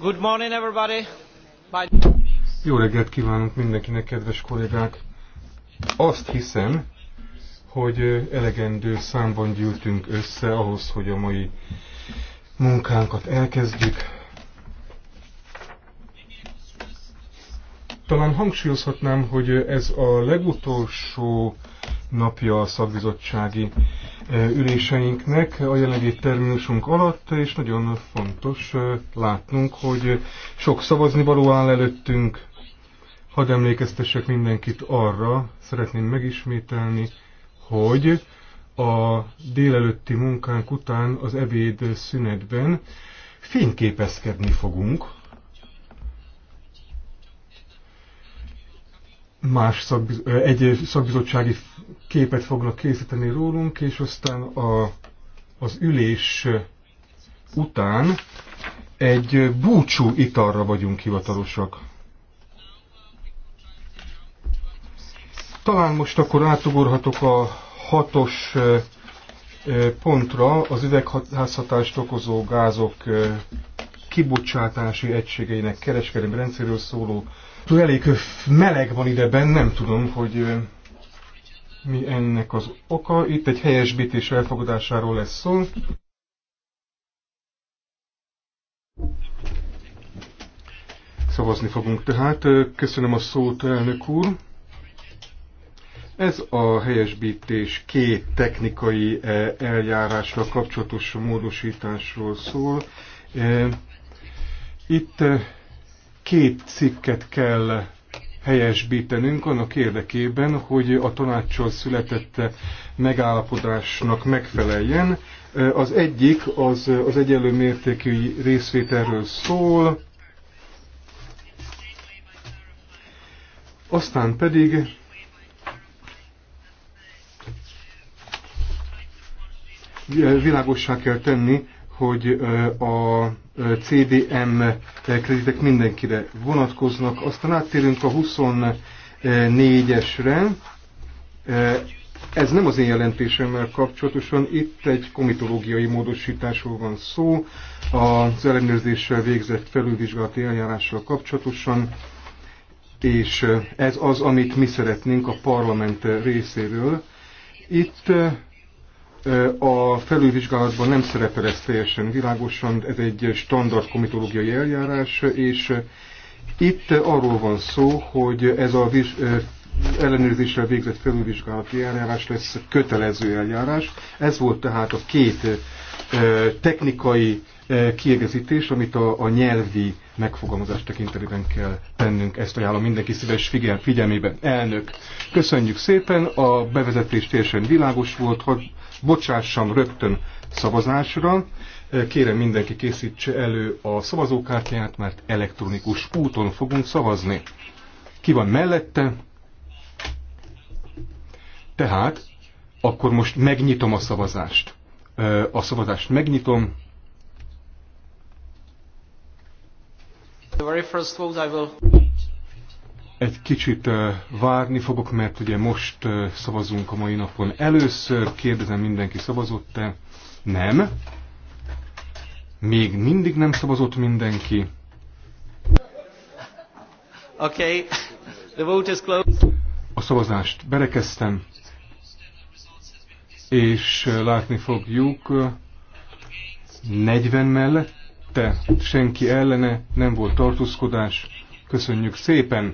Good morning everybody. Bye. Jó reggelt kívánunk mindenkinek, kedves kollégák! Azt hiszem, hogy elegendő számban gyűltünk össze ahhoz, hogy a mai munkánkat elkezdjük. Talán hangsúlyozhatnám, hogy ez a legutolsó napja a szakbizottsági üléseinknek a jelenlegi terminusunk alatt, és nagyon fontos látnunk, hogy sok szavazni való áll előttünk. Hadd emlékeztessek mindenkit arra, szeretném megismételni, hogy a délelőtti munkánk után az ebéd szünetben fényképezkedni fogunk, más szakbiz egy szakbizottsági képet fognak készíteni rólunk, és aztán a, az ülés után egy búcsú italra vagyunk hivatalosak. Talán most akkor átugorhatok a hatos pontra az üvegházhatást okozó gázok kibocsátási egységeinek kereskedelmi rendszerről szóló Tud elég meleg van ideben, nem tudom, hogy mi ennek az oka. Itt egy helyesbítés elfogadásáról lesz szó. Szavazni fogunk tehát. Köszönöm a szót, elnök úr. Ez a helyesbítés két technikai eljárásra kapcsolatos módosításról szól. Itt két cikket kell helyesbítenünk annak érdekében, hogy a tanácssal született megállapodásnak megfeleljen. Az egyik az, az egyenlő mértékű részvételről szól, aztán pedig világossá kell tenni, hogy a CDM kreditek mindenkire vonatkoznak. Aztán áttérünk a 24-esre. Ez nem az én jelentésemmel kapcsolatosan, itt egy komitológiai módosításról van szó, az ellenőrzéssel végzett felülvizsgálati eljárással kapcsolatosan, és ez az, amit mi szeretnénk a parlament részéről. Itt a felülvizsgálatban nem szerepel ez teljesen világosan, ez egy standard komitológiai eljárás, és itt arról van szó, hogy ez a ellenőrzéssel végzett felülvizsgálati eljárás lesz kötelező eljárás. Ez volt tehát a két technikai kiegészítés, amit a, a nyelvi megfogalmazás tekintetében kell tennünk. Ezt ajánlom mindenki szíves figyel, figyelmébe. Elnök, köszönjük szépen, a bevezetés teljesen világos volt, hogy bocsássam rögtön szavazásra. Kérem mindenki készítse elő a szavazókártyáját, mert elektronikus úton fogunk szavazni. Ki van mellette? Tehát akkor most megnyitom a szavazást. A szavazást megnyitom. The very first vote I will... Egy kicsit várni fogok, mert ugye most szavazunk a mai napon. Először kérdezem, mindenki szavazott-e? Nem. Még mindig nem szavazott mindenki. Okay. The vote is closed. A szavazást berekeztem, és látni fogjuk 40 mellette, senki ellene, nem volt tartózkodás. Köszönjük szépen!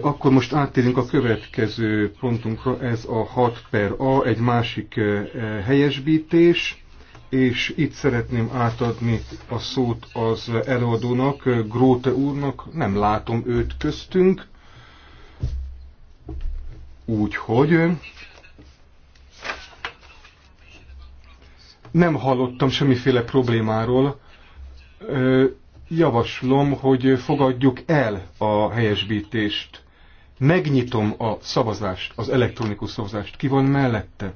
Akkor most áttérünk a következő pontunkra, ez a 6 per A, egy másik helyesbítés, és itt szeretném átadni a szót az előadónak, Gróte úrnak, nem látom őt köztünk, úgyhogy nem hallottam semmiféle problémáról, javaslom, hogy fogadjuk el a helyesbítést. Megnyitom a szavazást, az elektronikus szavazást. Ki van mellette?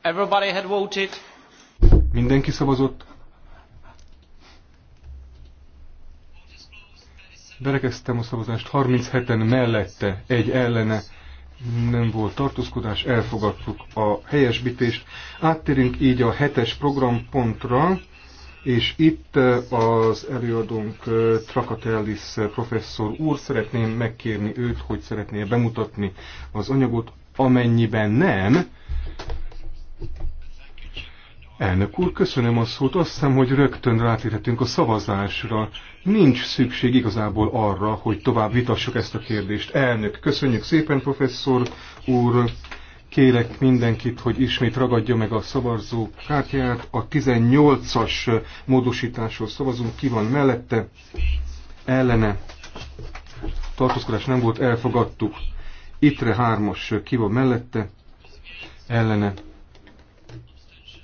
Everybody had voted. Mindenki szavazott. Berekeztem a szavazást 37-en mellette, egy ellene nem volt tartózkodás, elfogadtuk a helyesbítést. Áttérünk így a hetes programpontra, és itt eh, az előadónk eh, Trakatellis eh, professzor úr, szeretném megkérni őt, hogy szeretné bemutatni az anyagot, amennyiben nem, Elnök úr, köszönöm a szót. Azt hiszem, hogy rögtön rátérhetünk a szavazásra. Nincs szükség igazából arra, hogy tovább vitassuk ezt a kérdést. Elnök, köszönjük szépen, professzor úr. Kérek mindenkit, hogy ismét ragadja meg a szavazó kártyáját. A 18-as módosításról szavazunk. Ki van mellette? Ellene. Tartózkodás nem volt, elfogadtuk. Itre hármas, Ki van mellette? Ellene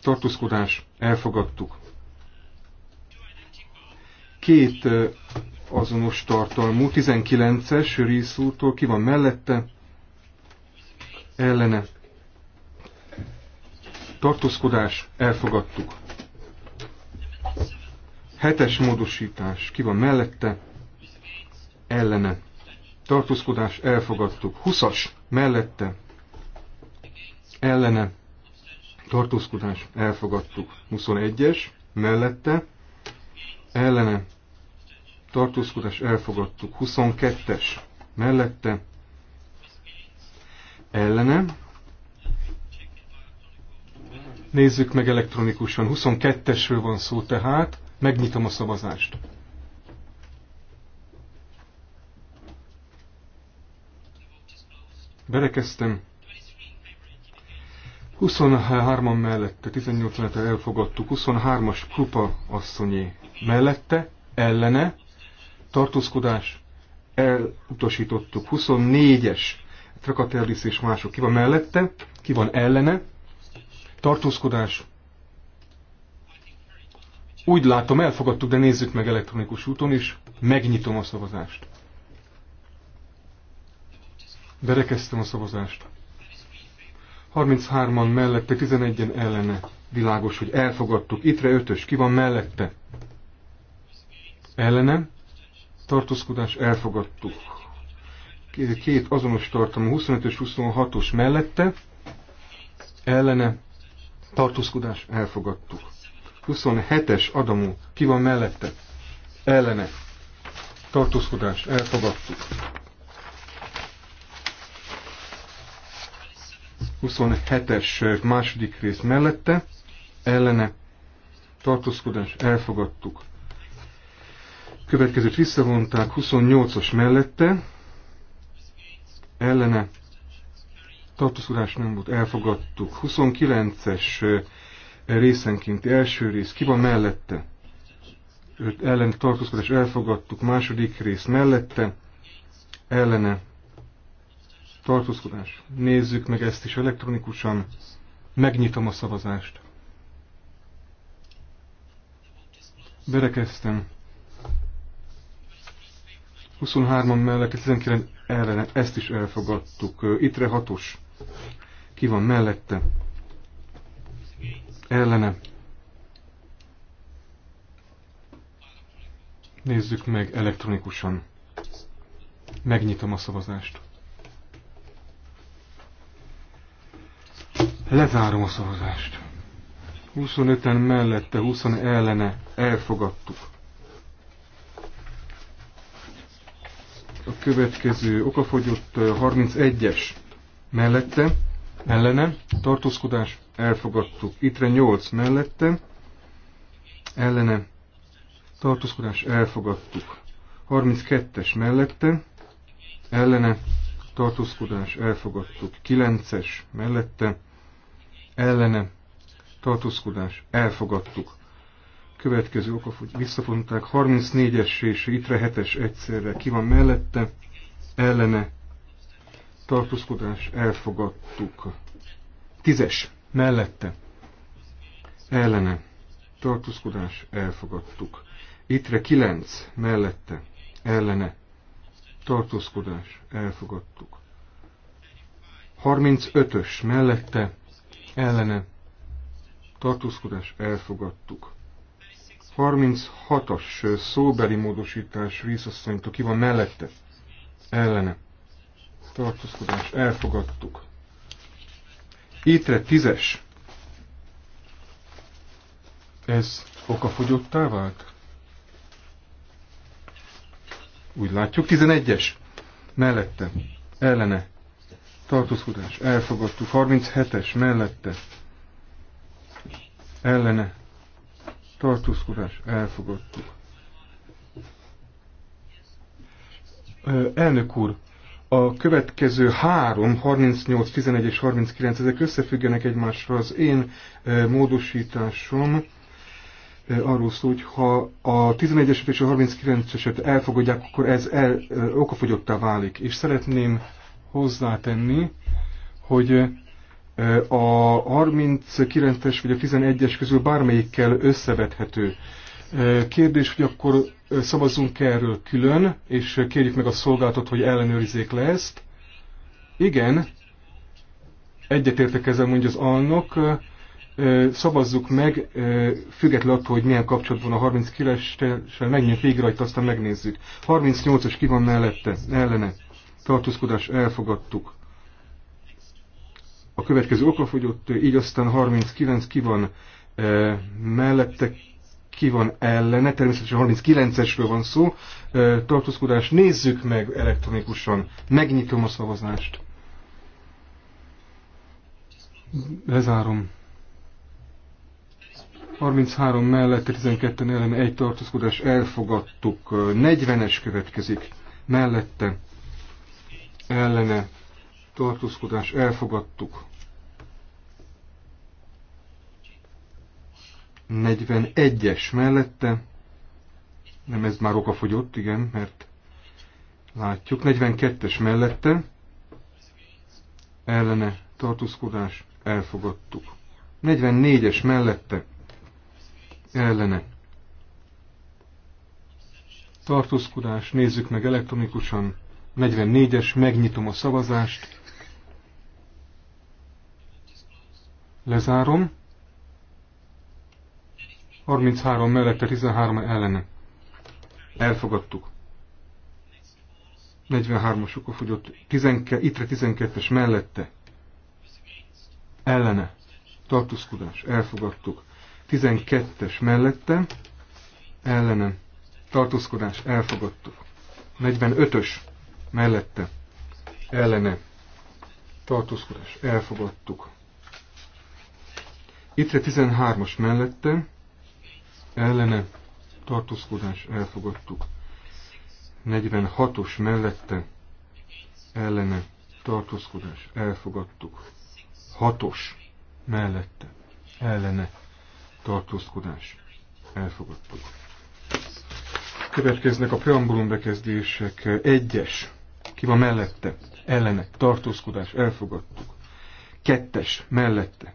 tartózkodás, elfogadtuk. Két azonos tartalmú, 19-es részútól ki van mellette, ellene. Tartózkodás, elfogadtuk. Hetes módosítás, ki van mellette, ellene. Tartózkodás, elfogadtuk. 20-as, mellette, ellene tartózkodás elfogadtuk. 21-es mellette ellene tartózkodás elfogadtuk. 22-es mellette ellene. Nézzük meg elektronikusan. 22-esről van szó tehát. Megnyitom a szavazást. Berekeztem. 23-an mellette, 18 et elfogadtuk, 23-as Krupa asszonyé mellette, ellene, tartózkodás, elutasítottuk, 24-es Trakatellis és mások, ki van mellette, ki van ellene, tartózkodás, úgy látom, elfogadtuk, de nézzük meg elektronikus úton is, megnyitom a szavazást. Berekeztem a szavazást. 33-an mellette, 11-en ellene. Világos, hogy elfogadtuk. Itre ötös, ki van mellette? Ellene. Tartózkodás, elfogadtuk. Két azonos tartalom, 25-ös, 26-os mellette. Ellene. Tartózkodás, elfogadtuk. 27-es adamú, ki van mellette? Ellene. Tartózkodás, elfogadtuk. 27-es második rész mellette, ellene tartózkodás elfogadtuk. Következőt visszavonták 28-as mellette, ellene tartózkodás nem volt, elfogadtuk. 29-es részenként első rész, ki van mellette? Ellen tartózkodás elfogadtuk, második rész mellette, ellene tartózkodás. Nézzük meg ezt is elektronikusan. Megnyitom a szavazást. Berekeztem. 23-an mellett, 19 ellen, ezt is elfogadtuk. Itre hatos. Ki van mellette? Ellene. Nézzük meg elektronikusan. Megnyitom a szavazást. Lezárom a szavazást. 25-en mellette, 20 ellene elfogadtuk. A következő okafogyott 31-es mellette, ellene, tartózkodás, elfogadtuk. Itre 8 mellette, ellene, tartózkodás, elfogadtuk. 32-es mellette, ellene, tartózkodás, elfogadtuk. 9-es mellette, ellene tartózkodás elfogadtuk. Következő hogy visszafonták 34-es és itre 7-es egyszerre ki van mellette, ellene tartózkodás elfogadtuk. 10-es, mellette ellene tartózkodás elfogadtuk. Itre 9 mellette ellene tartózkodás elfogadtuk. 35-ös mellette ellene tartózkodás elfogadtuk. 36-as szóbeli módosítás részasszonytól ki van mellette, ellene tartózkodás elfogadtuk. Étre tízes, Ez okafogyottá vált? Úgy látjuk, 11-es. Mellette, ellene tartózkodás, elfogadtuk. 37-es mellette, ellene, tartózkodás, elfogadtuk. Elnök úr, a következő három, 38, 11 és 39, ezek összefüggenek egymásra Az én módosításom arról szól, hogy ha a 11-eset és a 39-eset elfogadják, akkor ez el, okafogyottá válik. És szeretném hozzátenni, hogy a 39-es vagy a 11-es közül bármelyikkel összevethető. Kérdés, hogy akkor szavazzunk erről külön, és kérjük meg a szolgáltat, hogy ellenőrizzék le ezt. Igen, egyetértek ezzel, mondja az alnok, szavazzuk meg, függetlenül attól, hogy milyen kapcsolat van a 39-sel, megnyit végre rajta, aztán megnézzük. 38 as ki van mellette, ellene tartózkodás elfogadtuk. A következő okafogyott, így aztán 39 ki van e, mellette, ki van ellene, természetesen 39-esről van szó, e, tartózkodás, nézzük meg elektronikusan, megnyitom a szavazást. Lezárom. 33 mellett, 12 ellen egy tartózkodás elfogadtuk. 40-es következik mellette ellene tartózkodás elfogadtuk. 41-es mellette, nem ez már okafogyott, igen, mert látjuk, 42-es mellette, ellene tartózkodás elfogadtuk. 44-es mellette, ellene tartózkodás, nézzük meg elektronikusan, 44-es, megnyitom a szavazást. Lezárom. 33 mellette, 13 ellene. Elfogadtuk. 43-as okafogyott. 12, itre 12-es mellette. Ellene. Tartózkodás. Elfogadtuk. 12-es mellette. Ellene. Tartózkodás. Elfogadtuk. 45-ös mellette ellene tartózkodás elfogadtuk. Itre 13-as mellette ellene tartózkodás elfogadtuk. 46-os mellette ellene tartózkodás elfogadtuk. 6-os mellette ellene tartózkodás elfogadtuk. Következnek a preambulum bekezdések. Egyes ki van mellette, ellene, tartózkodás, elfogadtuk. Kettes, mellette,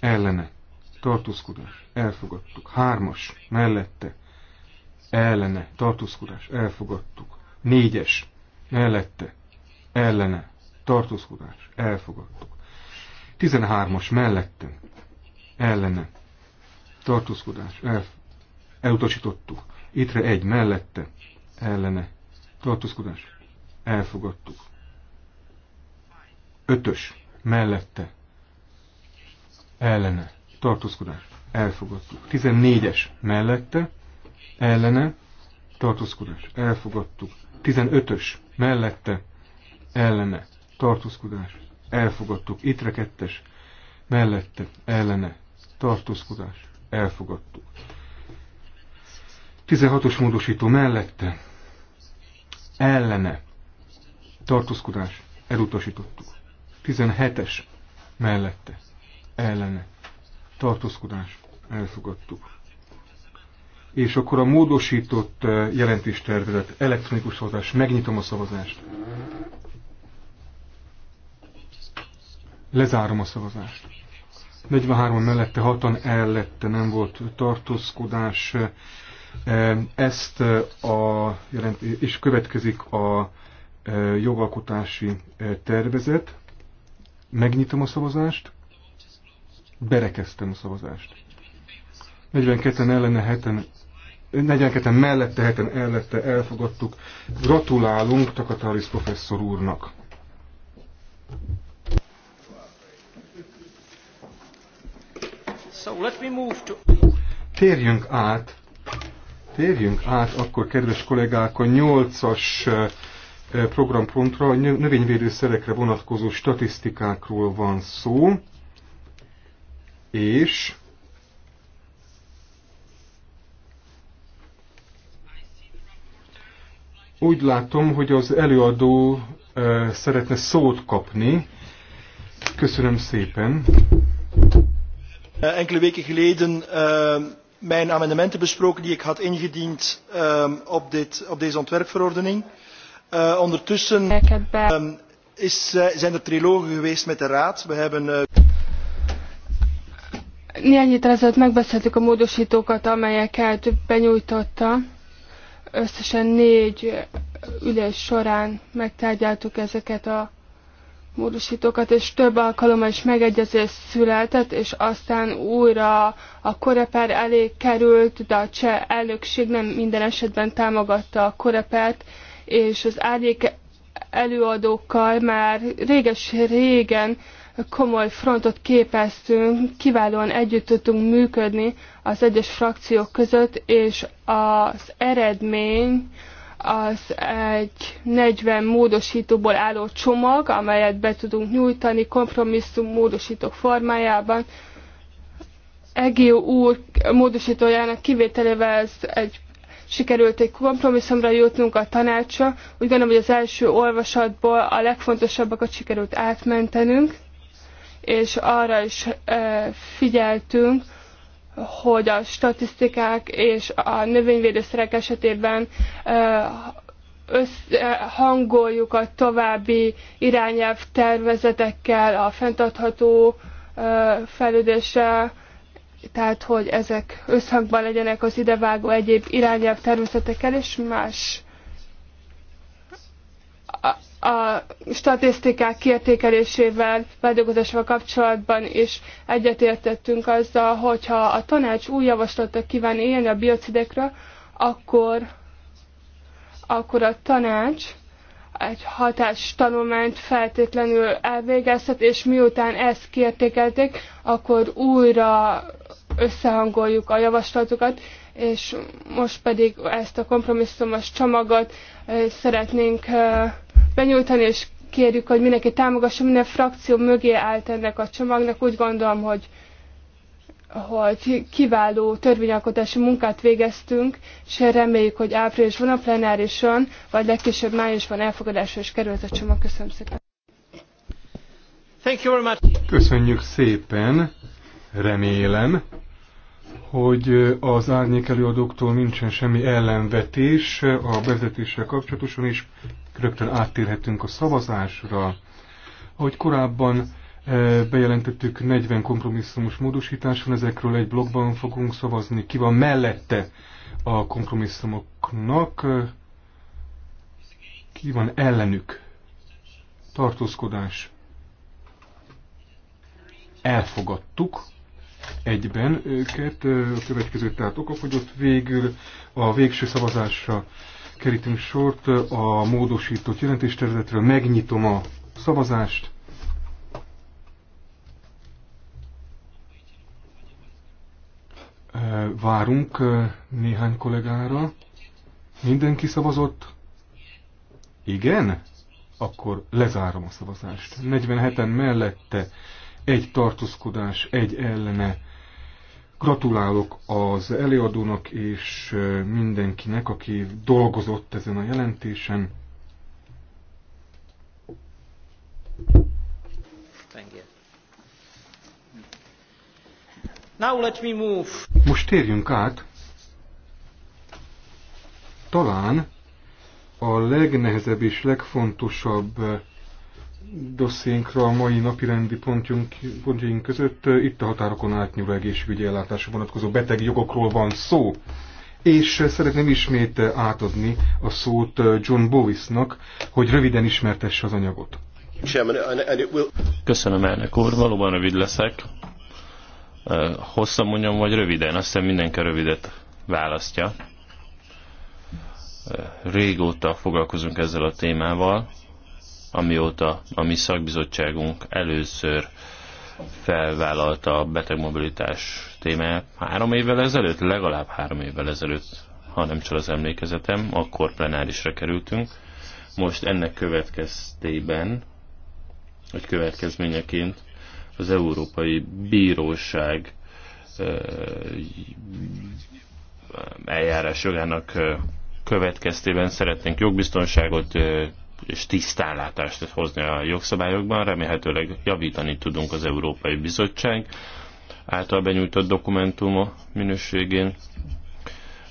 ellene, tartózkodás, elfogadtuk. Hármas, mellette, ellene, tartózkodás, elfogadtuk. Négyes, mellette, ellene, tartózkodás, elfogadtuk. Tizenhármas, mellette, ellene, tartózkodás, el, elutasítottuk. Itre egy, mellette, ellene, tartózkodás, elfogadtuk. Ötös, mellette, ellene, tartózkodás, elfogadtuk. Tizennégyes, mellette, ellene, tartózkodás, elfogadtuk. Tizenötös, mellette, ellene, tartózkodás, elfogadtuk. Itre kettes, mellette, ellene, tartózkodás, elfogadtuk. 16-os módosító mellette, ellene, tartózkodás, elutasítottuk. 17-es mellette, ellene, tartózkodás, elfogadtuk. És akkor a módosított eh, jelentéstervezet, elektronikus szavazás, megnyitom a szavazást. Lezárom a szavazást. 43 mellette, 6-an ellette nem volt tartózkodás. Eh, ezt eh, a jelentés, és következik a jogalkotási tervezet. Megnyitom a szavazást. Berekeztem a szavazást. 42-en ellene 7-en 42 mellette, heten ellette elfogadtuk. Gratulálunk Takataris professzor úrnak. So let me move to... Térjünk át, térjünk át akkor, kedves kollégák, a nyolcas programpontra növényvédőszerekre vonatkozó statisztikákról van szó, és úgy látom, hogy az előadó szeretne szót kapni. Köszönöm szépen. Eh, enkele weken geleden eh, mijn amendementen besproken die ik had ingediend eh, op, dit, op deze ontwerpverordening. Eh, ondertussen ehm, eh, zijn er trialogen geweest met de Raad. We hebben... Uh... Néhány héttel ezelőtt megbeszéltük a módosítókat, amelyeket benyújtotta. Összesen négy ülés során megtárgyaltuk ezeket a módosítókat, és több alkalommal is megegyezés született, és aztán újra a koreper elé került, de a cseh elnökség nem minden esetben támogatta a korepert, és az árnyék előadókkal már réges-régen komoly frontot képeztünk, kiválóan együtt tudtunk működni az egyes frakciók között, és az eredmény az egy 40 módosítóból álló csomag, amelyet be tudunk nyújtani kompromisszum módosítók formájában. Egió úr módosítójának kivételével ez egy sikerült egy kompromisszumra jutnunk a tanácsa. Úgy gondolom, hogy az első olvasatból a legfontosabbakat sikerült átmentenünk, és arra is figyeltünk, hogy a statisztikák és a növényvédőszerek esetében összehangoljuk a további irányelv tervezetekkel, a fenntartható fejlődéssel, tehát hogy ezek összhangban legyenek az idevágó egyéb irányelv természetekkel, és más a, a statisztikák kiértékelésével, feldolgozásával kapcsolatban is egyetértettünk azzal, hogyha a tanács új javaslatot kíván élni a biocidekre, akkor, akkor a tanács egy hatás tanulmányt feltétlenül elvégezhet, és miután ezt kiértékelték, akkor újra összehangoljuk a javaslatokat, és most pedig ezt a kompromisszumos csomagot szeretnénk benyújtani, és kérjük, hogy mindenki támogassa, minden frakció mögé állt ennek a csomagnak. Úgy gondolom, hogy hogy kiváló törvényalkotási munkát végeztünk, és reméljük, hogy áprilisban a plenárison, vagy legkésőbb májusban elfogadásra is került a csomag. Köszönöm szépen. Thank you very much. Köszönjük szépen. Remélem, hogy az árnyék előadóktól nincsen semmi ellenvetés a vezetéssel kapcsolatosan, és rögtön áttérhetünk a szavazásra. Ahogy korábban bejelentettük, 40 kompromisszumos módosítás van, ezekről egy blogban fogunk szavazni. Ki van mellette a kompromisszumoknak? Ki van ellenük? Tartózkodás. Elfogadtuk egyben őket, a következő tehát okafogyott végül a végső szavazásra kerítünk sort a módosított jelentéstervezetről. Megnyitom a szavazást. Várunk néhány kollégára. Mindenki szavazott? Igen? Akkor lezárom a szavazást. 47-en mellette, egy tartózkodás, egy ellene Gratulálok az előadónak és mindenkinek, aki dolgozott ezen a jelentésen. Now let me move. Most térjünk át talán a legnehezebb és legfontosabb dossziénkra a mai napirendi pontjunk, pontjaink között. Itt a határokon átnyúló egészségügyi ellátásra vonatkozó beteg jogokról van szó. És szeretném ismét átadni a szót John Bowisnak, hogy röviden ismertesse az anyagot. Köszönöm elnök úr, valóban rövid leszek. Hosszan mondjam, vagy röviden? Azt hiszem mindenki rövidet választja. Régóta foglalkozunk ezzel a témával, amióta a mi szakbizottságunk először felvállalta a betegmobilitás témáját három évvel ezelőtt, legalább három évvel ezelőtt, ha nem csak az emlékezetem, akkor plenárisra kerültünk. Most ennek következtében, vagy következményeként az Európai Bíróság eljárás jogának következtében szeretnénk jogbiztonságot, és tisztánlátást hozni a jogszabályokban. Remélhetőleg javítani tudunk az Európai Bizottság által benyújtott dokumentuma minőségén.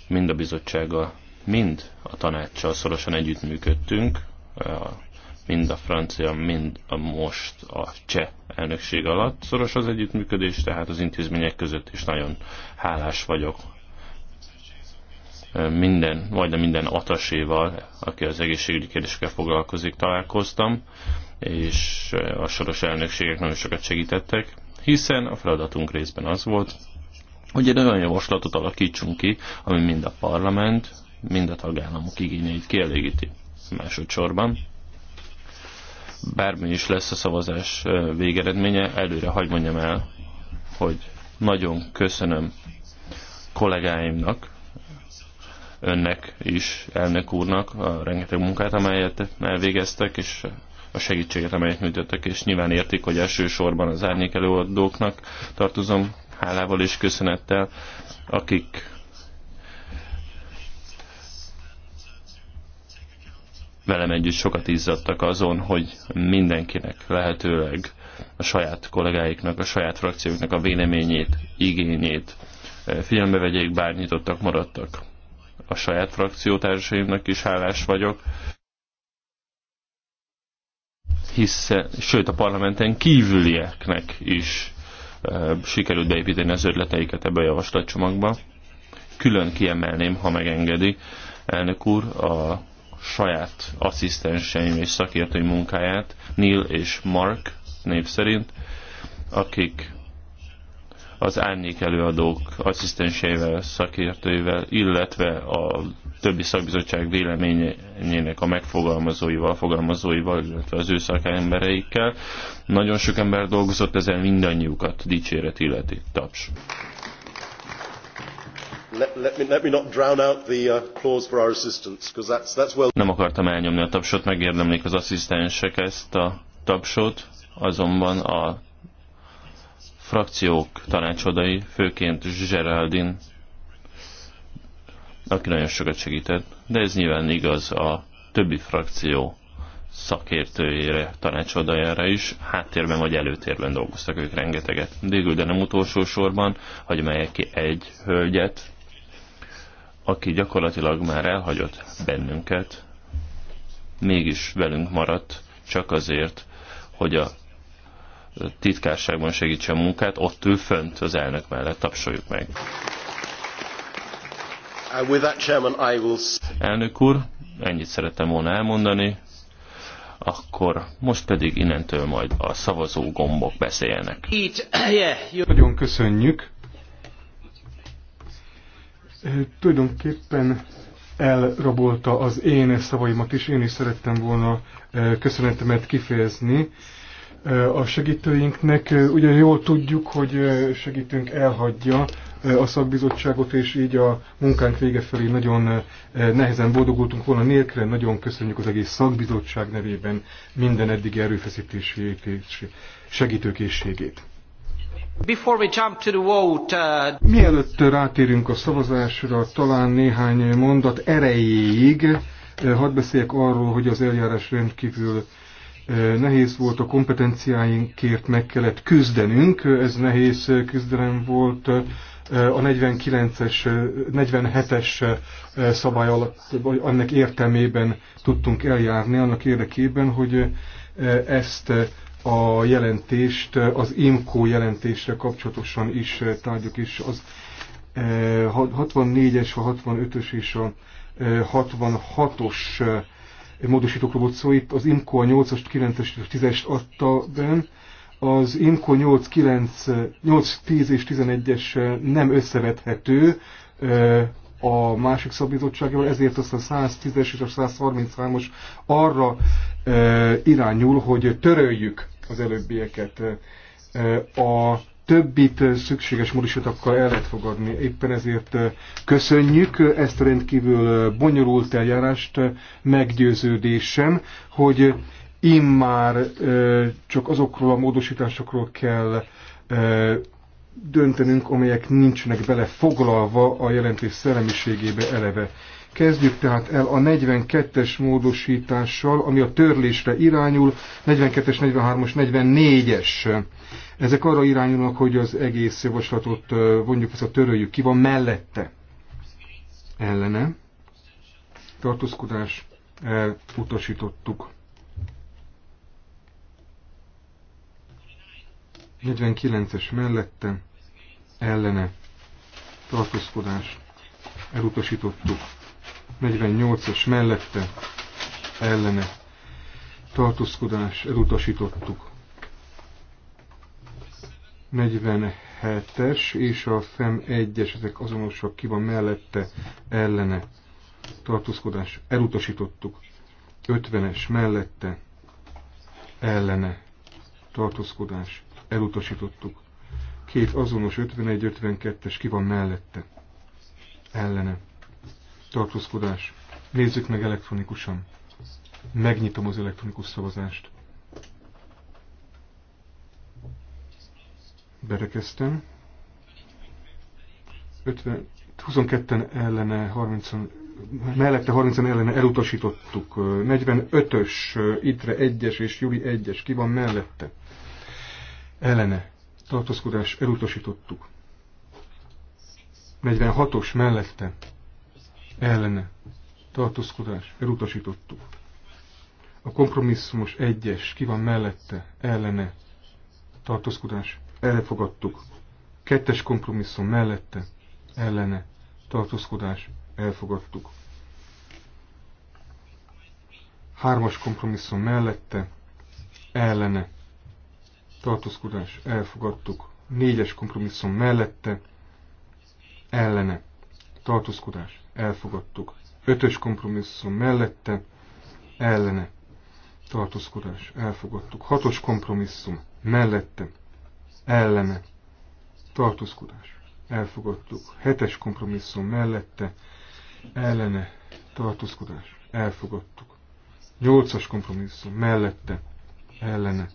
Mind a bizottsággal, mind a tanácssal szorosan együttműködtünk, mind a francia, mind a most a cseh elnökség alatt szoros az együttműködés, tehát az intézmények között is nagyon hálás vagyok minden, majdnem minden ataséval, aki az egészségügyi kérdésekkel foglalkozik, találkoztam, és a soros elnökségek nagyon sokat segítettek, hiszen a feladatunk részben az volt, hogy egy olyan javaslatot alakítsunk ki, ami mind a parlament, mind a tagállamok igényeit kielégíti. Másodszorban bármi is lesz a szavazás végeredménye, előre hagyd mondjam el, hogy nagyon köszönöm kollégáimnak, önnek is, elnök úrnak a rengeteg munkát, amelyet elvégeztek, és a segítséget, amelyet nyújtottak, és nyilván értik, hogy elsősorban az árnyék előadóknak tartozom hálával és köszönettel, akik velem együtt sokat izzadtak azon, hogy mindenkinek lehetőleg a saját kollégáiknak, a saját frakcióknak a véleményét, igényét eh, figyelembe vegyék, bár nyitottak maradtak a saját frakciótársaimnak is hálás vagyok, hiszen, sőt a parlamenten kívülieknek is e, sikerült beépíteni az ötleteiket ebbe a javaslatcsomagba. Külön kiemelném, ha megengedi, elnök úr, a saját asszisztenseim és szakértői munkáját, Neil és Mark név szerint, akik az árnyék előadók asszisztenseivel, szakértőivel, illetve a többi szakbizottság véleményének a megfogalmazóival, fogalmazóival, illetve az ő szakembereikkel. Nagyon sok ember dolgozott ezen, mindannyiukat dicséret illeti. Taps! Nem akartam elnyomni a tapsot, megérdemlik az asszisztensek ezt a tapsot, azonban a frakciók tanácsodai, főként Geraldin, aki nagyon sokat segített, de ez nyilván igaz a többi frakció szakértőjére, tanácsodajára is, háttérben vagy előtérben dolgoztak ők rengeteget. Végül, de nem utolsó sorban, hogy melyek ki egy hölgyet, aki gyakorlatilag már elhagyott bennünket, mégis velünk maradt, csak azért, hogy a titkárságban segítse a munkát, ott ül fönt az elnök mellett, tapsoljuk meg. Uh, elnök úr, ennyit szerettem volna elmondani, akkor most pedig innentől majd a szavazó gombok beszéljenek. Nagyon köszönjük. Eh, tulajdonképpen elrabolta az én szavaimat is, én is szerettem volna eh, köszönetemet kifejezni a segítőinknek. Ugye jól tudjuk, hogy segítünk elhagyja a szakbizottságot, és így a munkánk vége felé nagyon nehezen boldogultunk volna nélkül, Nagyon köszönjük az egész szakbizottság nevében minden eddig erőfeszítését és segítőkészségét. Before we jump to the vote, uh... Mielőtt rátérünk a szavazásra, talán néhány mondat erejéig hadd beszéljek arról, hogy az eljárás rendkívül Nehéz volt a kompetenciáinkért, meg kellett küzdenünk, ez nehéz küzdelem volt a 49-es, 47-es szabály alatt, vagy annak értelmében tudtunk eljárni, annak érdekében, hogy ezt a jelentést, az IMCO jelentésre kapcsolatosan is tárgyuk is. Az 64-es, a 65-ös és a 66-os módosítókról volt szó, itt az IMCO a 8-as, 9-es, 10-est adta be, az IMCO 8, 9, 8, 10 és 11-es nem összevethető a másik szabizottságával, ezért azt a 110-es és a 133-os arra irányul, hogy töröljük az előbbieket. A többit eh, szükséges módosítókkal el lehet fogadni. Éppen ezért eh, köszönjük eh, ezt a rendkívül bonyolult eljárást meggyőződésem, hogy immár csak azokról a módosításokról kell döntenünk, amelyek nincsenek belefoglalva a jelentés szellemiségébe eleve. Kezdjük tehát el a 42-es módosítással, ami a törlésre irányul, 42-es, 43 os 44-es. Ezek arra irányulnak, hogy az egész javaslatot vonjuk vissza, töröljük ki, van mellette. Ellene. Tartózkodás elutasítottuk. 49-es mellette ellene tartózkodás elutasítottuk. 48-as mellette ellene tartózkodás elutasítottuk. 47-es és a FEM 1-es, ezek azonosak ki van mellette ellene tartózkodás elutasítottuk. 50-es mellette ellene tartózkodás elutasítottuk. Két azonos 51-52-es ki van mellette ellene tartózkodás. Nézzük meg elektronikusan. Megnyitom az elektronikus szavazást. Berekeztem. 50, 22-en ellene, 30 mellette 30 ellene elutasítottuk. 45-ös, ITRE 1-es és Juli 1-es, ki van mellette? Ellene. Tartózkodás elutasítottuk. 46-os mellette ellene tartózkodás elutasítottuk. A kompromisszumos egyes ki van mellette ellene tartózkodás elfogadtuk. Kettes kompromisszum mellette ellene tartózkodás elfogadtuk. Hármas kompromisszum mellette ellene tartózkodás elfogadtuk. Négyes kompromisszum mellette ellene tartózkodás, elfogadtuk. Ötös kompromisszum mellette, ellene, tartózkodás, elfogadtuk. Hatos kompromisszum mellette, ellene, tartózkodás, elfogadtuk. Hetes kompromisszum mellette, ellene, tartózkodás, elfogadtuk. Nyolcas kompromisszum mellette, ellene,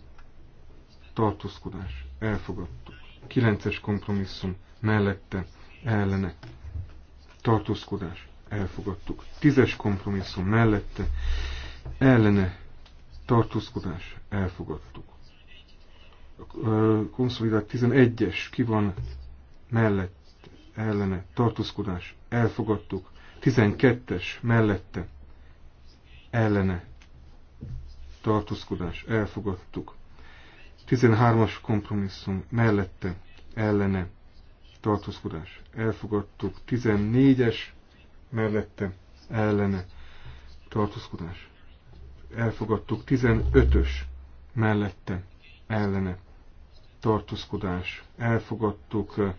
tartózkodás, elfogadtuk. Kilences kompromisszum mellette, ellene, tartózkodás elfogadtuk. Tízes kompromisszum mellette ellene tartózkodás elfogadtuk. Konszolidált 11-es ki van mellett ellene tartózkodás elfogadtuk. 12-es mellette ellene tartózkodás elfogadtuk. 13-as kompromisszum mellette ellene tartózkodás elfogadtuk, 14-es mellette ellene tartózkodás elfogadtuk, 15-ös mellette ellene tartózkodás elfogadtuk,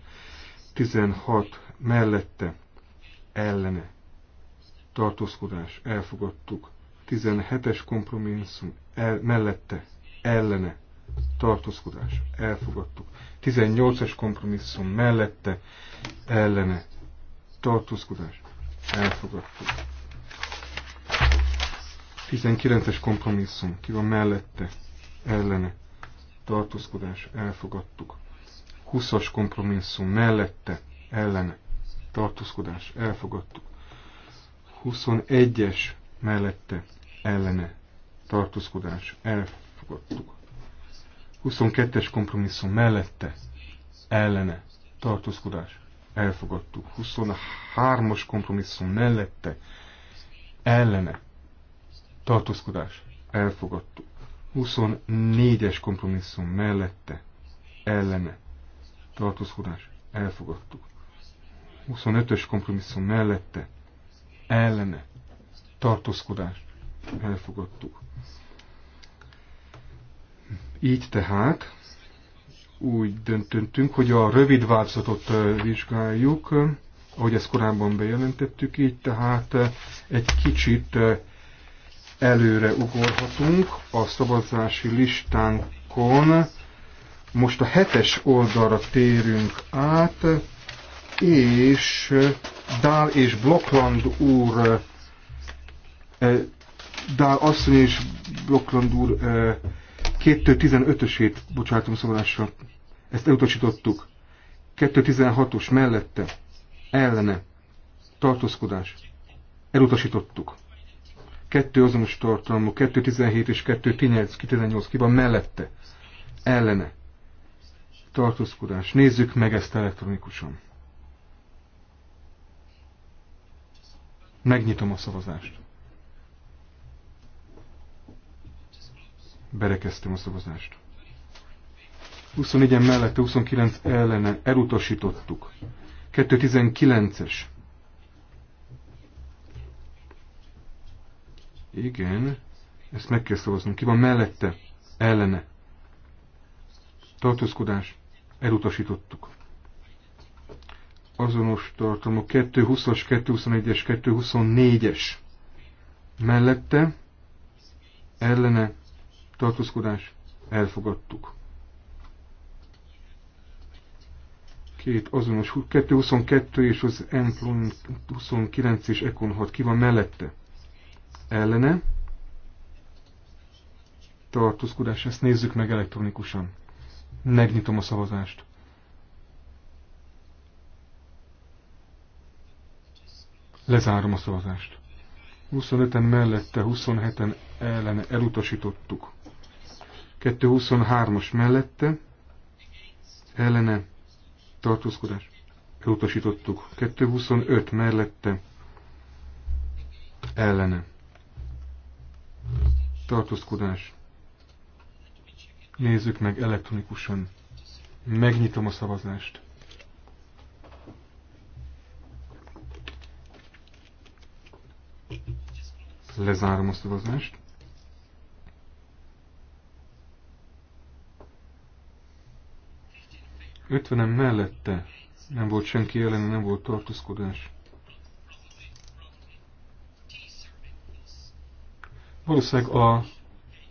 16 mellette ellene tartózkodás elfogadtuk, 17-es kompromisszum el, mellette ellene tartózkodás, elfogadtuk. 18-as kompromisszum mellette, ellene, tartózkodás, elfogadtuk. 19-es kompromisszum, ki van mellette, ellene, tartózkodás, elfogadtuk. 20-as kompromisszum mellette, ellene, tartózkodás, elfogadtuk. 21-es mellette, ellene, tartózkodás, elfogadtuk. 22-es kompromisszum mellette ellene tartózkodás elfogadtuk. 23-as kompromisszum mellette ellene tartózkodás elfogadtuk. 24-es kompromisszum mellette ellene tartózkodás elfogadtuk. 25-ös kompromisszum mellette ellene tartózkodás elfogadtuk. Így tehát úgy döntöttünk, hogy a rövid változatot vizsgáljuk, ahogy ezt korábban bejelentettük, így tehát egy kicsit előre ugorhatunk a szavazási listánkon. Most a hetes oldalra térünk át, és Dál és Blokland úr, Dál asszony és Blokland úr 2.15-ösét bocsátom szavazásra. Ezt elutasítottuk. 2.16-os mellette ellene tartózkodás. Elutasítottuk. Kettő azonos tartalmú, 2.17 és 2.18 ki van mellette. Ellene. Tartózkodás. Nézzük meg ezt elektronikusan. Megnyitom a szavazást. Berekeztem a szavazást. 24-en mellette, 29 ellene elutasítottuk. 219-es. Igen, ezt meg kell szavaznunk. Ki van mellette? Ellene. Tartózkodás. Elutasítottuk. Azonos tartalma 220-as, 221-es, 224-es. Mellette. Ellene tartózkodás, elfogadtuk. Két azonos, 222 és az Emplon 29 és Econ 6 ki van mellette. Ellene, tartózkodás, ezt nézzük meg elektronikusan. Megnyitom a szavazást. Lezárom a szavazást. 25-en mellette, 27-en ellene elutasítottuk. 223-as mellette ellene tartózkodás elutasítottuk. 225 mellette ellene tartózkodás. Nézzük meg elektronikusan. Megnyitom a szavazást. Lezárom a szavazást. ötvenem mellette nem volt senki jelen, nem volt tartózkodás. Valószínűleg a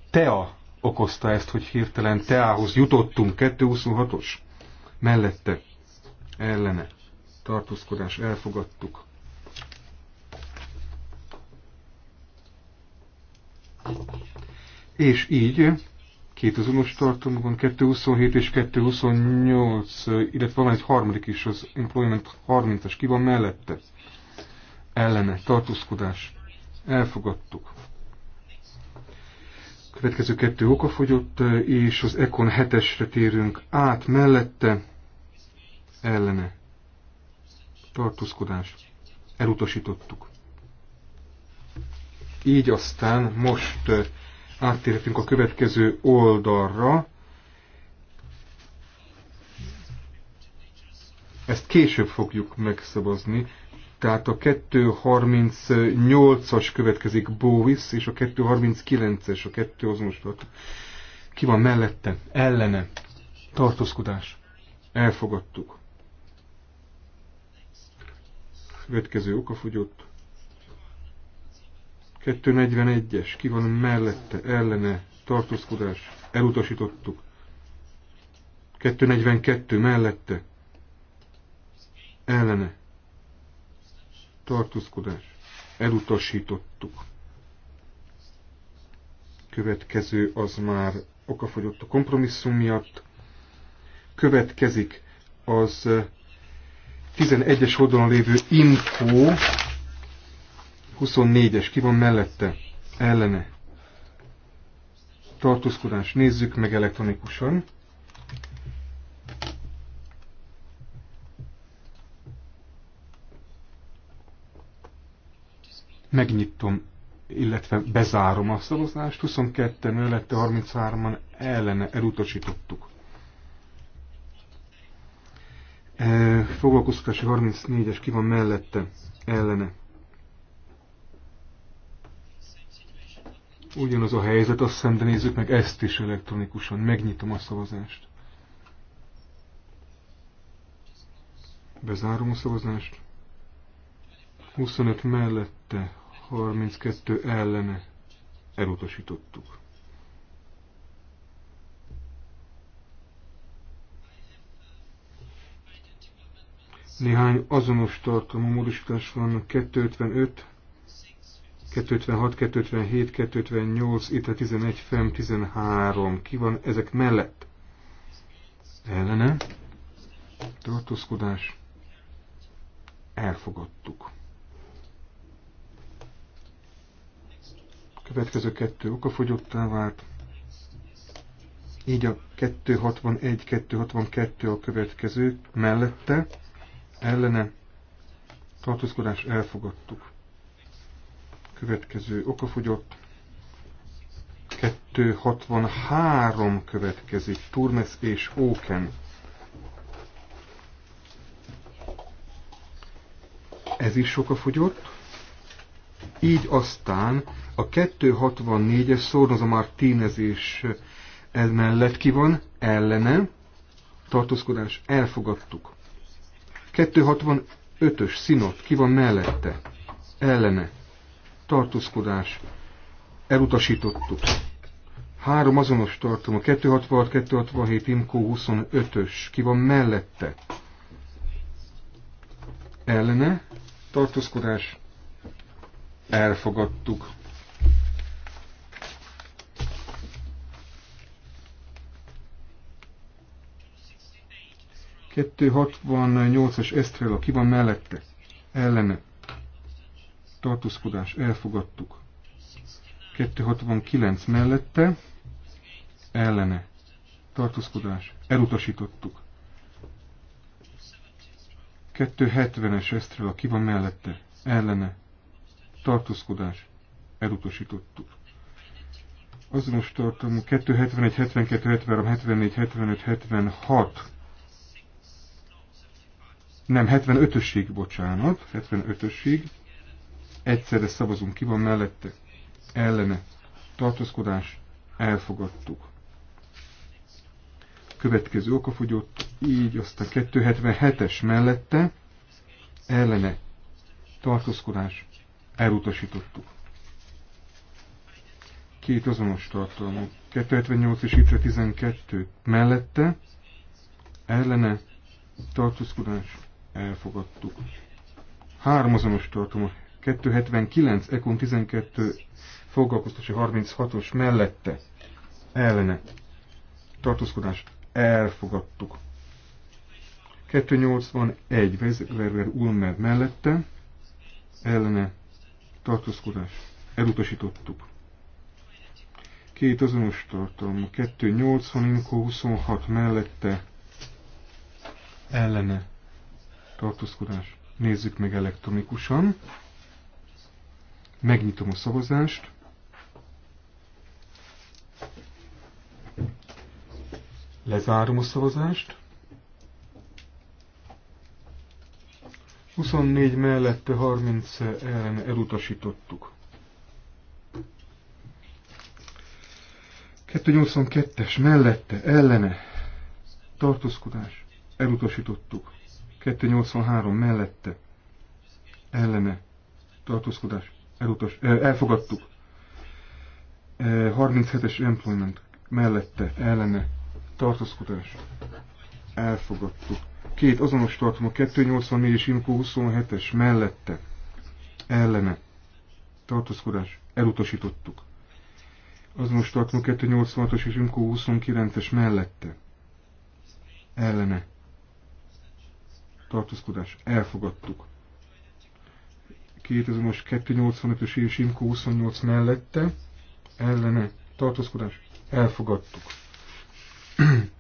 TEA okozta ezt, hogy hirtelen TEA-hoz jutottunk, 226-os mellette ellene tartózkodás elfogadtuk. És így két azonos tartalmakon, 227 és 228, illetve van egy harmadik is, az Employment 30-as, ki van mellette? Ellene, tartózkodás. Elfogadtuk. Következő kettő okafogyott, és az Econ 7-esre térünk át, mellette, ellene, tartózkodás. Elutasítottuk. Így aztán most áttérhetünk a következő oldalra. Ezt később fogjuk megszavazni, tehát a 238-as következik Bowis, és a 239-es, a kettő az most ott. Ki van mellette? Ellene. Tartózkodás. Elfogadtuk. Következő okafogyott. fogyott. 241-es, ki van mellette, ellene, tartózkodás, elutasítottuk. 242 mellette, ellene, tartózkodás, elutasítottuk. Következő az már okafogyott a kompromisszum miatt. Következik az 11-es eh, oldalon lévő info 24-es, ki van mellette, ellene, tartózkodás, nézzük meg elektronikusan. Megnyitom, illetve bezárom a szavazást, 22 mellette, 33-an ellene elutasítottuk. Eh, foglalkoztatási 34-es ki van mellette, ellene Ugyanaz a helyzet, azt szembenézzük meg ezt is elektronikusan. Megnyitom a szavazást. Bezárom a szavazást. 25 mellette, 32 ellene elutasítottuk. Néhány azonos tartalmú módosítás van, 255, 256, 257, 258, itt a 11, FEM 13. Ki van ezek mellett? Ellene. Tartózkodás. Elfogadtuk. Következő kettő okafogyottá vált. Így a 261, 262 a következő mellette. Ellene. Tartózkodás elfogadtuk következő okafogyott 263 következik, Turmes és Óken. Ez is sokafogyott. Így aztán a 264-es a már tínezés ez mellett ki van, ellene, tartózkodás, elfogadtuk. 265-ös színot ki van mellette, ellene, tartózkodás, elutasítottuk. Három azonos tartom, a 266, 267, Imkó 25-ös, ki van mellette? Ellene, tartózkodás, elfogadtuk. Kettő hatvan nyolcas Esztrella, ki van mellette? Ellene, tartózkodás elfogadtuk. 269 mellette ellene tartózkodás elutasítottuk. 270-es Esztrela aki van mellette ellene tartózkodás elutasítottuk. Azonos tartalmú 271, 72, 73, 74, 75, 76 nem, 75-ösig, bocsánat, 75-ösig Egyszerre szavazunk, ki van mellette, ellene, tartózkodás, elfogadtuk. Következő okafogyott, így aztán 277-es mellette, ellene, tartózkodás, elutasítottuk. Két azonos tartalma. 278 és ITRE 12 mellette, ellene, tartózkodás, elfogadtuk. Három azonos tartalmú, 279, Ekon 12, foglalkoztatási 36-os mellette ellene tartózkodás elfogadtuk. 281 Vezverver Ulmer mellette ellene tartózkodás elutasítottuk. Két azonos tartalma, 280 Imko 26 mellette ellene tartózkodás. Nézzük meg elektronikusan. Megnyitom a szavazást. Lezárom a szavazást. 24 mellette 30 ellen elutasítottuk. 282-es mellette ellene tartózkodás elutasítottuk. 283 mellette ellene tartózkodás elutas, elfogadtuk. 37-es employment mellette ellene tartózkodás. Elfogadtuk. Két azonos tartom a 284 és Imco 27-es mellette ellene tartózkodás. Elutasítottuk. Azonos tartom a 286-os és Imco 29-es mellette ellene tartózkodás. Elfogadtuk. 2000-as 285-ös és Imko 28 mellette ellene tartózkodás elfogadtuk.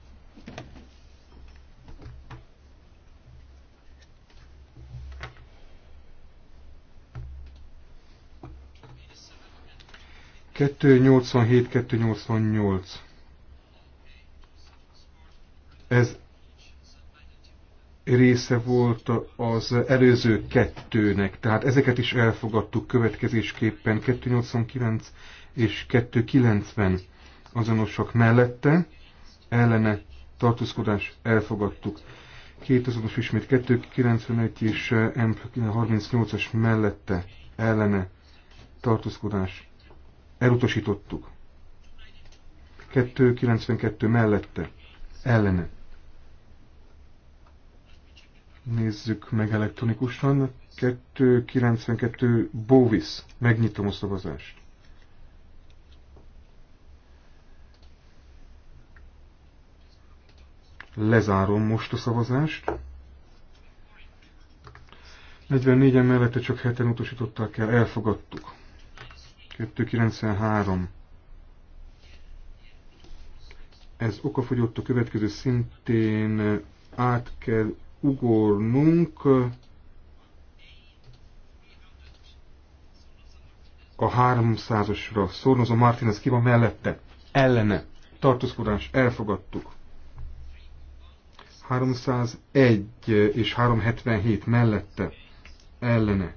Kettő nyolcvan hét, kettő nyolcvan nyolc. Ez része volt az előző kettőnek, tehát ezeket is elfogadtuk következésképpen 289 és 290 azonosak mellette, ellene tartózkodás elfogadtuk. Két azonos ismét 291 és M38-as mellette ellene tartózkodás elutasítottuk. 292 mellette ellene Nézzük meg elektronikusan. 292 Bovis. Megnyitom a szavazást. Lezárom most a szavazást. 44-en mellette csak heten utasították el, elfogadtuk. 293. Ez okafogyott a következő szintén át kell ugornunk a 300-osra. Szornozó Martinez ki van mellette? Ellene. Tartózkodás. Elfogadtuk. 301 és 377 mellette. Ellene.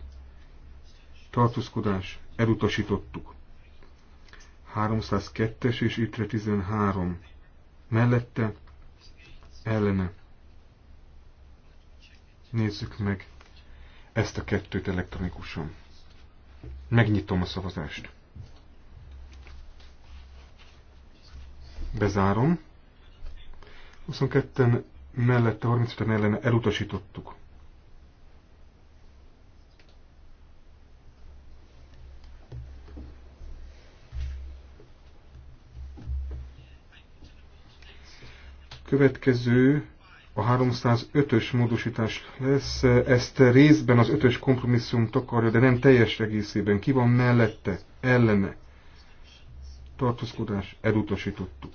Tartózkodás. Elutasítottuk. 302-es és ittre 13. Mellette. Ellene Nézzük meg ezt a kettőt elektronikusan. Megnyitom a szavazást. Bezárom. 22-en mellette, 35-en ellene elutasítottuk. Következő a 305-ös módosítás lesz. Ezt részben az 5-ös kompromisszum takarja, de nem teljes egészében. Ki van mellette? Ellene? Tartózkodás? Elutasítottuk.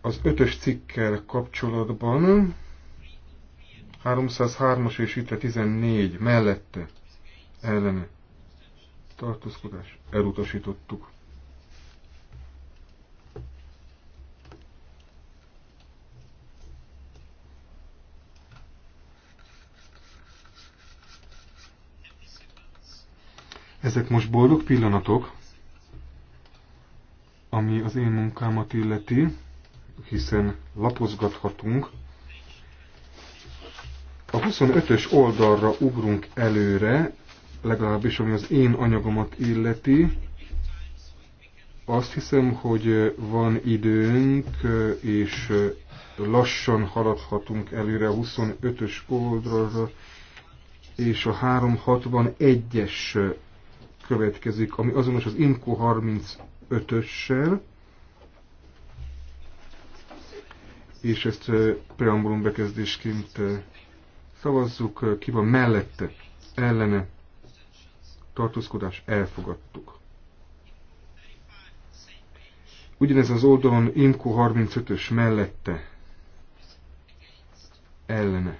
Az 5-ös cikkel kapcsolatban 303-as és itt a 14 mellette? Ellene? Tartózkodás? Elutasítottuk. Ezek most boldog pillanatok, ami az én munkámat illeti, hiszen lapozgathatunk. A 25-ös oldalra ugrunk előre, legalábbis ami az én anyagomat illeti. Azt hiszem, hogy van időnk, és lassan haladhatunk előre a 25-ös oldalra, és a 361-es következik, ami azonos az IMCO 35-össel, és ezt preambulum bekezdésként szavazzuk, ki van mellette, ellene, tartózkodás, elfogadtuk. Ugyanez az oldalon IMCO 35-ös mellette, ellene,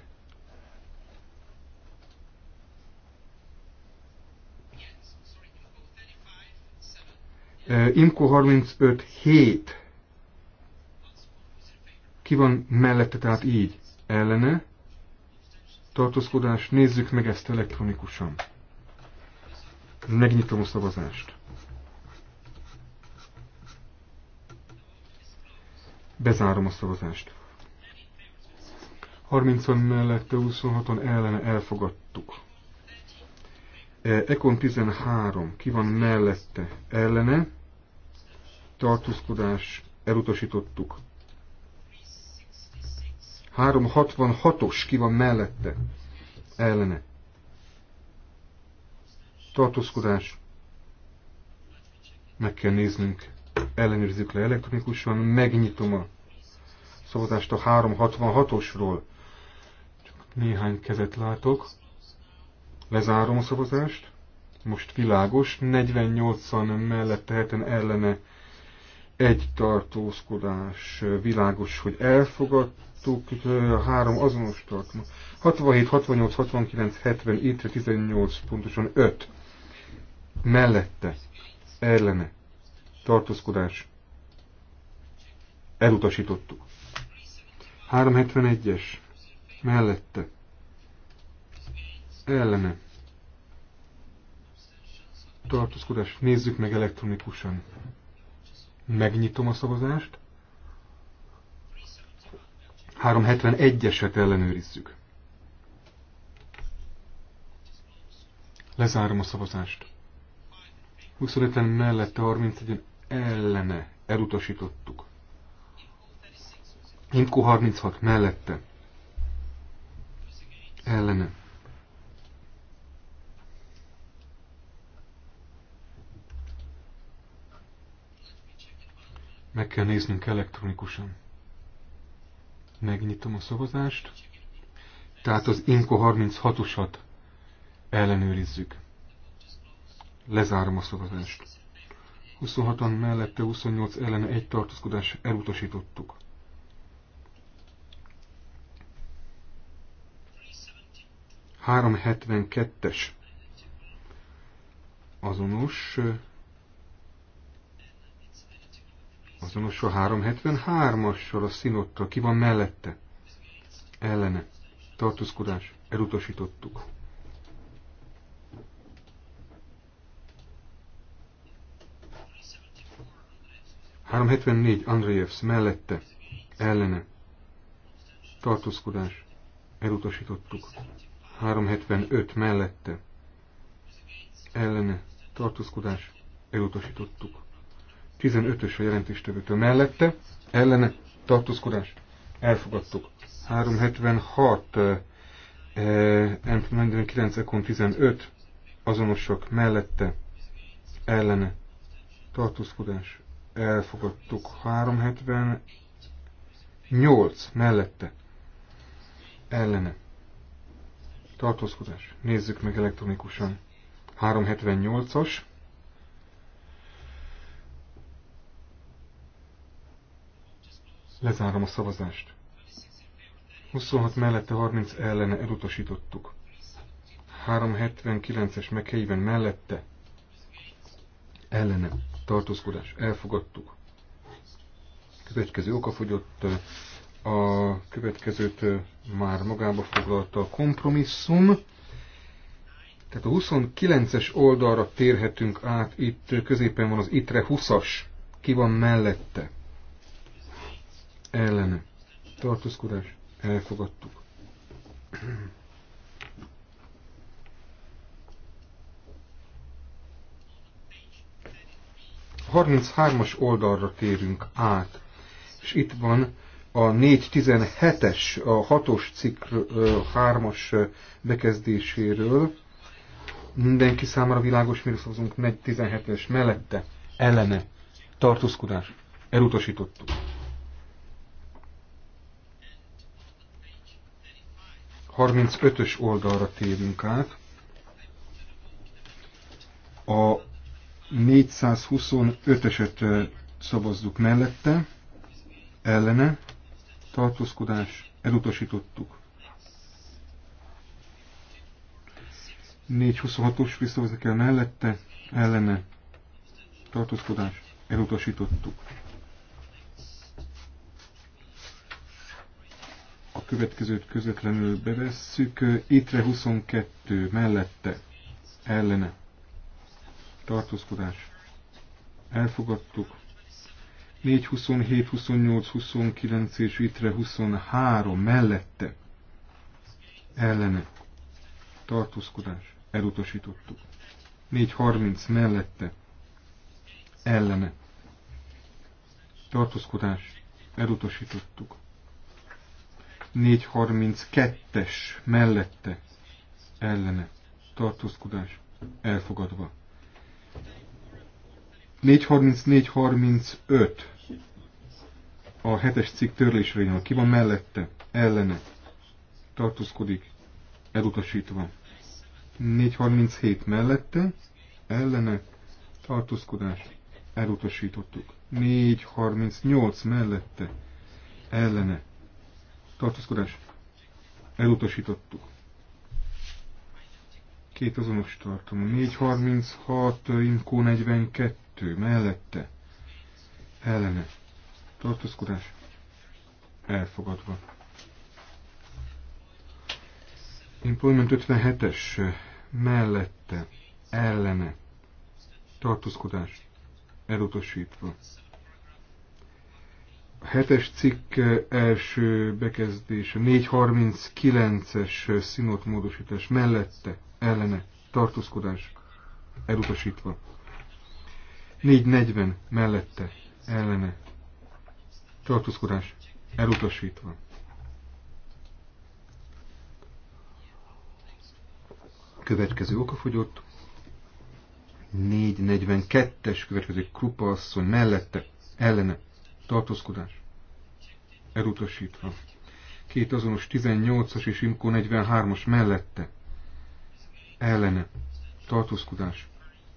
Imko 35 7 ki van mellette, tehát így ellene tartózkodás, nézzük meg ezt elektronikusan. Megnyitom a szavazást. Bezárom a szavazást. 30-on mellette, 26-on ellene elfogadtuk. Ekon 13, ki van mellette, ellene, tartózkodás elutasítottuk. 366-os ki van mellette, ellene. Tartózkodás. Meg kell néznünk. Ellenőrizzük le elektronikusan. Megnyitom a szavazást a 366-osról. Csak néhány kezet látok. Lezárom a szavazást. Most világos. 48-an mellette, heten ellene egy tartózkodás világos, hogy elfogadtuk, a három azonos tartma. 67, 68, 69, 70, étre 18, pontosan 5. Mellette, ellene, tartózkodás, elutasítottuk. 371-es, mellette, ellene, tartózkodás, nézzük meg elektronikusan. Megnyitom a szavazást. 371-eset ellenőrizzük. Lezárom a szavazást. 25-en mellette, 31 ellene elutasítottuk. Imko 36 mellette. Ellene Meg kell néznünk elektronikusan. Megnyitom a szavazást. Tehát az Inko 36-osat ellenőrizzük. Lezárom a szavazást. 26-an mellette 28 ellene egy tartózkodás elutasítottuk. 372-es azonos Azonos a 373-assal a színottal. Ki van mellette? Ellene. Tartózkodás. Elutasítottuk. Három hetvennégy Andrejevsz mellette, ellene, tartózkodás, elutasítottuk. 375 mellette, ellene, tartózkodás, elutasítottuk. 15-ös a jelentéstevőtő mellette, ellene tartózkodás elfogadtuk. 376, e, M49, Ekon 15 azonosak mellette, ellene tartózkodás elfogadtuk. 378 mellette, ellene tartózkodás. Nézzük meg elektronikusan. 378-as. Lezárom a szavazást. 26 mellette 30 ellene elutasítottuk. 379-es meghelyben mellette ellene tartózkodás elfogadtuk. Következő fogyott. a következőt már magába foglalta a kompromisszum. Tehát a 29-es oldalra térhetünk át, itt középen van az ITRE 20-as, ki van mellette ellene tartózkodás elfogadtuk. A 33-as oldalra térünk át, és itt van a 417-es, a 6-os cikk 3-as bekezdéséről. Mindenki számára világos, mire szavazunk 417-es mellette, ellene, tartózkodás, elutasítottuk. 35-ös oldalra térünk át. A 425-eset szavazzuk mellette, ellene, tartózkodás, elutasítottuk. 426-os visszavazni kell mellette, ellene, tartózkodás, elutasítottuk. következőt közvetlenül bevesszük. Itre 22 mellette ellene tartózkodás. Elfogadtuk. 4, 27, 28, 29 és itre 23 mellette ellene tartózkodás. Elutasítottuk. 4, 30 mellette ellene tartózkodás. Elutasítottuk. 432-es mellette ellene tartózkodás elfogadva. 434-35 a hetes cikk törlésvényel. ki van mellette, ellene tartózkodik, elutasítva. 437 mellette, ellene tartózkodás, elutasítottuk. 438 mellette, ellene tartózkodás elutasítottuk. Két azonos tartom. 436, Inkó 42, mellette, ellene, tartózkodás elfogadva. Employment 57-es, mellette, ellene, tartózkodás elutasítva hetes cikk eh, első bekezdése, 439-es eh, színotmódosítás mellette, ellene, tartózkodás elutasítva. 440 mellette, ellene, tartózkodás elutasítva. Következő okafogyott. 442-es következő krupa asszony mellette, ellene, tartózkodás elutasítva. Két azonos 18-as és Imkó 43-as mellette ellene tartózkodás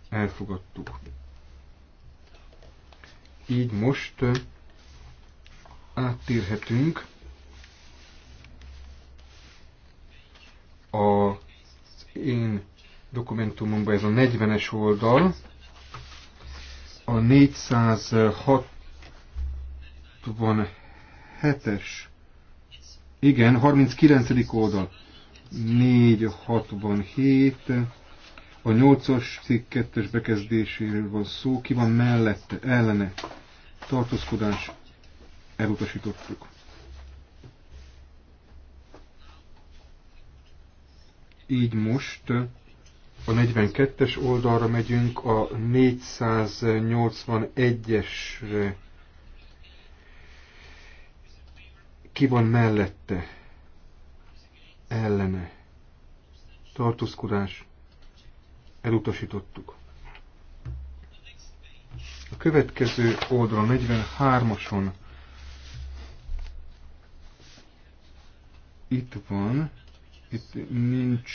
elfogadtuk. Így most áttérhetünk a én dokumentumomban ez a 40-es oldal, a 406 67-es. Igen, 39. oldal. 467. A 8-as cikk 2-es bekezdéséről van szó. Ki van mellette, ellene? Tartózkodás. Elutasítottuk. Így most a 42-es oldalra megyünk, a 481-esre ki van mellette, ellene, tartózkodás, elutasítottuk. A következő oldal 43-ason itt van, itt nincs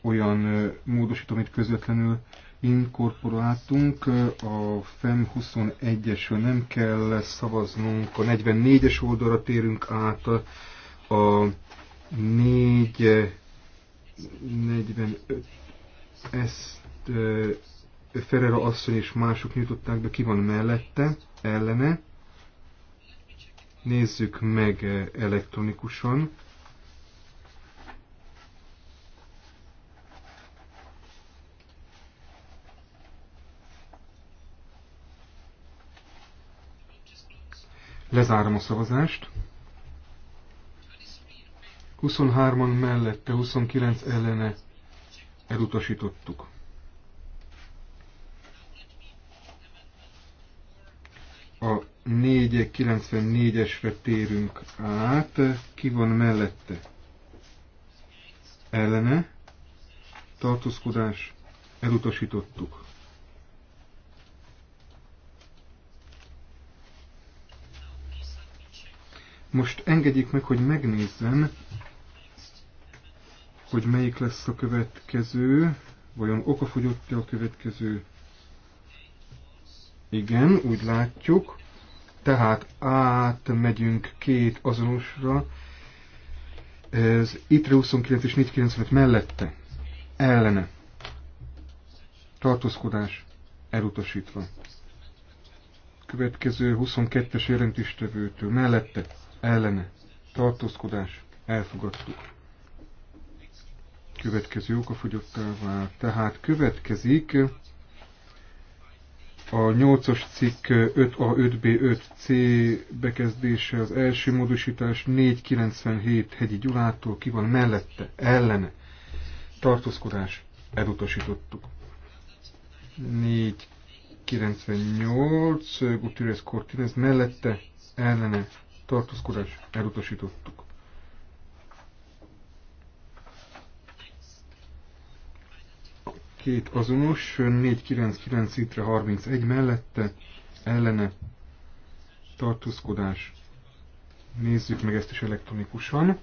olyan módosító, amit közvetlenül inkorporáltunk. A FEM 21-esről nem kell szavaznunk. A 44-es oldalra térünk át. A 4 45 ezt Ferrera asszony és mások nyitották, be, ki van mellette, ellene. Nézzük meg elektronikusan. Lezárom a szavazást. 23-an mellette, 29 ellene elutasítottuk. A 494-esre térünk át. Ki van mellette? Ellene. Tartózkodás. Elutasítottuk. Most engedjék meg, hogy megnézzem, hogy melyik lesz a következő, vajon okafogyott-e a következő. Igen, úgy látjuk. Tehát átmegyünk két azonosra. Ez ITRE 29 és 495 mellette. Ellene. Tartózkodás elutasítva. Következő 22-es jelentéstevőtől mellette ellene tartózkodás elfogadtuk. Következő okafogyottá vált. Tehát következik a 8-as cikk 5A5B5C bekezdése az első módosítás 497 Hegyi Gyulától ki van mellette, ellene tartózkodás elutasítottuk. 498 Gutierrez Cortinez mellette ellene tartózkodás elutasítottuk. Két azonos, 499 litre 31 mellette, ellene tartózkodás. Nézzük meg ezt is elektronikusan.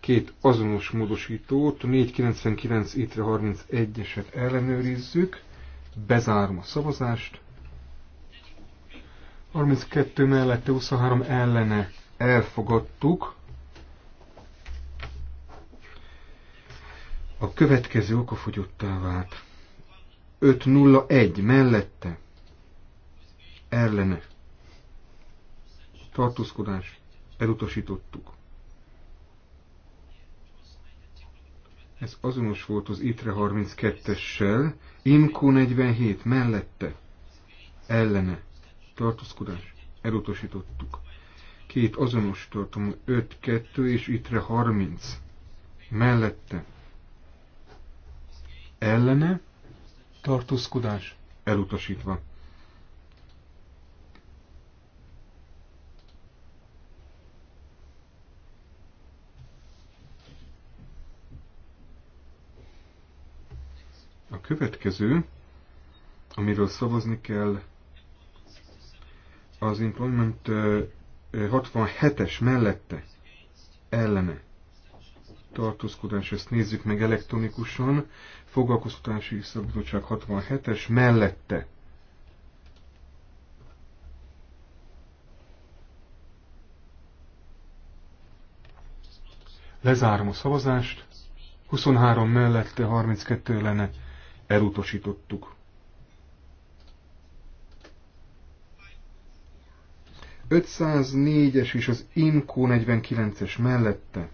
Két azonos módosítót, 499 litre 31-eset ellenőrizzük, bezárom a szavazást. 32 mellette, 23 ellene elfogadtuk. A következő okafogyottá vált. 501 mellette ellene tartózkodás elutasítottuk. Ez azonos volt az ITRE 32-essel, IMKO 47 mellette ellene tartózkodás elutasítottuk. Két azonos tartomú 5-2 és ittre 30 mellette ellene tartózkodás elutasítva. A következő, amiről szavazni kell, az employment 67-es mellette ellene tartózkodás, ezt nézzük meg elektronikusan, foglalkoztatási szabadság 67-es mellette. Lezárom a szavazást, 23 mellette, 32 ellene elutasítottuk. 504-es és az IMCO 49-es mellette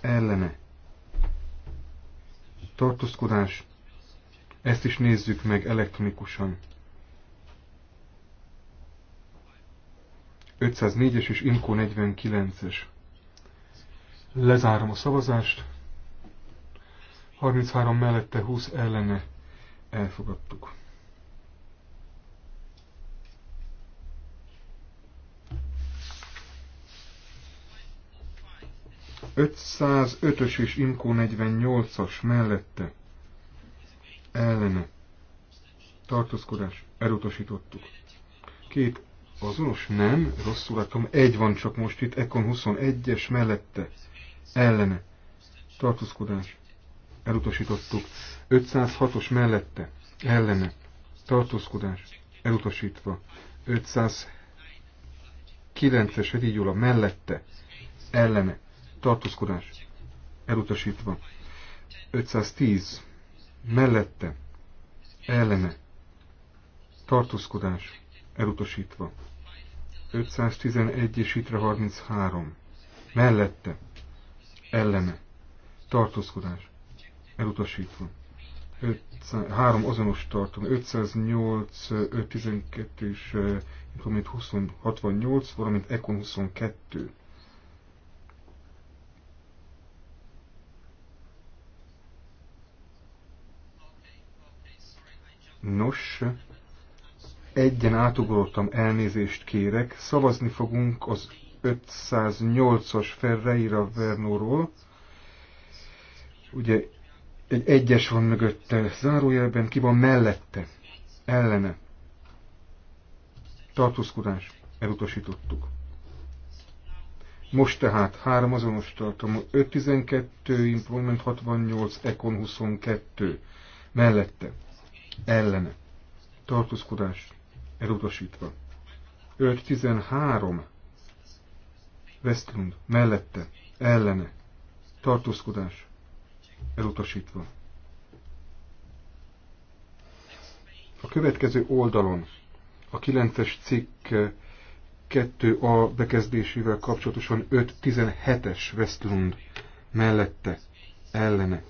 ellene tartózkodás. Ezt is nézzük meg elektronikusan. 504-es és IMCO 49-es. Lezárom a szavazást. 33 mellette 20 ellene elfogadtuk. 505-ös és Imkó 48-as mellette ellene tartózkodás elutasítottuk. Két azonos nem, rosszul látom, egy van csak most itt, Ekon 21-es mellette ellene tartózkodás elutasítottuk. 506-os mellette ellene tartózkodás elutasítva. 509-es így a mellette ellene tartózkodás elutasítva. 510 mellette ellene tartózkodás elutasítva. 511 és itre 33 mellette ellene tartózkodás elutasítva. 3 azonos tartom, 508, 512 és 20, 68, valamint Econ 22 Nos, egyen átugrottam, elnézést kérek. Szavazni fogunk az 508-as Ferreira Vernóról. Ugye egy egyes van mögötte, zárójelben ki van mellette, ellene. Tartózkodás, elutasítottuk. Most tehát három azonos tartalmú, 512, Employment 68, Econ 22 mellette ellene tartózkodás elutasítva. 5.13 Westlund mellette ellene tartózkodás elutasítva. A következő oldalon a 9-es cikk 2A bekezdésével kapcsolatosan 5.17-es Westlund mellette ellene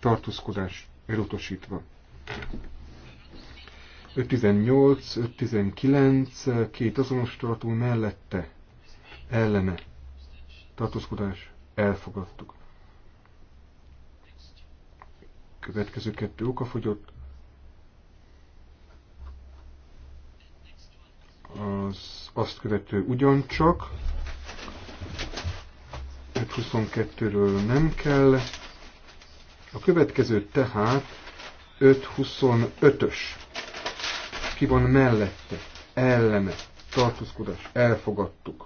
tartózkodás elutasítva. Thank you. 518, 519, két azonos tartó mellette, ellene, tartózkodás, elfogadtuk. Következő kettő oka fogyott. Az azt követő ugyancsak. 522-ről nem kell. A következő tehát 525-ös ki van mellette, ellene, tartózkodás, elfogadtuk.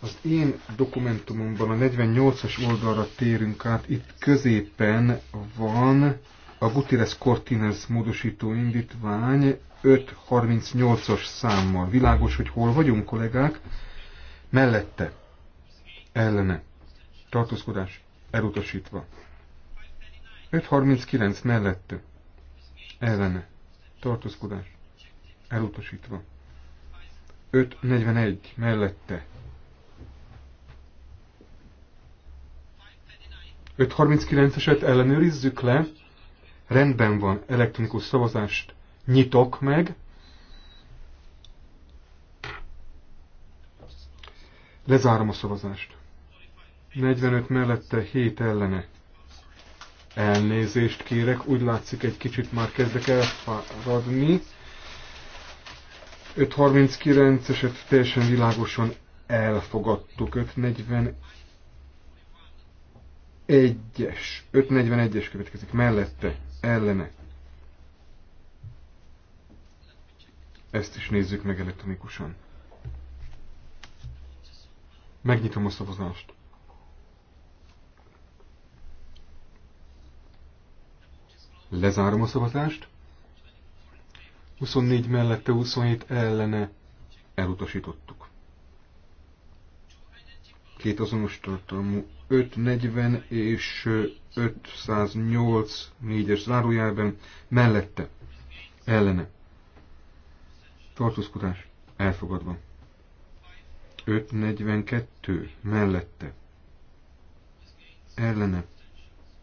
Az én dokumentumomban a 48-as oldalra térünk át, itt középen van a Gutierrez Cortines módosító indítvány 538-as számmal. Világos, hogy hol vagyunk, kollégák? Mellette. Ellene. Tartózkodás elutasítva. 539 mellette, ellene, tartózkodás, elutasítva. 541 mellette, 539-eset ellenőrizzük le, rendben van, elektronikus szavazást nyitok meg, lezárom a szavazást. 45 mellette 7 ellene. Elnézést kérek, úgy látszik egy kicsit már kezdek elfáradni. 5.39-eset teljesen világosan elfogadtuk. 5.41-es. 5.41-es következik mellette, ellene. Ezt is nézzük meg elektronikusan. Megnyitom a szavazást. Lezárom a szavazást. 24 mellette, 27 ellene elutasítottuk. Két azonos tartalmú 540 és 508 négyes zárójelben mellette, ellene. Tartózkodás elfogadva. 542 mellette, ellene.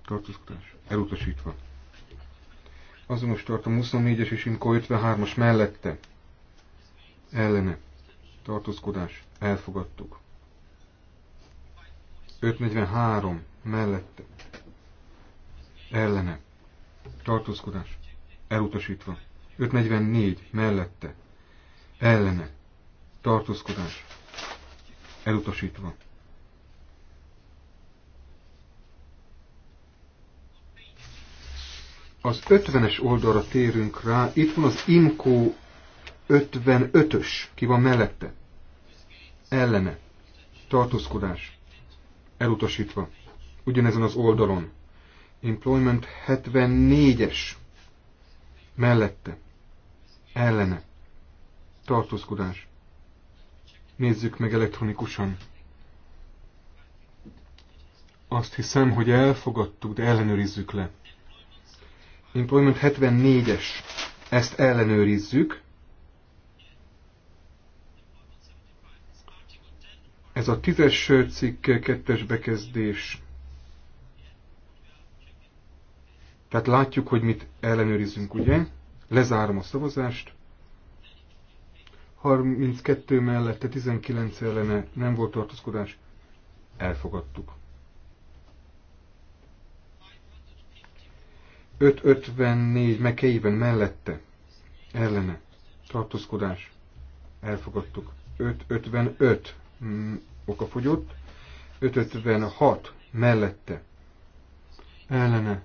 Tartózkodás elutasítva. Azonos tartom 24-es és Imko 53-as mellette. Ellene. Tartózkodás. Elfogadtuk. 543 mellette. Ellene. Tartózkodás. Elutasítva. 544 mellette. Ellene. Tartózkodás. Elutasítva. az 50-es oldalra térünk rá, itt van az IMCO 55-ös, ki van mellette, ellene, tartózkodás, elutasítva, ugyanezen az oldalon, Employment 74-es, mellette, ellene, tartózkodás. Nézzük meg elektronikusan. Azt hiszem, hogy elfogadtuk, de ellenőrizzük le. Employment 74-es. Ezt ellenőrizzük. Ez a 10-es cikk 2 bekezdés. Tehát látjuk, hogy mit ellenőrizzünk, ugye? Lezárom a szavazást. 32 mellette 19 ellene nem volt tartózkodás. Elfogadtuk. 554 mekeiben mellette ellene tartózkodás elfogadtuk. 555 mm, okafogyott, 556 mellette ellene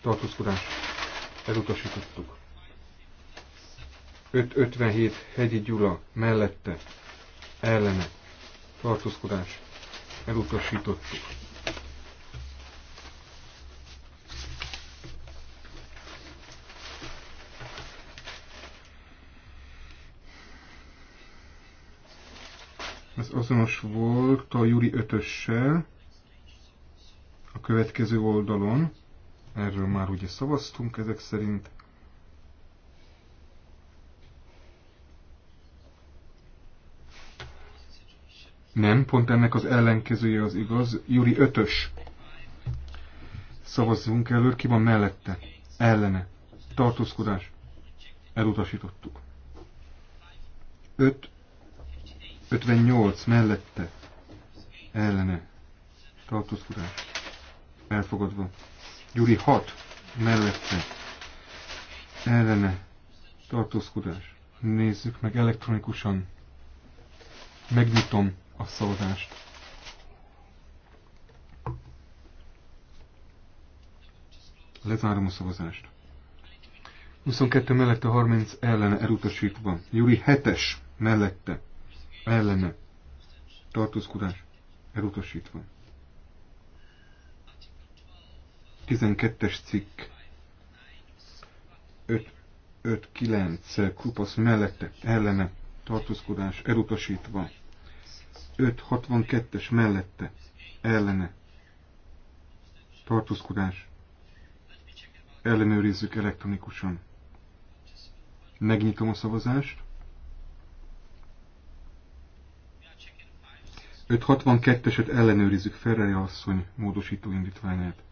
tartózkodás elutasítottuk. 557 Hegyi Gyula mellette ellene tartózkodás elutasítottuk. azonos volt a Júri 5-össel a következő oldalon. Erről már ugye szavaztunk ezek szerint. Nem, pont ennek az ellenkezője az igaz. Júri 5-ös. Szavazzunk elő, ki van mellette? Ellene. Tartózkodás. Elutasítottuk. 5 58 mellette ellene tartózkodás elfogadva. Gyuri 6 mellette ellene tartózkodás. Nézzük meg elektronikusan. Megnyitom a szavazást. Lezárom a szavazást. 22 mellette 30 ellene elutasítva. Júri 7-es mellette ellene tartózkodás elutasítva. 12-es cikk 5-9 kupasz mellette ellene tartózkodás elutasítva. 5-62-es mellette ellene tartózkodás ellenőrizzük elektronikusan. Megnyitom a szavazást. 562-eset ellenőrizzük Ferrari asszony módosító indítványát.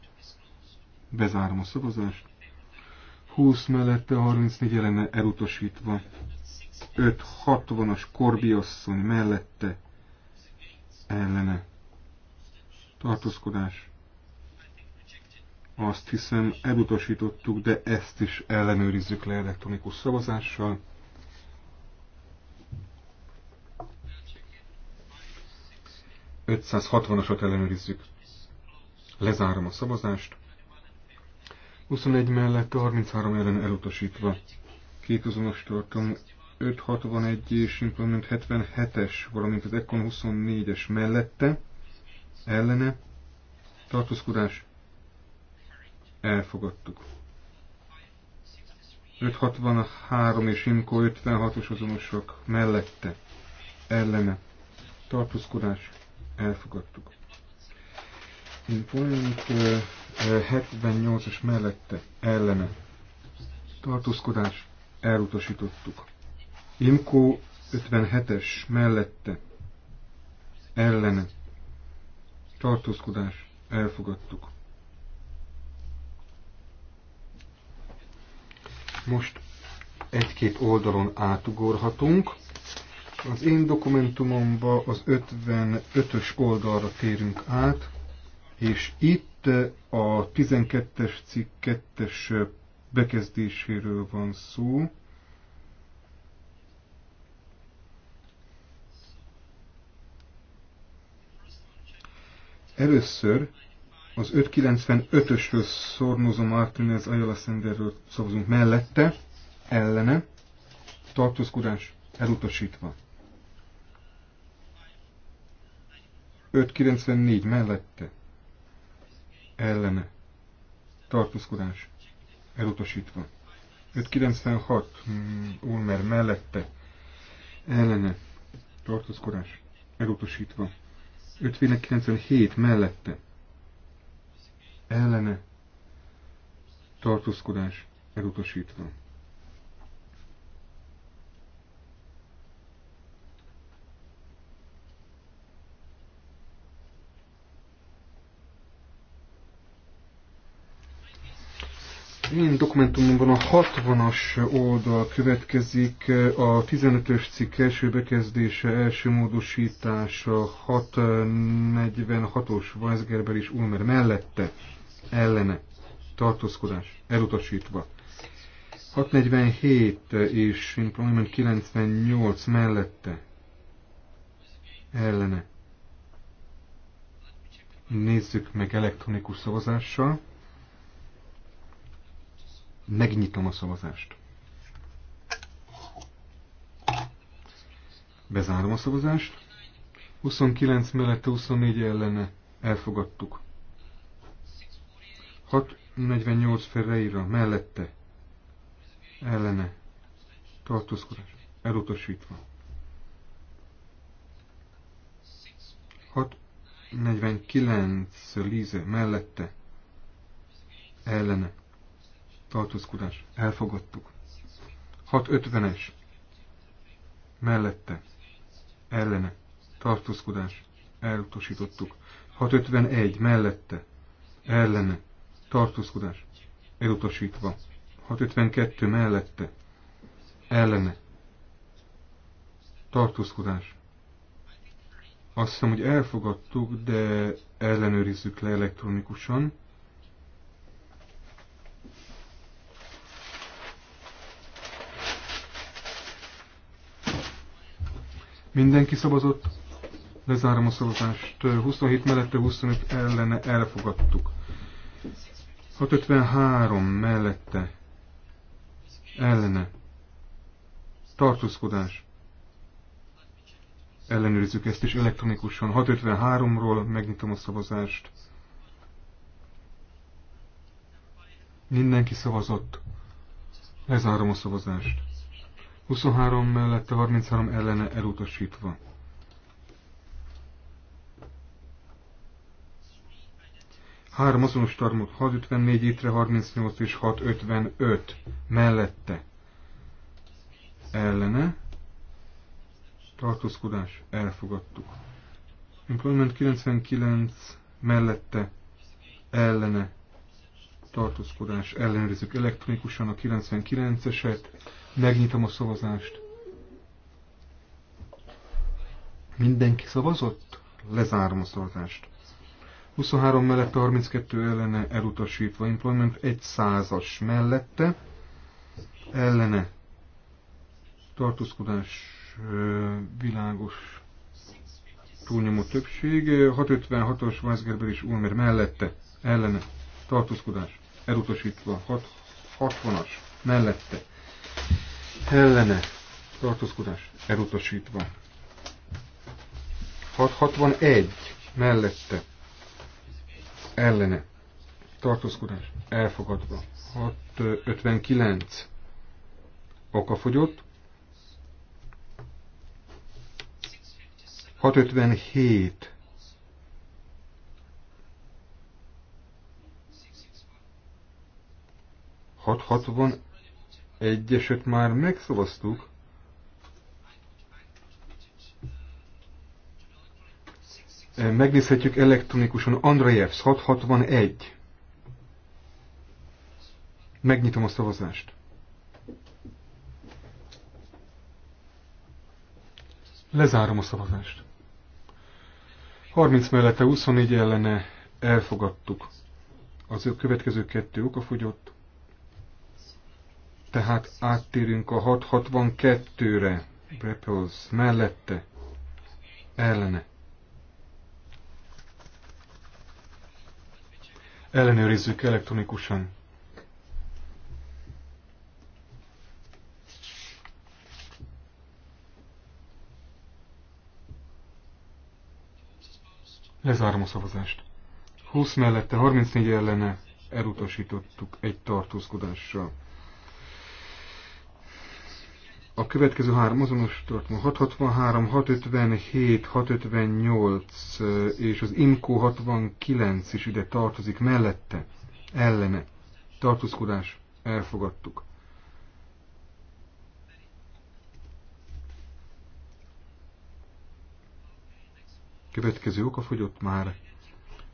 Bezárom a szavazást. 20 mellette 34 ellene elutasítva. 560-as Korbi asszony mellette ellene. Tartózkodás. Azt hiszem elutasítottuk, de ezt is ellenőrizzük le elektronikus szavazással. 560-asat ellenőrizzük. Lezárom a szavazást. 21 mellett, 33 ellen elutasítva. Két azonos tartom 561 és implement 77-es, valamint az Econ 24-es mellette, ellene, tartózkodás, elfogadtuk. 563 és Imco 56-os azonosok mellette, ellene, tartózkodás, elfogadtuk. Point 78-as mellette ellene tartózkodás elutasítottuk. Imkó 57-es mellette ellene tartózkodás elfogadtuk. Most egy-két oldalon átugorhatunk. Az én dokumentumomba az 55-ös oldalra térünk át, és itt a 12-es cikk 2-es bekezdéséről van szó. Először az 595-ösről szornozó Martinez Ayala Senderről szavazunk mellette, ellene, tartózkodás elutasítva. 594 mellette ellene tartózkodás elutasítva. 596 mm, Ulmer mellette ellene tartózkodás elutasítva. 597 mellette ellene tartózkodás elutasítva. én dokumentumban a 60-as oldal következik, a 15-ös cikk első bekezdése, első módosítása, 646-os Weisgerber és Ulmer mellette, ellene, tartózkodás, elutasítva. 647 és Employment 98 mellette, ellene. Nézzük meg elektronikus szavazással. Megnyitom a szavazást. Bezárom a szavazást. 29 mellette 24 ellene elfogadtuk. 648 Ferreira mellette ellene tartózkodás elutasítva. 649 Líze mellette ellene tartózkodás, elfogadtuk. 650-es, mellette, ellene, tartózkodás, elutasítottuk. 651, mellette, ellene, tartózkodás, elutasítva. 652, mellette, ellene, tartózkodás. Azt hiszem, hogy elfogadtuk, de ellenőrizzük le elektronikusan. Mindenki szavazott. Lezárom a szavazást. 27 mellette, 25 ellene elfogadtuk. 653 mellette ellene tartózkodás. Ellenőrizzük ezt is elektronikusan. 653-ról megnyitom a szavazást. Mindenki szavazott. Lezárom a szavazást. 23 mellette, 33 ellene elutasítva. Három azonos tarmot 654 étre 38 és 655 mellette ellene tartózkodás elfogadtuk. Employment 99 mellette ellene tartózkodás ellenőrizzük elektronikusan a 99-eset Megnyitom a szavazást. Mindenki szavazott? Lezárom a szavazást. 23 mellette, 32 ellene elutasítva. Employment egy százas mellette. Ellene. Tartózkodás világos túlnyomó többség. 656-os Weisgerber és Ulmer mellette. Ellene. Tartózkodás elutasítva. 660-as mellette ellene tartózkodás elutasítva. 661 mellette ellene tartózkodás elfogadva. 659 okafogyott. 657 661 egyeset már megszavaztuk. Megnézhetjük elektronikusan Andrajevsz 661. Megnyitom a szavazást. Lezárom a szavazást. 30 mellette 24 ellene elfogadtuk. Az következő kettő okafogyott. Tehát áttérünk a 662-re. Repels mellette. Ellene. Ellenőrizzük elektronikusan. Lezárom a szavazást. 20 mellette, 34 ellene elutasítottuk egy tartózkodással. A következő három azonos tartom, 663, 657, 658 és az IMCO 69 is ide tartozik mellette, ellene. Tartózkodás, elfogadtuk. Következő oka fogyott már.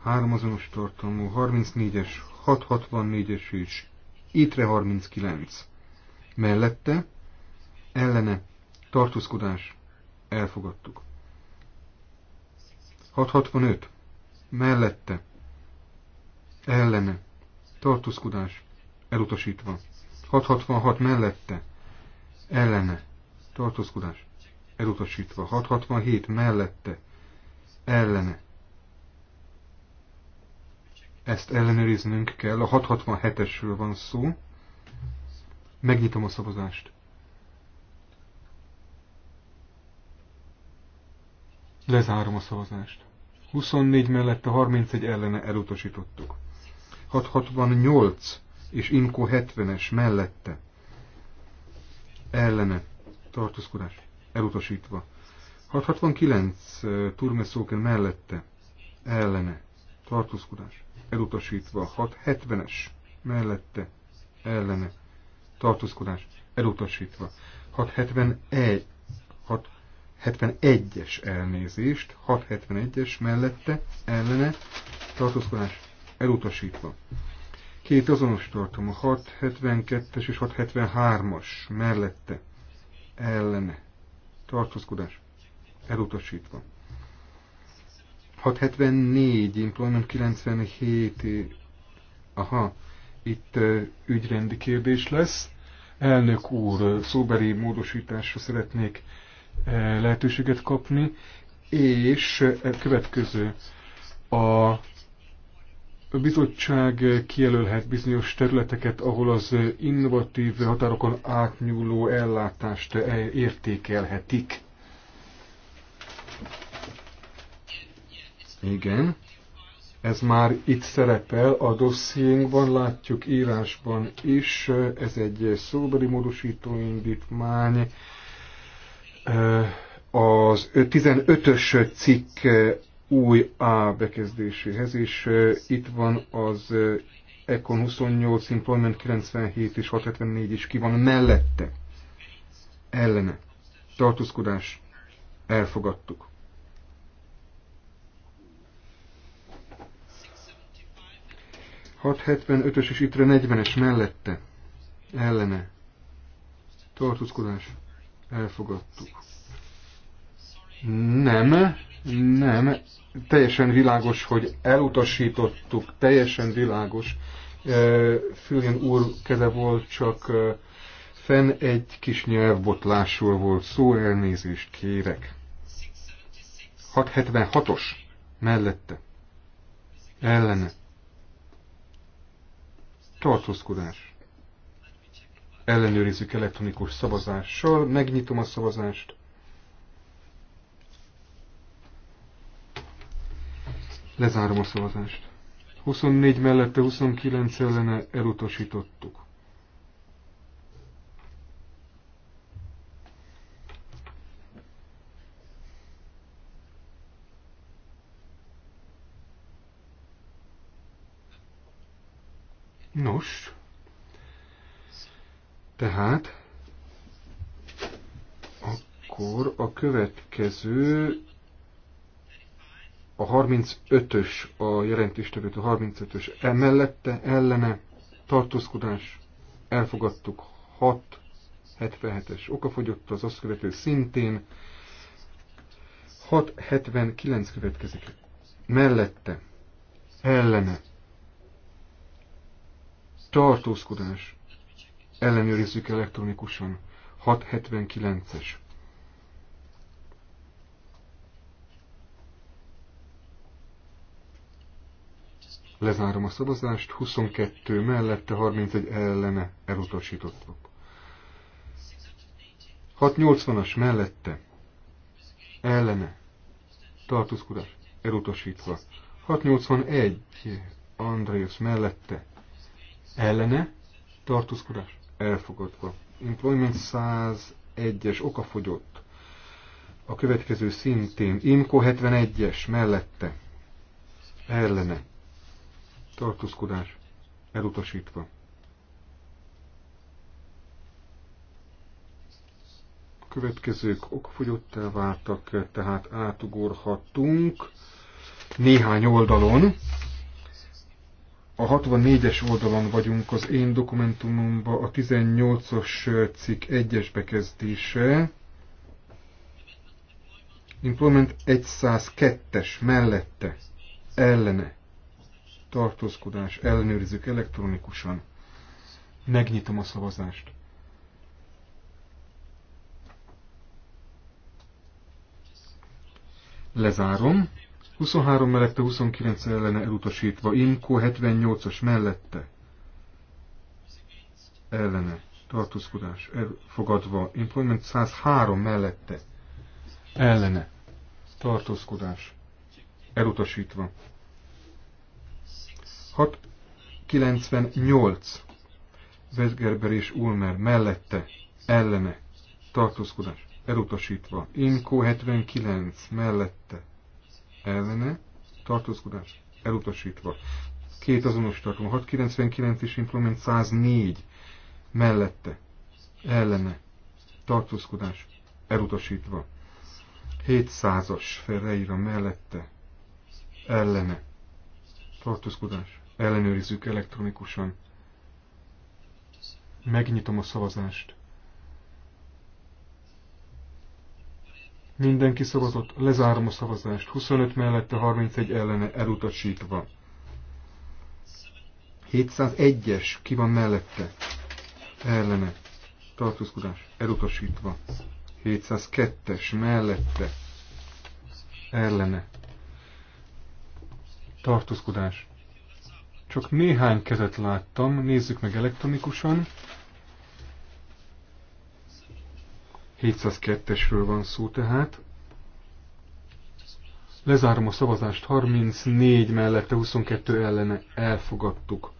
Három azonos tartalmú, 34-es, 664-es és ITRE 39. Mellette ellene tartózkodás elfogadtuk. 665 mellette ellene tartózkodás elutasítva. 666 mellette ellene tartózkodás elutasítva. 667 mellette ellene ezt ellenőriznünk kell. A 667-esről van szó. Megnyitom a szavazást. Lezárom a szavazást. 24 mellette 31 ellene elutasítottuk. 668 és Inko 70-es mellette ellene tartózkodás elutasítva. 669 eh, Turmeszóken mellette ellene tartózkodás elutasítva. 670-es mellette ellene tartózkodás elutasítva. 671 6 671-es elnézést, 671-es mellette ellene tartózkodás elutasítva. Két azonos tartom, a 672-es és 673-as mellette ellene tartózkodás elutasítva. 674, Employment 97, aha, itt ügyrendi kérdés lesz. Elnök úr, szóberi módosításra szeretnék lehetőséget kapni, és következő a bizottság kijelölhet bizonyos területeket, ahol az innovatív határokon átnyúló ellátást értékelhetik. Igen, ez már itt szerepel a dossziénkban, látjuk írásban is, ez egy szóbeli módosító indítmány, az 15-ös cikk új A bekezdéséhez, és itt van az Econ 28, Employment 97 és 674 is ki van mellette, ellene, tartózkodás, elfogadtuk. 675-ös és ittre 40-es mellette, ellene, tartózkodás, Elfogadtuk. Nem, nem, teljesen világos, hogy elutasítottuk, teljesen világos. Füljen úr keze volt, csak fenn egy kis nyelvbotlásról volt szó, elnézést kérek. 676-os mellette. Ellene. Tartózkodás ellenőrizzük elektronikus szavazással. Megnyitom a szavazást. Lezárom a szavazást. 24 mellette, 29 ellene elutasítottuk. Nos, tehát akkor a következő a 35-ös, a jelentéstevőt a 35-ös emellette, ellene, tartózkodás, elfogadtuk 6, 77-es okafogyott, az azt követő szintén 679 következik. Mellette, ellene, tartózkodás, ellenőrizzük elektronikusan. 679-es. Lezárom a szavazást, 22 mellette, 31 ellene elutasítottak. 680-as mellette, ellene, tartózkodás, elutasítva. 681, Andreas mellette, ellene, tartózkodás, elfogadva. Employment 101-es okafogyott. A következő szintén Imko 71-es mellette ellene tartózkodás elutasítva. A következők okfogyottá váltak, tehát átugorhatunk néhány oldalon a 64-es oldalon vagyunk az én dokumentumomban a 18-os cikk 1-es bekezdése. Implement 102-es mellette ellene tartózkodás ellenőrizzük elektronikusan. Megnyitom a szavazást. Lezárom. 23 mellette, 29 ellene elutasítva. Imko 78-as mellette. Ellene. Tartózkodás elfogadva. Employment 103 mellette. Ellene. Tartózkodás elutasítva. 698. Vezgerber és Ulmer mellette. Ellene. Tartózkodás elutasítva. Imko 79 mellette ellene tartózkodás elutasítva. Két azonos tartom, 699 és implement 104 mellette ellene tartózkodás elutasítva. 700-as Ferreira mellette ellene tartózkodás. Ellenőrizzük elektronikusan. Megnyitom a szavazást. Mindenki szavazott, lezárom a szavazást. 25 mellette, 31 ellene elutasítva. 701-es, ki van mellette? Ellene. Tartózkodás, elutasítva. 702-es, mellette. Ellene. Tartózkodás. Csak néhány kezet láttam, nézzük meg elektronikusan. 702-esről van szó tehát. Lezárom a szavazást 34 mellette, 22 ellene elfogadtuk.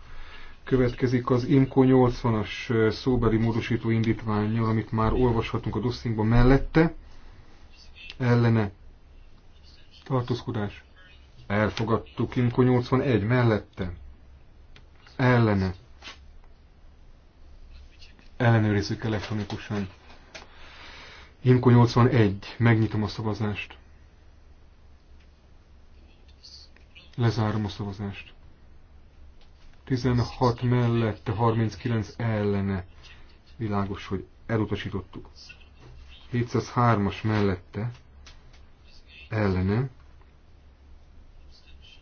Következik az IMCO 80-as szóbeli módosító indítványjal, amit már olvashatunk a dosszinkban mellette. Ellene. Tartózkodás. Elfogadtuk. IMCO 81 mellette. Ellene. Ellenőrizzük elektronikusan. Imko 81. Megnyitom a szavazást. Lezárom a szavazást. 16 mellette, 39 ellene. Világos, hogy elutasítottuk. 703-as mellette, ellene,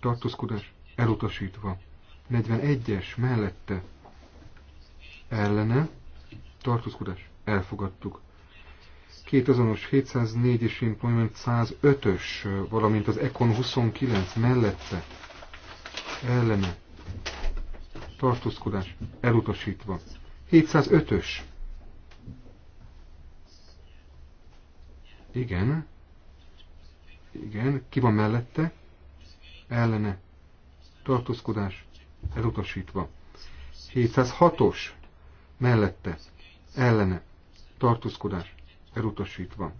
tartózkodás elutasítva. 41-es mellette, ellene, tartózkodás elfogadtuk két azonos 704 és Employment 105-ös, valamint az Econ 29 mellette ellene tartózkodás elutasítva. 705-ös. Igen. Igen. Ki van mellette? Ellene. Tartózkodás elutasítva. 706-os. Mellette. Ellene. Tartózkodás elutasítva.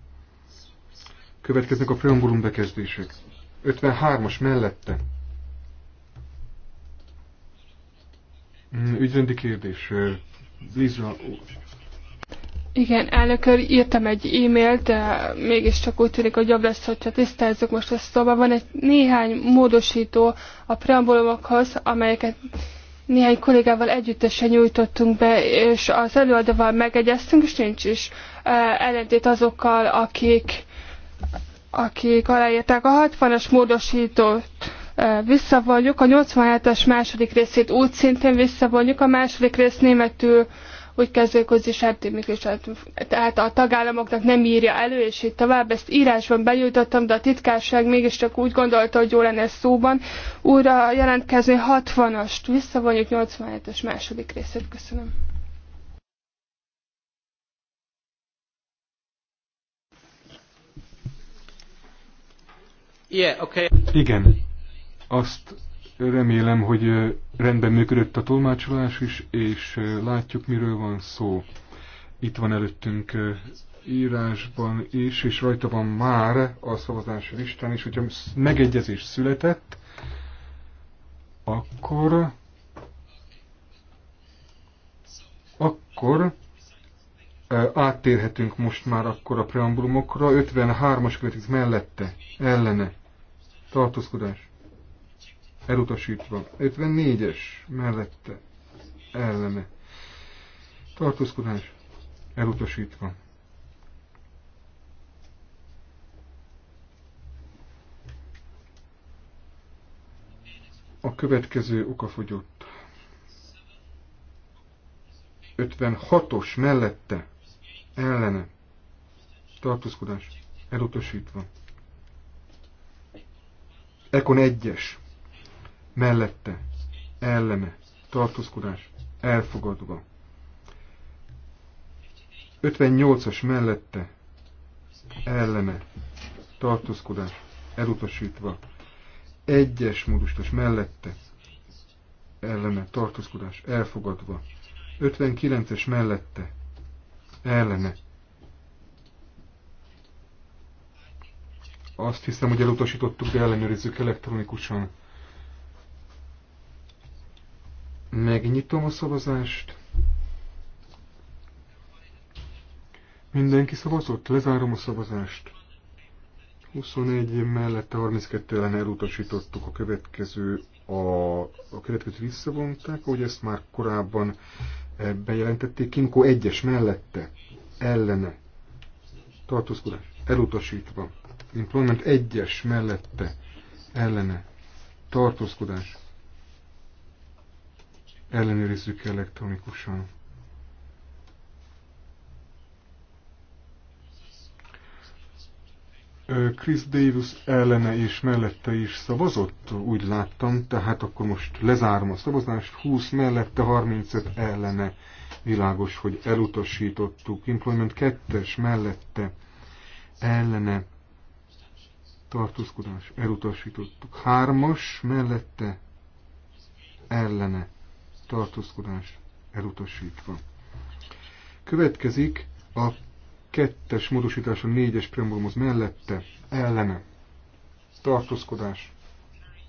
Következnek a preambulum bekezdések. 53-as mellette. Hmm, ügyrendi kérdés. Eh, Liza. Igen, elnök úr, írtam egy e-mailt, de mégiscsak úgy tűnik, hogy jobb lesz, hogyha tisztázzuk most ezt szóba. Van egy néhány módosító a preambulumokhoz, amelyeket néhány kollégával együttesen nyújtottunk be, és az előadóval megegyeztünk, és nincs is ellentét azokkal, akik, akik aláírták a 60-as módosítót visszavonjuk, a 87-es második részét úgy szintén visszavonjuk, a második rész németül úgy kezdődik, hogy tehát hát, hát a tagállamoknak nem írja elő, és így tovább. Ezt írásban benyújtottam, de a titkárság mégiscsak úgy gondolta, hogy jó lenne szóban. Újra jelentkezni 60-ast, visszavonjuk 87-es második részét. Köszönöm. Yeah, okay. Igen, azt remélem, hogy rendben működött a tolmácsolás is, és látjuk, miről van szó. Itt van előttünk írásban is, és rajta van már a szavazási listán is, hogyha megegyezés született, akkor akkor áttérhetünk most már akkor a preambulumokra, 53-as követik mellette, ellene, tartózkodás elutasítva. 54-es mellette ellene tartózkodás elutasítva. A következő okafogyott. 56-os mellette ellene tartózkodás elutasítva. Ekon egyes mellette, ellene, tartózkodás, elfogadva. 58-as mellette, ellene, tartózkodás, elutasítva. Egyes módosítás mellette, ellene, tartózkodás, elfogadva. 59-es mellette, ellene. Azt hiszem, hogy elutasítottuk, de ellenőrizzük elektronikusan. Megnyitom a szavazást. Mindenki szavazott? Lezárom a szavazást. 21 mellette 32 ellen elutasítottuk a következő, a, a következő visszavonták, ahogy ezt már korábban e, bejelentették. Kinkó 1 mellette, ellene, tartózkodás, elutasítva. Implement 1 mellette, ellene, tartózkodás, ellenőrizzük elektronikusan. Chris Davis ellene és mellette is szavazott, úgy láttam, tehát akkor most lezárom a szavazást, 20 mellette, 35 ellene, világos, hogy elutasítottuk. Employment 2-es mellette, ellene, tartózkodás, elutasítottuk. 3-as mellette, ellene, tartózkodás elutasítva. Következik a kettes módosítás a négyes preambulumhoz mellette, ellene, tartózkodás,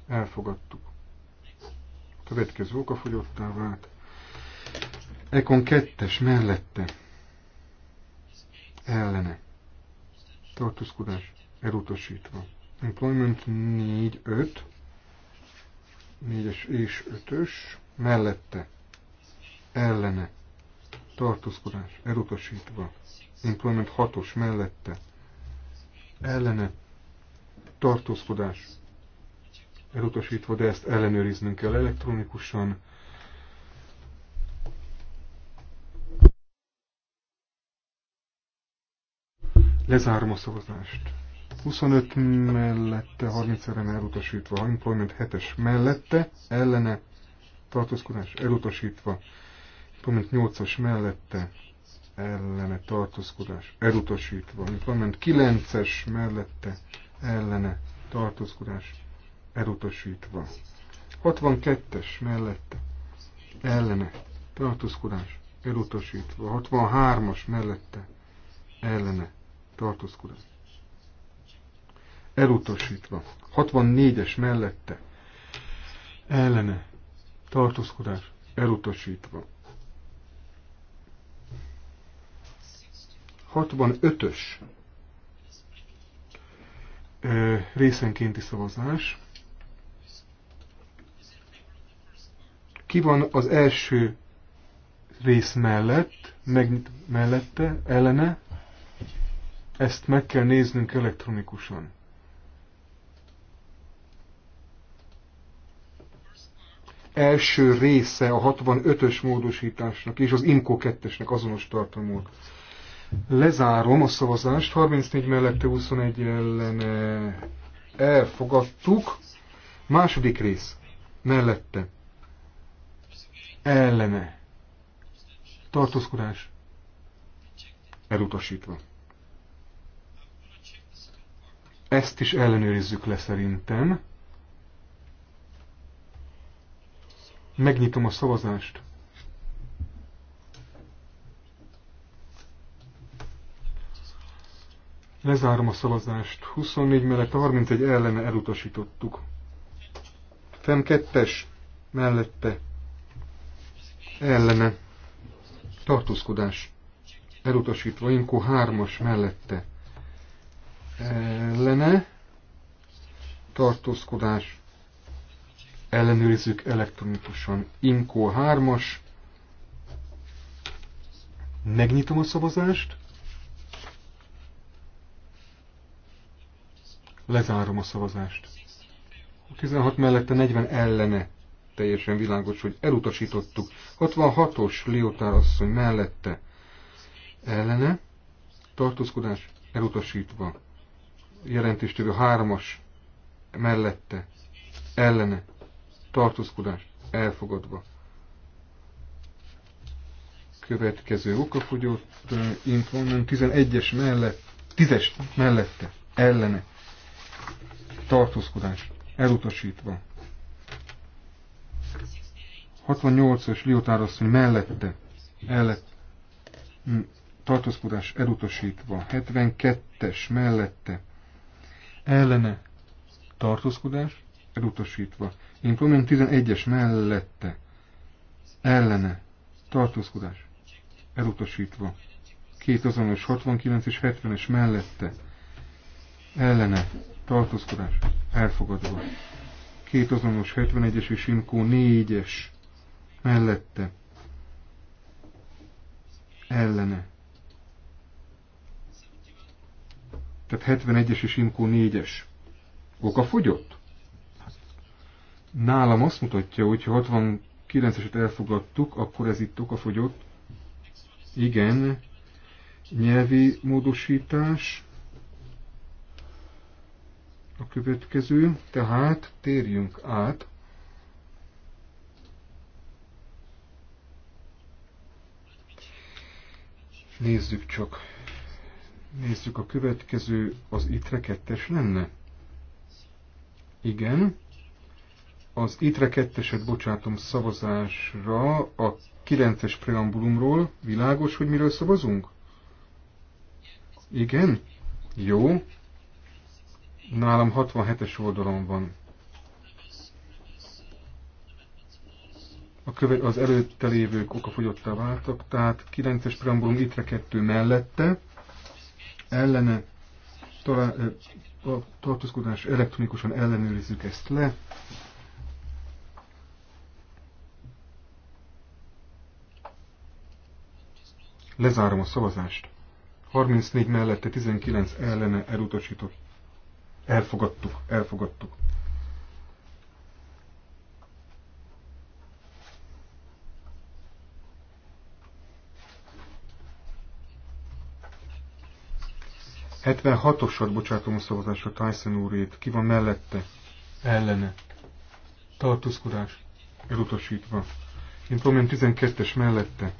elfogadtuk. Következő okafogyottá vált. Ekon kettes mellette, ellene, tartózkodás, elutasítva. Employment 4-5, 4-es és 5-ös, mellette, ellene, tartózkodás, elutasítva. Employment 6-os mellette, ellene, tartózkodás, elutasítva, de ezt ellenőriznünk kell elektronikusan. Lezárom a szavazást. 25 mellette, 30 en elutasítva, employment 7-es mellette, ellene, tartózkodás elutasítva, implement 8-as mellette ellene tartózkodás elutasítva, implement 9-es mellette ellene tartózkodás elutasítva, 62-es mellette ellene tartózkodás elutasítva, 63-as mellette ellene tartózkodás elutasítva, 64-es mellette ellene tartózkodás elutasítva. 65-ös részenkénti szavazás. Ki van az első rész mellett, meg, mellette, ellene? Ezt meg kell néznünk elektronikusan. első része a 65-ös módosításnak és az IMCO 2-esnek azonos tartalmú. Lezárom a szavazást, 34 mellette 21 ellen elfogadtuk. Második rész mellette ellene tartózkodás elutasítva. Ezt is ellenőrizzük le szerintem. Megnyitom a szavazást. Lezárom a szavazást. 24 mellett a 31 ellene elutasítottuk. Fem 2 mellette ellene tartózkodás elutasítva. Inkó 3-as mellette ellene tartózkodás ellenőrizzük elektronikusan. Inkó 3-as. Megnyitom a szavazást. Lezárom a szavazást. 16 mellette 40 ellene. Teljesen világos, hogy elutasítottuk. 66-os Liotár asszony mellette. Ellene. Tartózkodás elutasítva. Jelentéstől 3-as mellette. Ellene tartózkodás elfogadva. Következő okafogyott int van, 11-es mellett, 10-es mellette, ellene, tartózkodás elutasítva. 68-as Liotárasszony mellette, ellett, tartózkodás elutasítva, 72-es mellette, ellene tartózkodás elutasítva. Én Implement 11-es mellette, ellene, tartózkodás, elutasítva. Két azonos 69 és 70-es mellette, ellene, tartózkodás, elfogadva. Két azonos 71-es és Inkó 4-es mellette, ellene. Tehát 71-es és Inkó 4-es. Oka fogyott? nálam azt mutatja, hogy ha 69-eset elfogadtuk, akkor ez itt okafogyott. Igen, nyelvi módosítás a következő, tehát térjünk át Nézzük csak. Nézzük a következő, az itre kettes lenne. Igen az ITRE 2-eset bocsátom szavazásra a 9-es preambulumról. Világos, hogy miről szavazunk? Igen? Jó. Nálam 67-es oldalon van. A köve, az előtte lévők okafogyottá váltak, tehát 9-es preambulum ITRE 2 mellette, ellene talál, a tartózkodás elektronikusan ellenőrizzük ezt le. Lezárom a szavazást. 34 mellette, 19 ellene elutasított. Elfogadtuk, elfogadtuk. Hetvenhatosat bocsátom a szavazásra Tyson úrét. Ki van mellette? Ellene. Tartózkodás. Elutasítva. Én tudom, 12-es mellette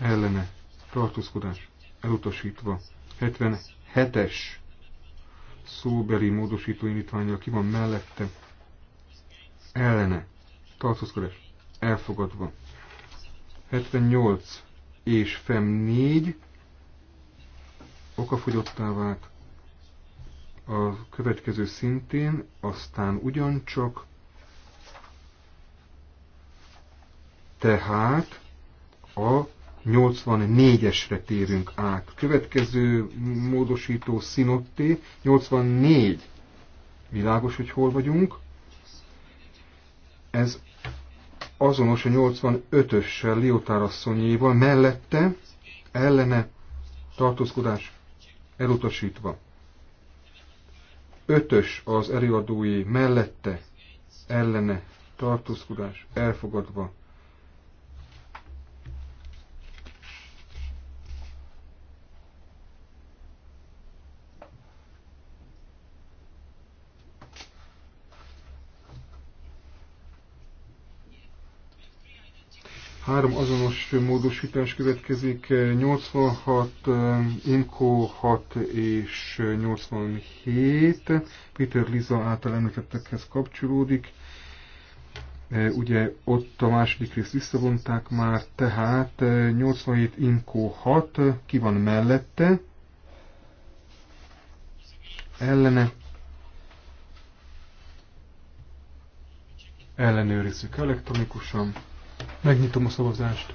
ellene tartózkodás elutasítva. 77-es szóbeli módosító indítványjal ki van mellette ellene tartózkodás elfogadva. 78 és FEM 4 okafogyottá vált a következő szintén, aztán ugyancsak tehát a 84-esre térünk át. Következő módosító Szinotté, 84. Világos, hogy hol vagyunk. Ez azonos a 85-össel Liotárasszonyéval, mellette ellene tartózkodás elutasítva. 5ös az előadói mellette ellene tartózkodás elfogadva. Három azonos módosítás következik, 86, Inko 6 és 87. Peter Liza által említettekhez kapcsolódik. E, ugye ott a második részt visszavonták már, tehát 87, Inko 6, ki van mellette? Ellene ellenőrizzük elektronikusan. Megnyitom a szavazást.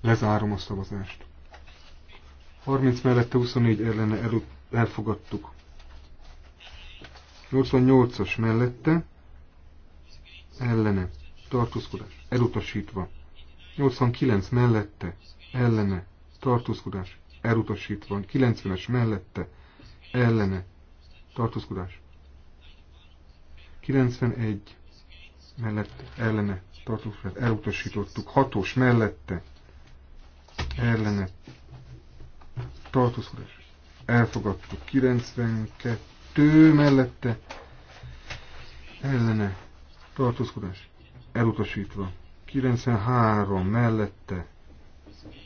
Lezárom a szavazást. 30 mellette 24 ellene el, elfogadtuk. 88-as mellette ellene tartózkodás elutasítva. 89 mellette ellene tartózkodás elutasítva. 90-es mellette ellene tartózkodás. 91 mellett ellene tartózkodás elutasítottuk. 6 mellette ellene tartózkodás elfogadtuk. 92 mellette ellene tartózkodás elutasítva. 93 mellette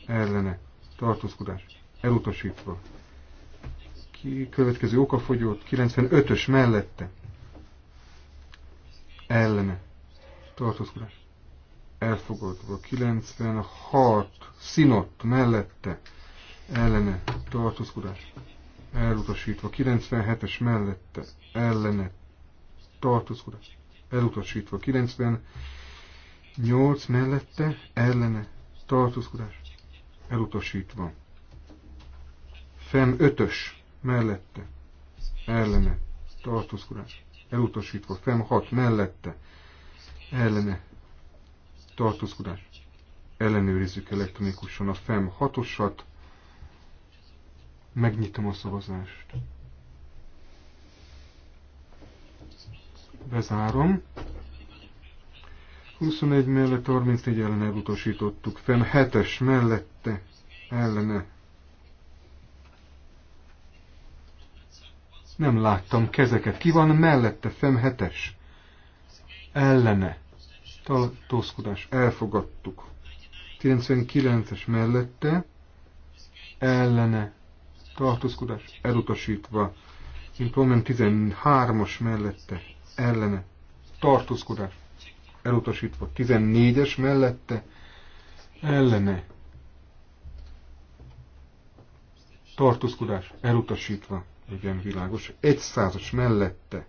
ellene tartózkodás elutasítva ki, következő okafogyót, 95-ös mellette. Ellene. Tartózkodás. Elfogadva. 96. Szinott mellette. Ellene. Tartózkodás. Elutasítva. 97-es mellette. Ellene. Tartózkodás. Elutasítva. 98 mellette. Ellene. Tartózkodás. Elutasítva. Fem ötös mellette, ellene, tartózkodás, elutasítva, fem hat. mellette, ellene, tartózkodás, ellenőrizzük elektronikusan a fem hatosat, megnyitom a szavazást. Bezárom. 21 mellett 34 ellen elutasítottuk, fem 7-es mellette, ellene, Nem láttam kezeket. Ki van mellette? femhetes? Ellene. Tartózkodás. Elfogadtuk. 99-es mellette. Ellene. Tartózkodás. Elutasítva. Implement 13-as mellette. Ellene. Tartózkodás. Elutasítva. 14-es mellette. Ellene. Tartózkodás. Elutasítva igen világos, egy százas mellette,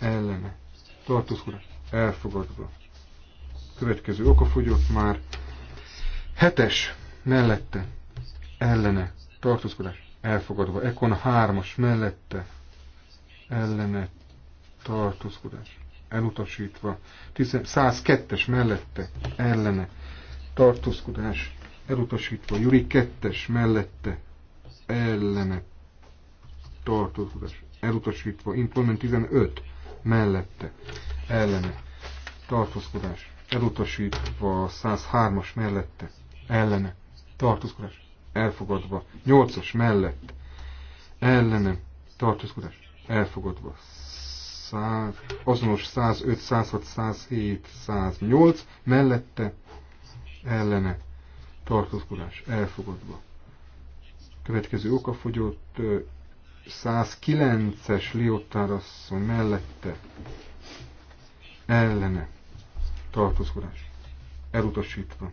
ellene, tartózkodás, elfogadva. Következő okafogyott már, hetes mellette, ellene, tartózkodás, elfogadva. Ekon hármas mellette, ellene, tartózkodás, elutasítva. 102-es mellette, ellene, tartózkodás, elutasítva. Juri 2-es mellette, ellene, tartózkodás elutasítva, implement 15 mellette ellene tartózkodás elutasítva, 103-as mellette ellene tartózkodás elfogadva, 8-as mellett ellene tartózkodás elfogadva, 100, azonos 105, 106, 107, 108 mellette ellene tartózkodás elfogadva. Következő okafogyott 109-es Liotárasszony mellette ellene tartózkodás elutasítva.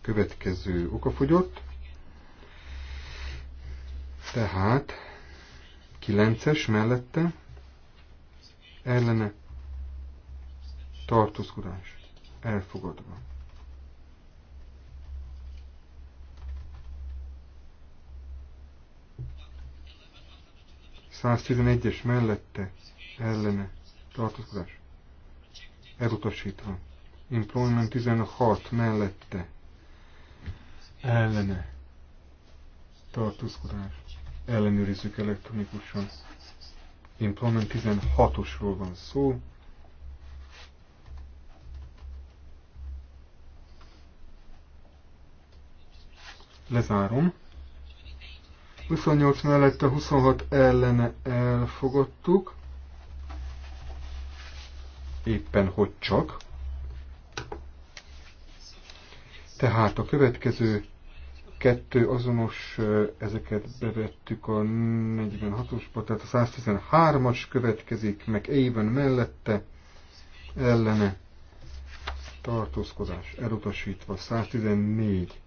Következő okafogyott. Tehát 9-es mellette ellene tartózkodás elfogadva. 111-es mellette ellene tartózkodás elutasítva. Employment 16 mellette ellene tartózkodás ellenőrizzük elektronikusan. Employment 16-osról van szó. Lezárom. 28 mellette 26 ellene elfogadtuk. Éppen hogy csak. Tehát a következő kettő azonos, ezeket bevettük a 46-osba, tehát a 113-as következik, meg éven mellette ellene tartózkodás elutasítva, 114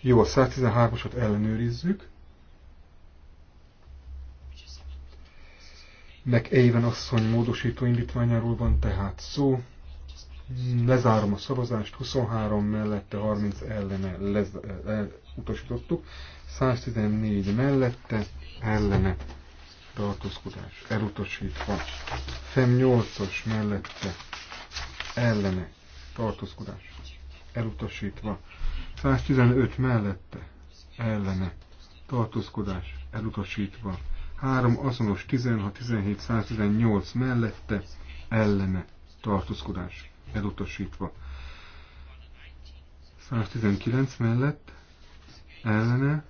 jó, a 113-asat ellenőrizzük. Meg Éven asszony módosító indítványáról van tehát szó. Lezárom a szavazást, 23 mellette, 30 ellene lez, e, el, utasítottuk, 114 mellette, ellene tartózkodás elutasítva, FEM 8-as mellette, ellene tartózkodás elutasítva, 115 mellette ellene tartózkodás elutasítva. 3 azonos 16, 17, 118 mellette ellene tartózkodás elutasítva. 119 mellett ellene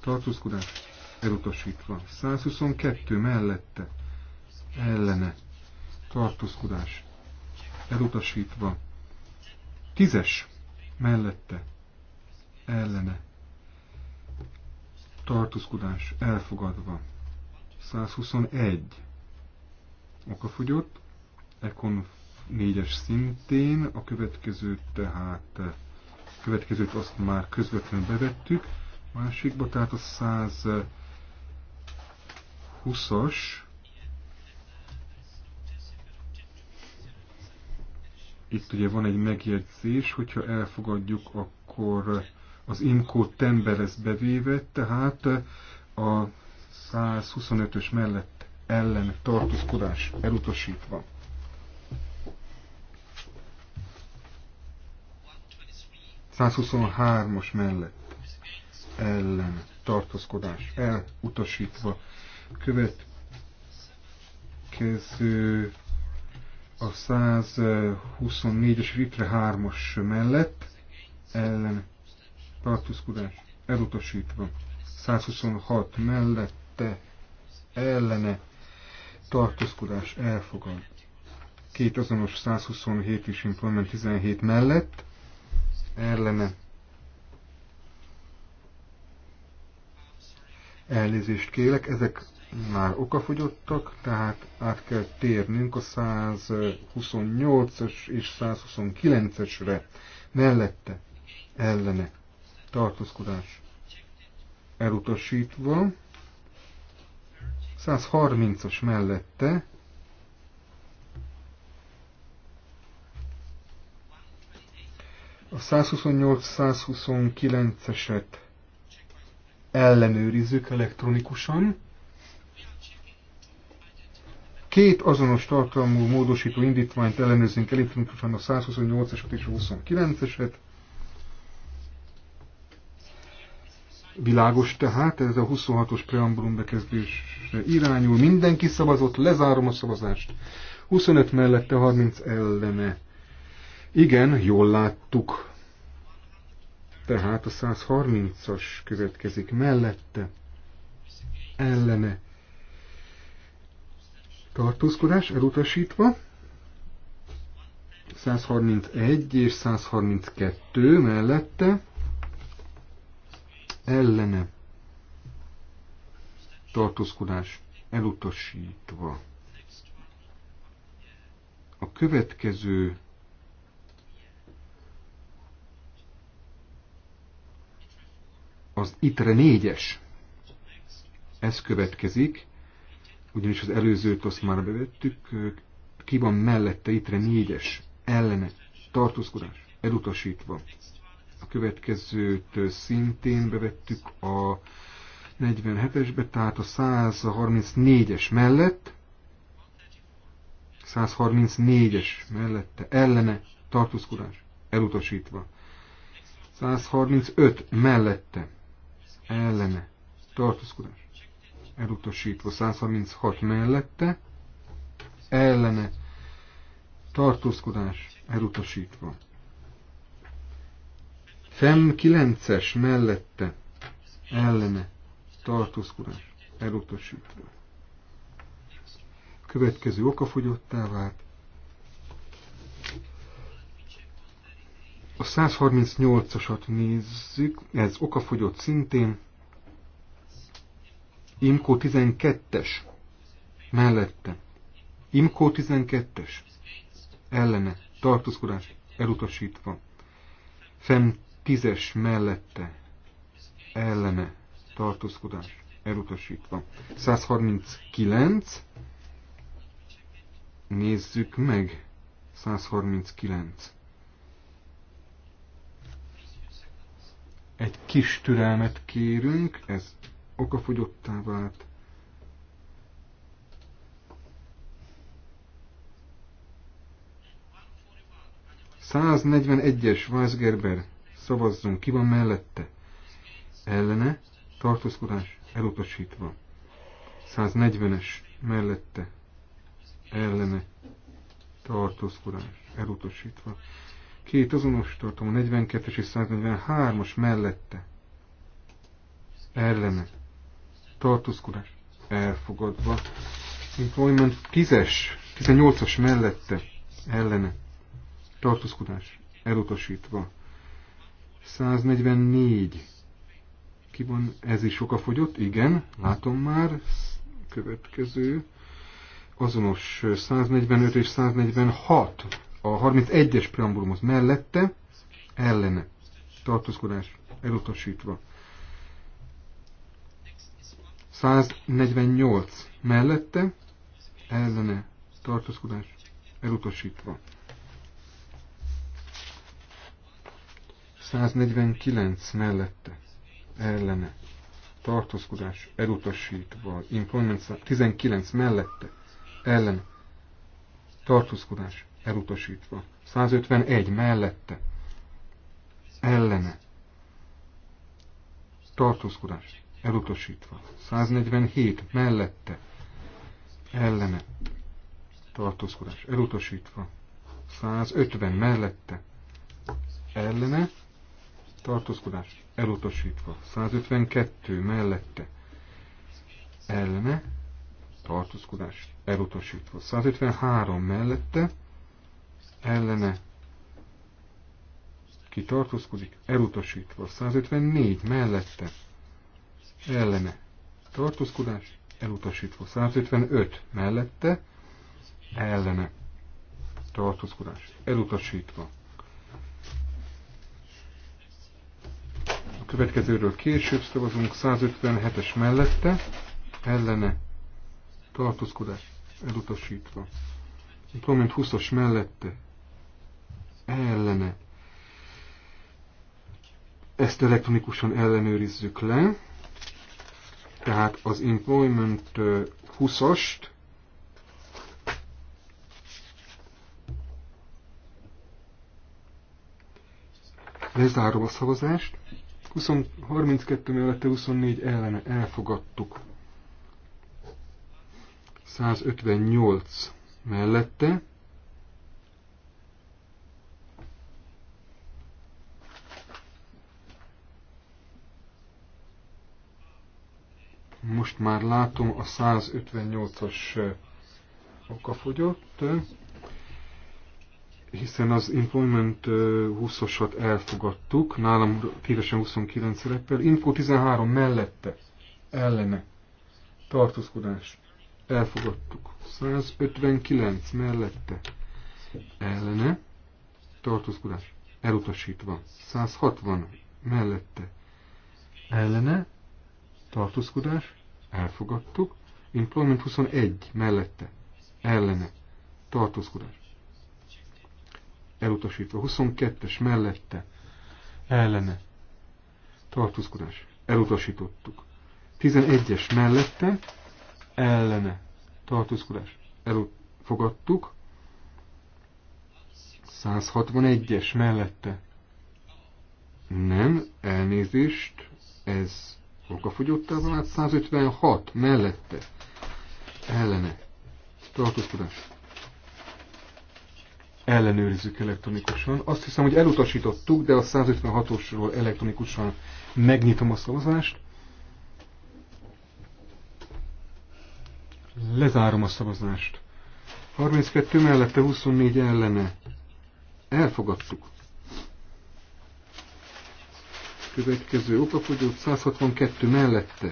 tartózkodás elutasítva. 122 mellette ellene tartózkodás elutasítva. 10-es mellette ellene tartózkodás elfogadva. 121 okafogyott, Econ 4-es szintén, a következőt tehát következőt azt már közvetlenül bevettük, másikba, tehát a 120-as itt ugye van egy megjegyzés, hogyha elfogadjuk, akkor az IMCO tembe lesz bevéve, tehát a 125-ös mellett ellen tartózkodás elutasítva. 123-as mellett ellen tartózkodás elutasítva következő a 124-es Vitre 3-as mellett ellen tartózkodás elutasítva. 126 mellette ellene tartózkodás elfogad. Két azonos 127 és Employment 17 mellett ellene elnézést kérek, ezek már okafogyottak, tehát át kell térnünk a 128-es és 129-esre mellette ellene tartózkodás elutasítva, 130-as mellette, a 128-129-eset ellenőrizzük elektronikusan. Két azonos tartalmú módosító indítványt ellenőrzünk elektronikusan, a 128-eset és a 29-eset. Világos tehát, ez a 26-os preambulum bekezdés irányul. Mindenki szavazott, lezárom a szavazást. 25 mellette, 30 ellene. Igen, jól láttuk. Tehát a 130-as következik mellette, ellene. Tartózkodás elutasítva. 131 és 132 mellette ellene tartózkodás elutasítva. A következő az itre négyes. Ez következik, ugyanis az előzőt azt már bevettük, ki van mellette itre négyes, ellene, tartózkodás, elutasítva. A következőt szintén bevettük a 47-esbe, tehát a 134-es mellett, 134-es mellette ellene tartózkodás elutasítva. 135 mellette ellene tartózkodás elutasítva. 136 mellette ellene tartózkodás elutasítva. FEM kilences mellette ellene tartózkodás elutasítva. Következő okafogyottá vált. A 138-asat nézzük, ez okafogyott szintén. Imkó 12-es mellette. Imkó 12-es ellene tartózkodás elutasítva. FEM Tízes mellette ellene tartózkodás elutasítva. 139. Nézzük meg. 139. Egy kis türelmet kérünk, ez okafogyottá vált. Száznegyvenegyes Weisgerber szavazzon, Ki van mellette? Ellene. Tartózkodás elutasítva. 140-es mellette. Ellene. Tartózkodás elutasítva. Két azonos tartom, a 42-es és 143-as mellette. Ellene. Tartózkodás elfogadva. Employment 10-es, 18-as mellette. Ellene tartózkodás elutasítva. 144. Ki van? Ez is fogyott Igen, látom már. Következő. Azonos 145 és 146. A 31-es preambulumhoz mellette, ellene. Tartózkodás elutasítva. 148 mellette, ellene. Tartózkodás elutasítva. 149 mellette ellene tartózkodás elutasítva, employment 19 mellette ellen tartózkodás elutasítva, 151 mellette ellene tartózkodás elutasítva, 147 mellette ellene tartózkodás elutasítva, 150 mellette ellene tartózkodás elutasítva. 152 mellette ellene tartózkodás elutasítva. 153 mellette ellene ki tartózkodik elutasítva. 154 mellette ellene tartózkodás elutasítva. 155 mellette ellene tartózkodás elutasítva. következőről később szavazunk, 157-es mellette, ellene, tartózkodás elutasítva. Komment 20-as mellette, ellene. Ezt elektronikusan ellenőrizzük le. Tehát az employment 20-ast lezárom a szavazást, 32 mellette 24 ellene elfogadtuk. 158 mellette. Most már látom a 158-as okafogyott hiszen az Employment 20-osat elfogadtuk, nálam tíresen 29 szereppel, Info 13 mellette, ellene, tartózkodás, elfogadtuk, 159 mellette, ellene, tartózkodás, elutasítva, 160 mellette, ellene, tartózkodás, elfogadtuk, Employment 21 mellette, ellene, tartózkodás, elutasítva. 22-es mellette ellene tartózkodás elutasítottuk. 11-es mellette ellene tartózkodás elfogadtuk. 161-es mellette nem, elnézést, ez okafogyottá vált, 156 mellette ellene tartózkodás ellenőrizzük elektronikusan. Azt hiszem, hogy elutasítottuk, de a 156-osról elektronikusan megnyitom a szavazást. Lezárom a szavazást. 32 mellette, 24 ellene. Elfogadtuk. Következő okafogyót 162 mellette.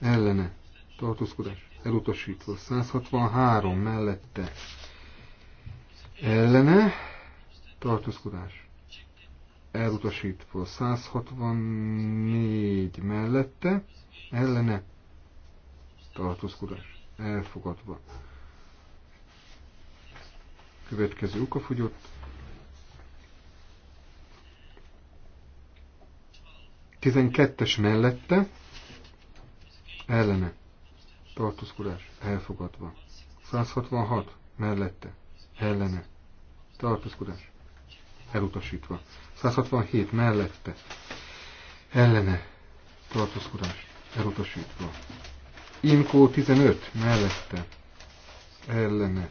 Ellene. Tartózkodás. Elutasítva. 163 mellette ellene tartózkodás elutasítva 164 mellette ellene tartózkodás elfogadva következő fogyott. 12-es mellette ellene tartózkodás elfogadva 166 mellette ellene tartózkodás elutasítva. 167 mellette ellene tartózkodás elutasítva. Inkó 15 mellette ellene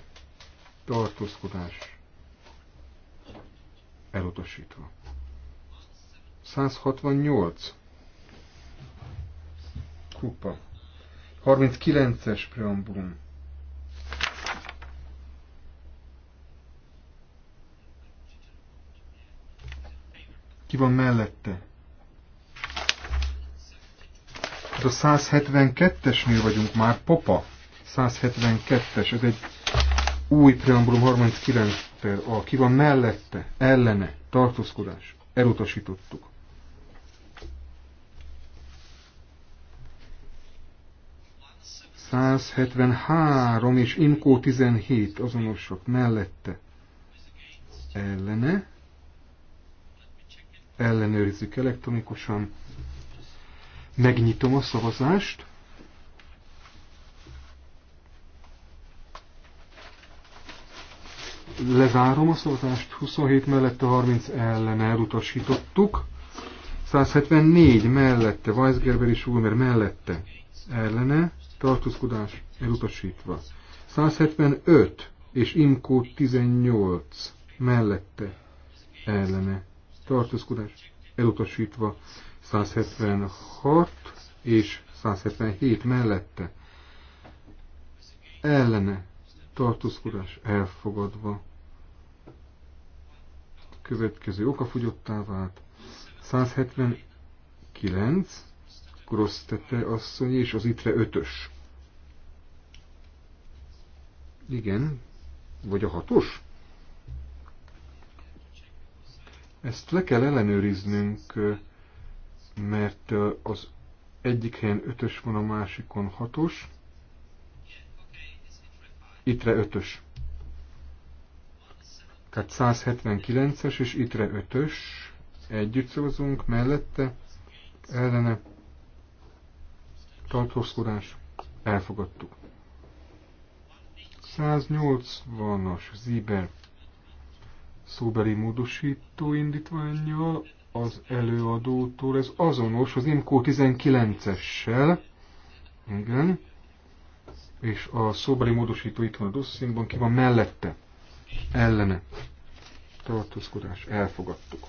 tartózkodás elutasítva. 168 kupa. 39-es preambulum Ki van mellette? Ez hát a 172-esnél vagyunk már, popa. 172-es, ez egy új preambulum 39 per A. Ki van mellette? Ellene. Tartózkodás. Elutasítottuk. ...173 és Inkó 17 azonosak mellette ellene ellenőrizzük elektronikusan. Megnyitom a szavazást. Lezárom a szavazást, 27 mellette 30 ellen elutasítottuk. 174 mellette, Weisgerber és Ulmer mellette, ellene, tartózkodás elutasítva. 175 és Imkó 18 mellette, ellene, tartózkodás elutasítva 176 és 177 mellette ellene tartózkodás elfogadva következő okafogyottá vált 179 Grosztete asszony és az itre ötös. Igen, vagy a hatos? Ezt le kell ellenőriznünk, mert az egyik helyen ötös van, a másikon hatos. Itre ötös. Tehát 179-es és itre ötös. Együtt szavazunk, mellette, ellene, tartózkodás, elfogadtuk. 180-as Ziber szóbeli módosító indítványjal, az előadótól, ez azonos az IMCO 19-essel, igen, és a szóbeli módosító itt van a dosszínban, ki van mellette, ellene, tartózkodás, elfogadtuk.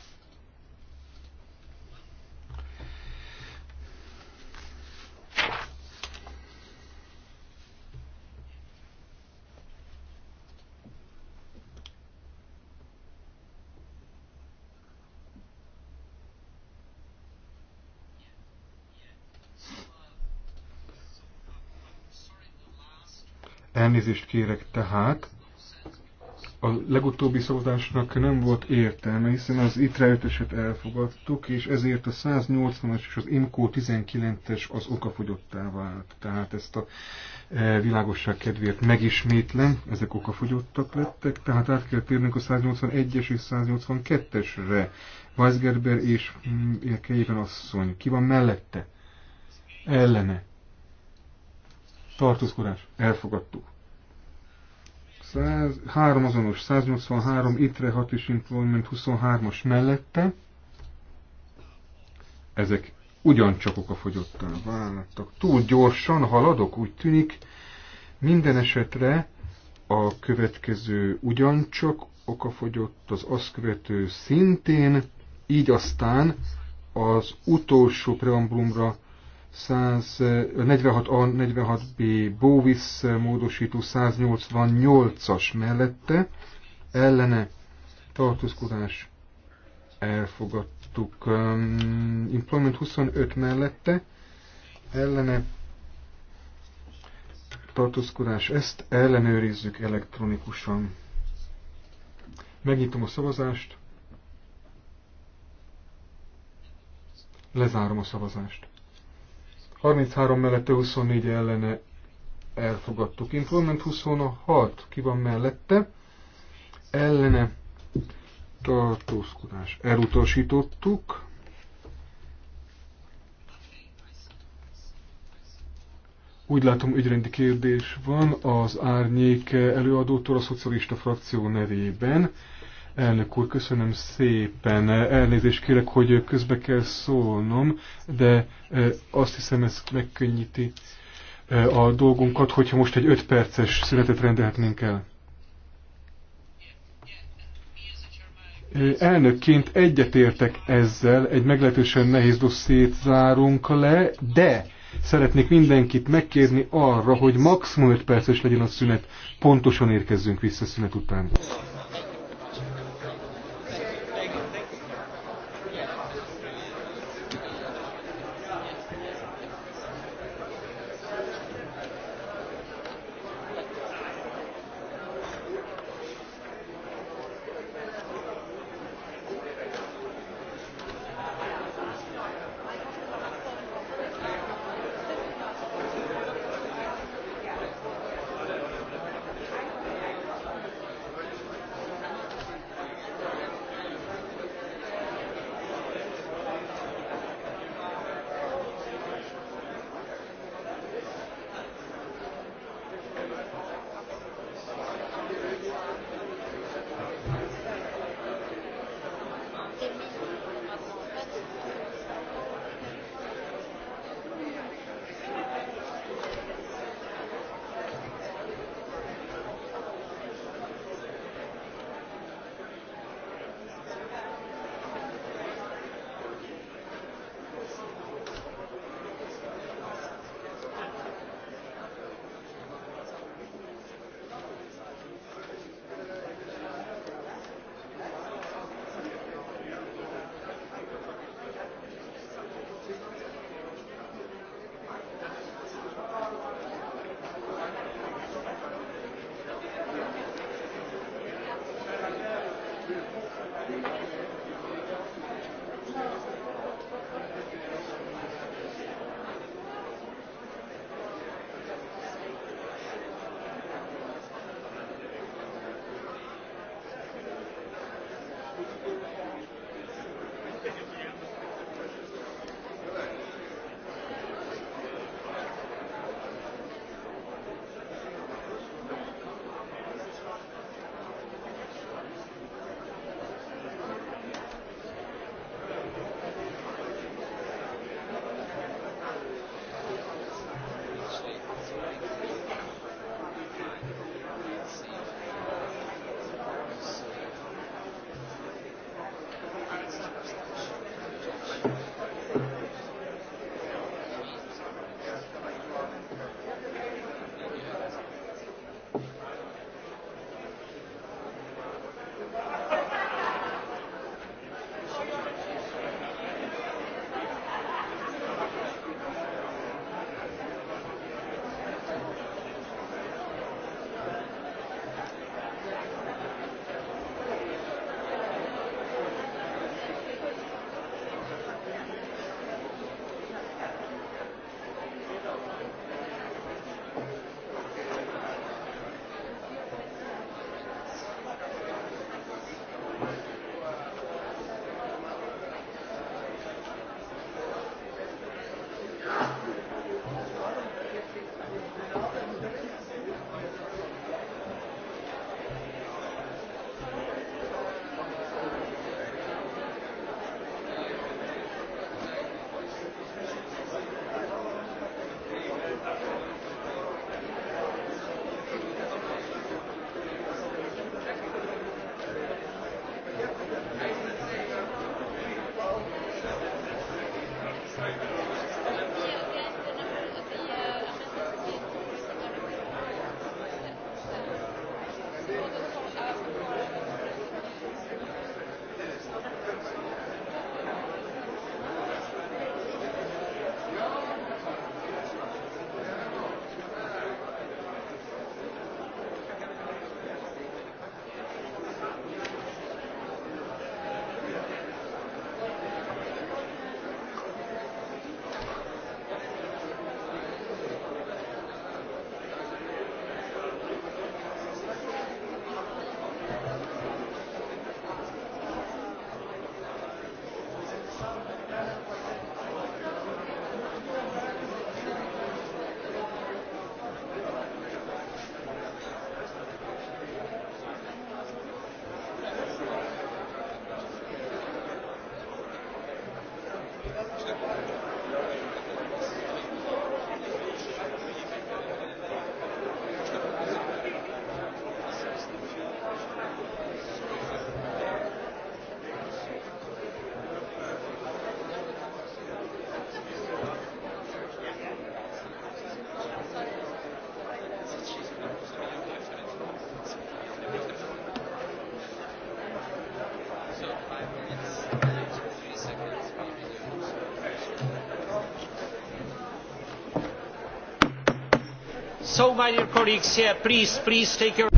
Elnézést kérek tehát. A legutóbbi szavazásnak nem volt értelme, hiszen az ITRE 5 elfogadtuk, és ezért a 180-as és az IMCO 19-es az okafogyottá vált. Tehát ezt a e, világosság kedvéért megismétlem, ezek okafogyottak lettek, tehát át kell térnünk a 181-es és 182-esre. Weisgerber és mm, e, Kejében asszony. Ki van mellette? Ellene. Tartózkodás. Elfogadtuk. 100, 3 azonos, 183, ITRE 6 is Employment 23-as mellette. Ezek a fogyottan váltak. Túl gyorsan haladok, úgy tűnik. Minden esetre a következő ugyancsak okafogyott, az azt követő szintén, így aztán az utolsó preambulumra 146 a 46B Bóvisz módosító 188-as mellette ellene tartózkodás elfogadtuk. Um, employment 25 mellette ellene tartózkodás. Ezt ellenőrizzük elektronikusan. Megnyitom a szavazást. Lezárom a szavazást. 33 mellette 24 ellene elfogadtuk. Implement 26, ki van mellette? Ellene tartózkodás. Elutasítottuk. Úgy látom, ügyrendi kérdés van az árnyék előadótól a szocialista frakció nevében. Elnök úr, köszönöm szépen. Elnézést kérek, hogy közbe kell szólnom, de e, azt hiszem ez megkönnyíti e, a dolgunkat, hogyha most egy 5 perces szünetet rendelhetnénk el. E, elnökként egyetértek ezzel, egy meglehetősen nehéz dossziét zárunk le, de szeretnék mindenkit megkérni arra, hogy maximum 5 perces legyen a szünet, pontosan érkezzünk vissza szünet után.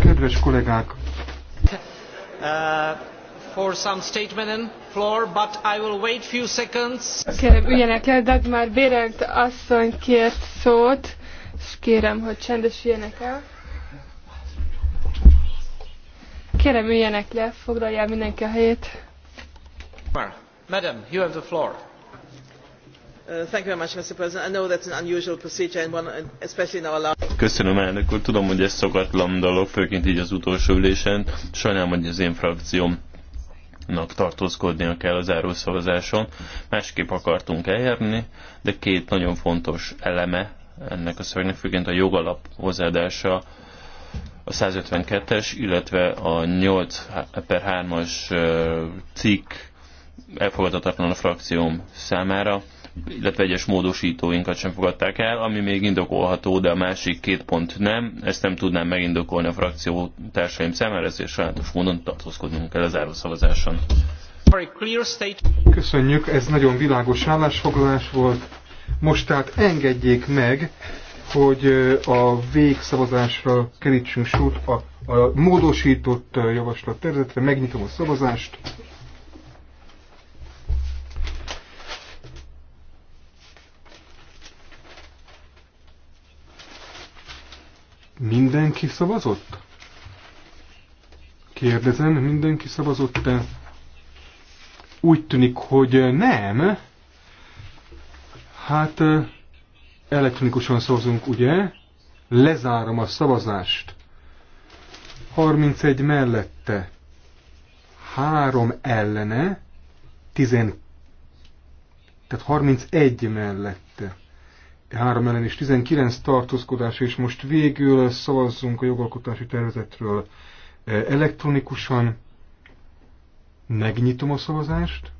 Kedves kollégák! Uh, for some statement and floor, but I will wait few seconds. Kérem, üljenek le, Dagmar Bérent asszony kért szót, és kérem, hogy csendesüljenek el. Kérem, üljenek le, foglalja mindenki a helyét. Madam, you have the floor. Köszönöm, elnök úr. Tudom, hogy ez szokatlan dolog, főként így az utolsó ülésen. Sajnálom, hogy az én frakciómnak tartózkodnia kell az árószavazáson. Másképp akartunk eljárni, de két nagyon fontos eleme ennek a szövegnek, főként a jogalap hozzáadása a 152-es, illetve a 8 per 3-as cikk elfogadhatatlan a frakcióm számára illetve egyes módosítóinkat sem fogadták el, ami még indokolható, de a másik két pont nem. Ezt nem tudnám megindokolni a frakció társaim számára, ezért sajátos módon tartózkodnunk kell az szavazáson. Köszönjük, ez nagyon világos állásfoglalás volt. Most tehát engedjék meg, hogy a végszavazásra kerítsünk sort a, a módosított javaslat tervezetre. Megnyitom a szavazást. Mindenki szavazott? Kérdezem, mindenki szavazott-e? Úgy tűnik, hogy nem. Hát eh, elektronikusan szavazunk, ugye? Lezárom a szavazást. 31 mellette, 3 ellene, 10, tehát 31 mellette. 3 ellen és 19 tartózkodás, és most végül szavazzunk a jogalkotási tervezetről e, elektronikusan. Megnyitom a szavazást.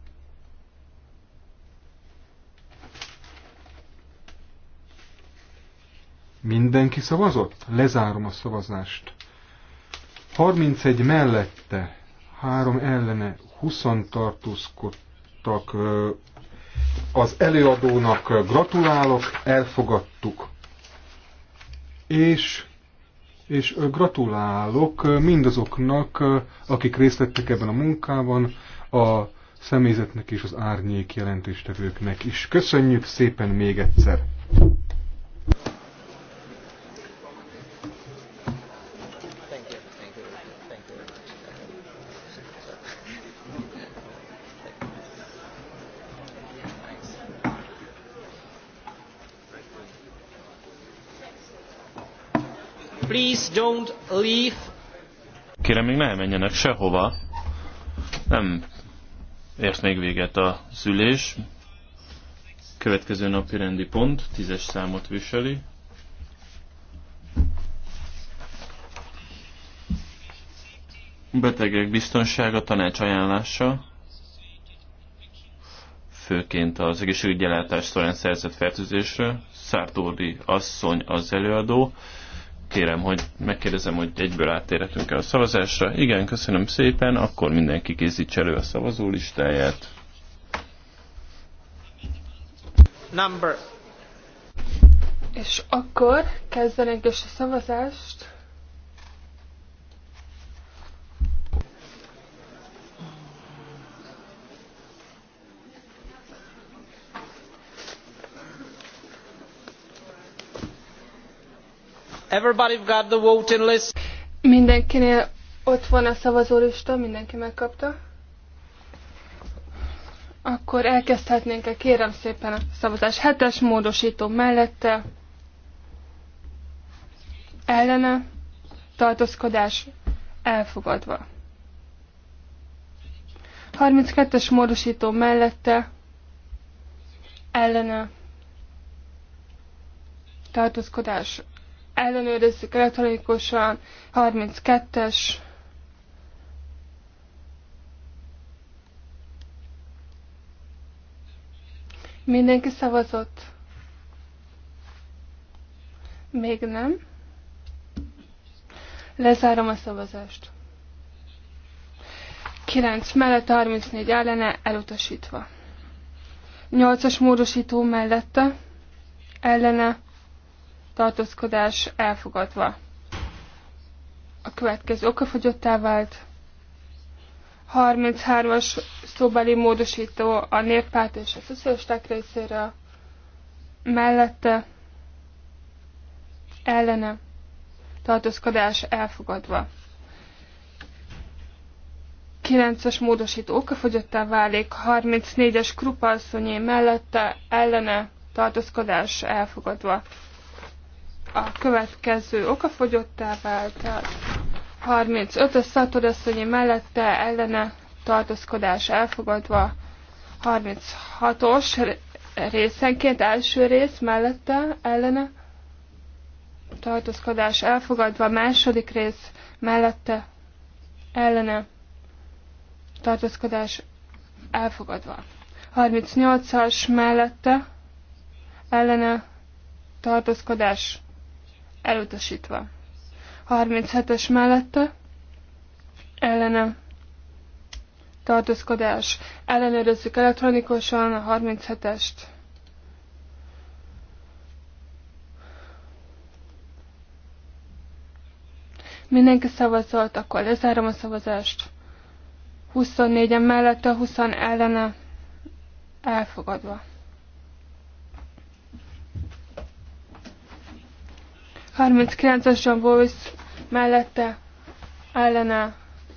Mindenki szavazott? Lezárom a szavazást. 31 mellette, 3 ellene, 20 tartózkodtak, az előadónak gratulálok, elfogadtuk. És, és gratulálok mindazoknak, akik részt vettek ebben a munkában, a személyzetnek és az árnyék jelentéstevőknek is. Köszönjük szépen még egyszer! Don't leave. Kérem, még ne menjenek sehova. Nem ért még véget a szülés. Következő napi rendi pont, tízes számot viseli. Betegek biztonsága tanács ajánlása, főként az ellátás során szerzett fertőzésre. Szártódi asszony az előadó kérem, hogy megkérdezem, hogy egyből áttérhetünk el a szavazásra. Igen, köszönöm szépen, akkor mindenki készítse elő a szavazó listáját. Number. És akkor kezdenek is a szavazást. Everybody Mindenkinél ott van a szavazólista, mindenki megkapta. Akkor elkezdhetnénk -e, kérem szépen a szavazás hetes módosító mellette. Ellene tartózkodás elfogadva. 32-es módosító mellette ellene tartózkodás ellenőrizzük elektronikusan, 32-es, Mindenki szavazott? Még nem. Lezárom a szavazást. 9 mellett, 34 ellene, elutasítva. 8-as módosító mellette, ellene, tartózkodás elfogadva. A következő okafogyottá vált. 33-as szóbeli módosító a néppárt és a szocialisták részére mellette ellene tartózkodás elfogadva. 9-es módosító okafogyottá válik, 34-es krupalszonyé mellette ellene tartózkodás elfogadva a következő okafogyottá vált tehát 35-ös szatorasszonyi mellette ellene tartózkodás elfogadva 36-os részenként első rész mellette ellene tartózkodás elfogadva második rész mellette ellene tartózkodás elfogadva. 38-as mellette ellene tartózkodás elutasítva. 37-es mellette ellene tartózkodás. Ellenőrizzük elektronikusan a 37-est. Mindenki szavazott, akkor lezárom a szavazást. 24-en mellette, 20 ellene elfogadva. 39-es John Voice mellette ellene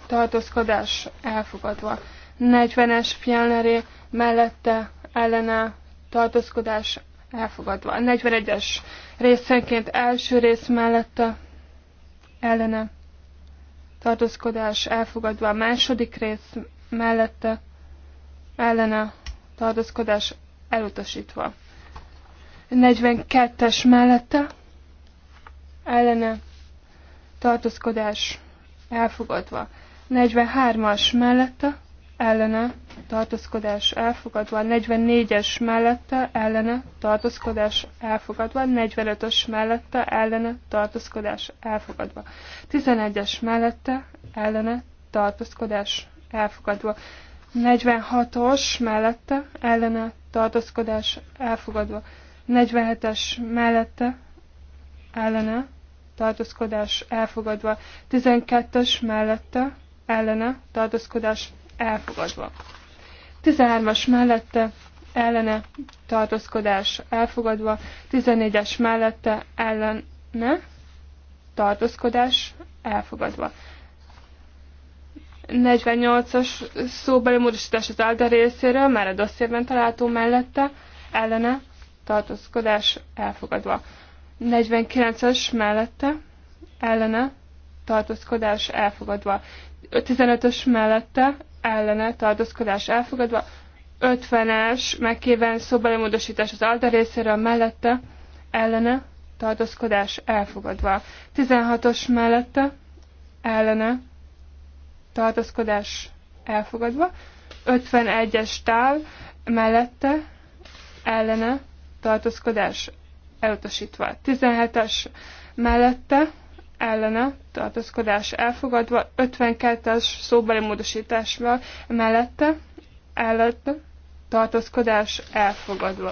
tartózkodás elfogadva. 40-es Fjellneré mellette ellene tartózkodás elfogadva. 41-es részenként első rész mellette ellene tartózkodás elfogadva. A második rész mellette ellene tartózkodás elutasítva. 42-es mellette ellene tartózkodás elfogadva. 43-as mellette ellene tartózkodás elfogadva, 44-es mellette ellene tartózkodás elfogadva, 45-ös mellette ellene tartózkodás elfogadva, 11-es mellette ellene tartózkodás elfogadva, 46-os mellette ellene tartózkodás elfogadva, 47-es mellette ellene, tartózkodás elfogadva. 12-es mellette, ellene, tartózkodás elfogadva. 13-as mellette, ellene, tartózkodás elfogadva. 14-es mellette, ellene, tartózkodás elfogadva. 48-as szóbeli módosítás az Alda részéről, már a dosszérben található mellette, ellene, tartózkodás elfogadva. 49 ös mellette ellene tartózkodás elfogadva. 15-ös mellette ellene tartózkodás elfogadva. 50-es megkéven szóbeli módosítás az alda részéről mellette ellene tartózkodás elfogadva. 16-os mellette ellene tartózkodás elfogadva. 51-es tál mellette ellene tartózkodás elutasítva. 17-es mellette ellene tartózkodás elfogadva, 52-es szóbeli módosításval mellette ellene tartózkodás elfogadva.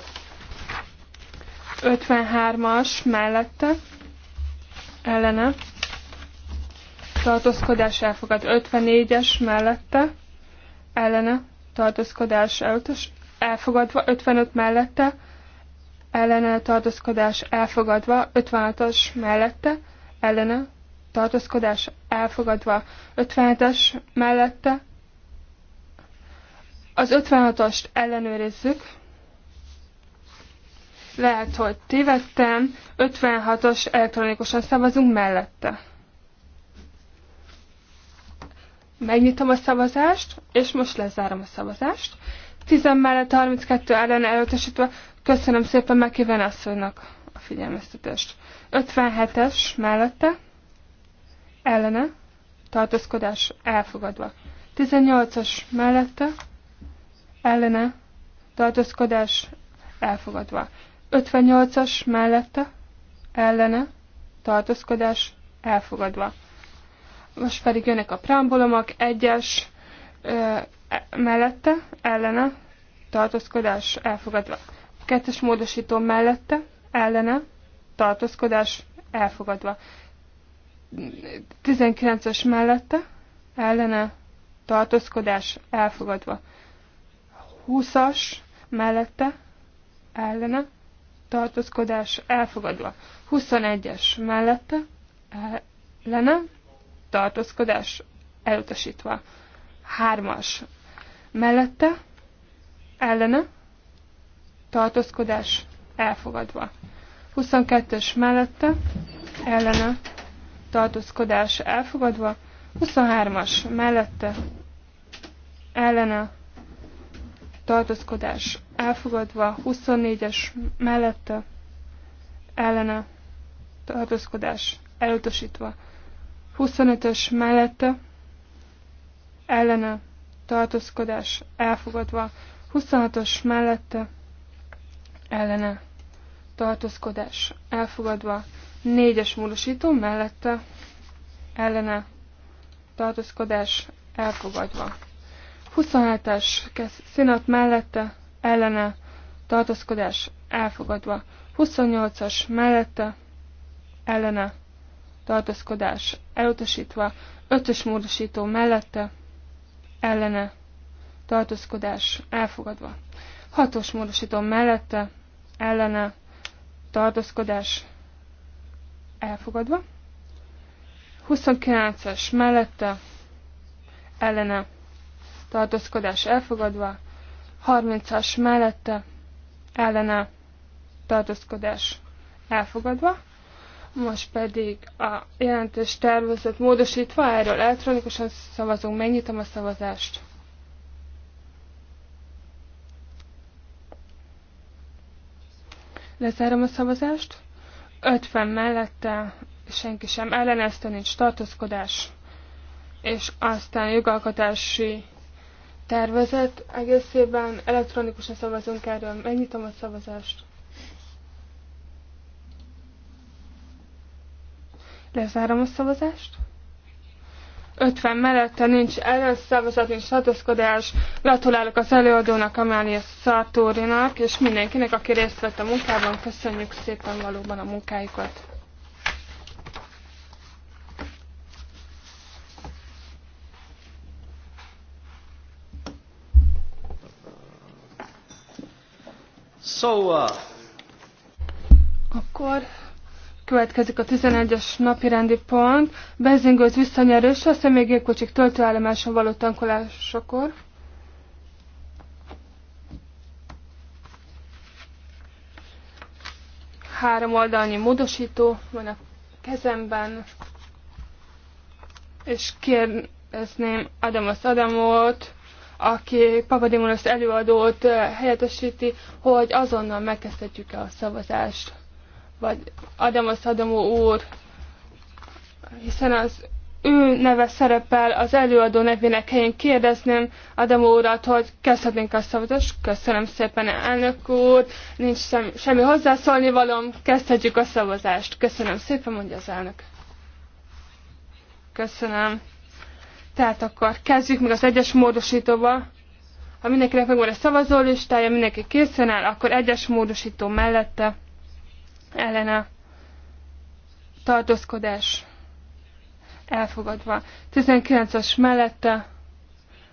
53-as mellette ellene tartózkodás elfogad 54-es mellette, ellene tartózkodás elutas, elfogadva 55 mellette, ellene tartózkodás elfogadva, 56 as mellette, ellene tartózkodás elfogadva, 57-es mellette. Az 56 ast ellenőrizzük. Lehet, hogy tévedtem, 56 as elektronikusan szavazunk mellette. Megnyitom a szavazást, és most lezárom a szavazást. 10 mellett 32 ellen elutasítva, Köszönöm szépen megkíván asszonynak a figyelmeztetést. 57-es mellette ellene tartózkodás elfogadva. 18-as mellette ellene tartózkodás elfogadva. 58-as mellette ellene tartózkodás elfogadva. Most pedig jönnek a preambulumok, 1-es mellette, ellene, tartózkodás elfogadva. Kettes módosító mellette, ellene, tartózkodás elfogadva. 19-es mellette, ellene, tartózkodás elfogadva. 20-as mellette, ellene, tartózkodás elfogadva. 21-es mellette, ellene, tartózkodás elutasítva. 3-as mellette, ellene, tartózkodás elfogadva. 22-es mellette ellene tartózkodás elfogadva, 23-as mellette ellene tartózkodás elfogadva, 24-es mellette ellene tartózkodás elutasítva, 25-ös mellette ellene tartózkodás elfogadva, 26-os mellette ellene tartózkodás elfogadva, négyes módosító mellette ellene tartózkodás elfogadva. 27-es színat mellette ellene tartózkodás elfogadva. 28-as mellette ellene tartózkodás elutasítva. 5-ös módosító mellette ellene tartózkodás elfogadva. 6-os módosító mellette ellene tartózkodás elfogadva. 29-es mellette ellene tartózkodás elfogadva. 30-as mellette ellene tartózkodás elfogadva. Most pedig a jelentés tervezet módosítva, erről elektronikusan szavazunk, megnyitom a szavazást. Lezárom a szavazást. 50 mellette senki sem ellenezte, nincs tartózkodás. És aztán jogalkotási tervezet egészében elektronikusan szavazunk erről. Megnyitom a szavazást. Lezárom a szavazást. 50 mellette nincs ellenszavazat, nincs tartózkodás. Gratulálok az előadónak, Amália Szartórinak, és mindenkinek, aki részt vett a munkában. Köszönjük szépen valóban a munkájukat. So, uh... Akkor Következik a 11-es napi rendi pont. Benzingőz visszanyerős a személygépkocsik töltőállomáson való tankolásakor. Három oldalnyi módosító van a kezemben, és kérdezném Adamos Adamot, aki Papadimonos előadót eh, helyettesíti, hogy azonnal megkezdhetjük a szavazást vagy az Adamó úr, hiszen az ő neve szerepel az előadó nevének helyén. Kérdezném Adamó úrat, hogy kezdhetnénk a szavazás? Köszönöm szépen, elnök úr. Nincs semmi semmi hozzászólni valom. Kezdhetjük a szavazást. Köszönöm szépen, mondja az elnök. Köszönöm. Tehát akkor kezdjük meg az egyes módosítóval. Ha mindenkinek megvan a szavazólistája, mindenki készen áll, akkor egyes módosító mellette ellene tartózkodás elfogadva. 19 as mellette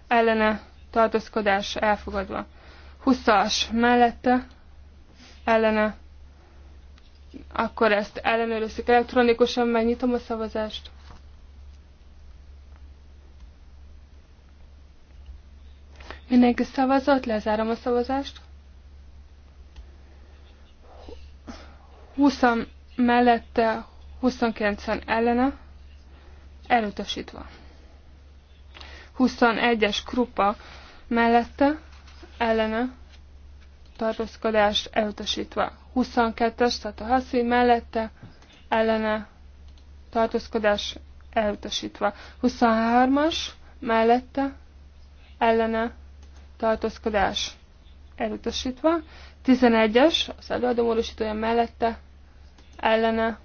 ellene tartózkodás elfogadva. 20-as mellette ellene akkor ezt ellenőrizzük elektronikusan, megnyitom a szavazást. Mindenki szavazott, lezárom a szavazást. 20 mellette, 29-en ellene, elutasítva. 21-es krupa mellette, ellene, tartózkodás elutasítva. 22-es, tehát a haszi mellette, ellene, tartózkodás elutasítva. 23-as mellette, ellene, tartózkodás elutasítva. 11-es, az előadó módosítója mellette, ellene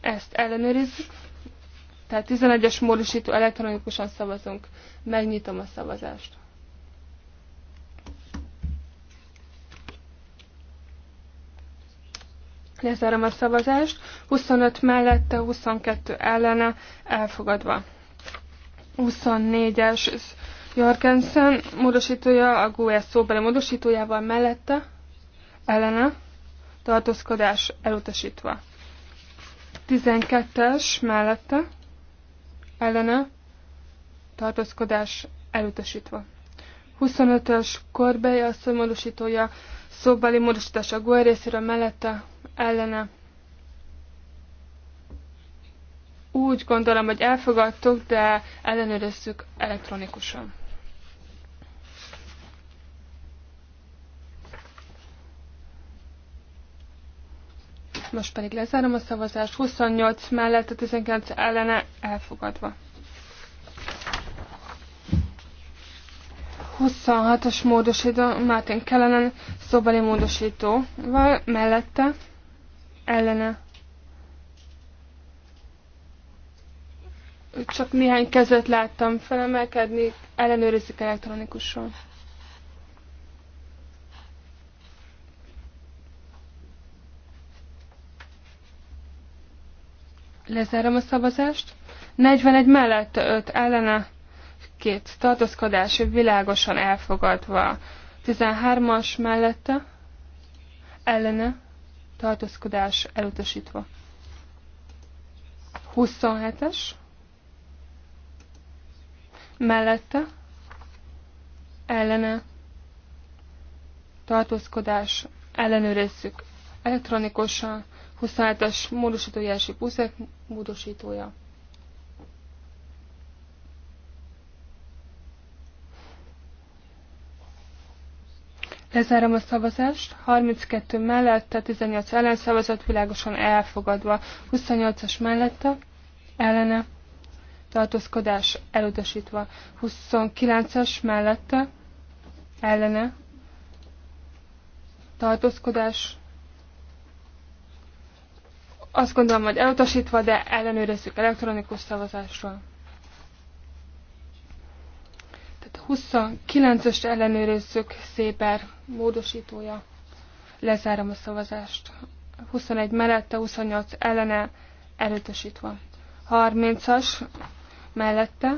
ezt ellenőrizzük. Tehát 11-es módosító elektronikusan szavazunk. Megnyitom a szavazást. Lezárom a szavazást. 25 mellette, 22 ellene elfogadva. 24-es Jorgensen módosítója, a GUS e szóbeli módosítójával mellette, ellene tartózkodás elutasítva. 12-es mellette ellene tartózkodás elutasítva. 25-ös korbei a módosítója szóbeli módosítás a gól részéről mellette ellene. Úgy gondolom, hogy elfogadtuk, de ellenőrizzük elektronikusan. Most pedig lezárom a szavazást. 28 mellett a 19 ellene elfogadva. 26-os módosító, Mártin Kellenen szóbeli módosító mellette ellene. Csak néhány kezet láttam felemelkedni, ellenőrizik elektronikusan. Lezárom a szavazást. 41 mellett 5 ellene, két tartózkodás világosan elfogadva. 13-as mellette ellene tartózkodás elutasítva. 27-es mellette ellene tartózkodás ellenőrizzük elektronikusan 27-es módosító Jelsi Puszek módosítója. Lezárom a szavazást. 32 mellette, 18 ellen szavazat világosan elfogadva. 28-as mellette, ellene, tartózkodás elutasítva. 29 as mellette, ellene, tartózkodás azt gondolom, hogy elutasítva, de ellenőrizzük elektronikus szavazásról. Tehát 29-öst ellenőrizzük széper módosítója. Lezárom a szavazást. 21 mellette, 28 ellene, elutasítva. 30-as mellette,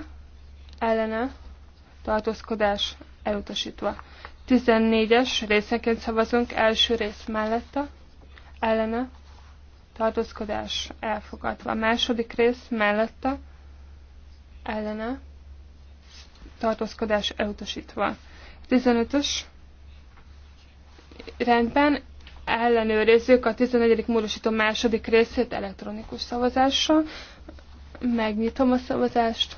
ellene, tartózkodás, elutasítva. 14-es részenként szavazunk, első rész mellette, ellene, tartózkodás elfogadva. A második rész mellette ellene tartózkodás elutasítva. 15-ös rendben ellenőrizzük a 14. módosító második részét elektronikus szavazással. Megnyitom a szavazást.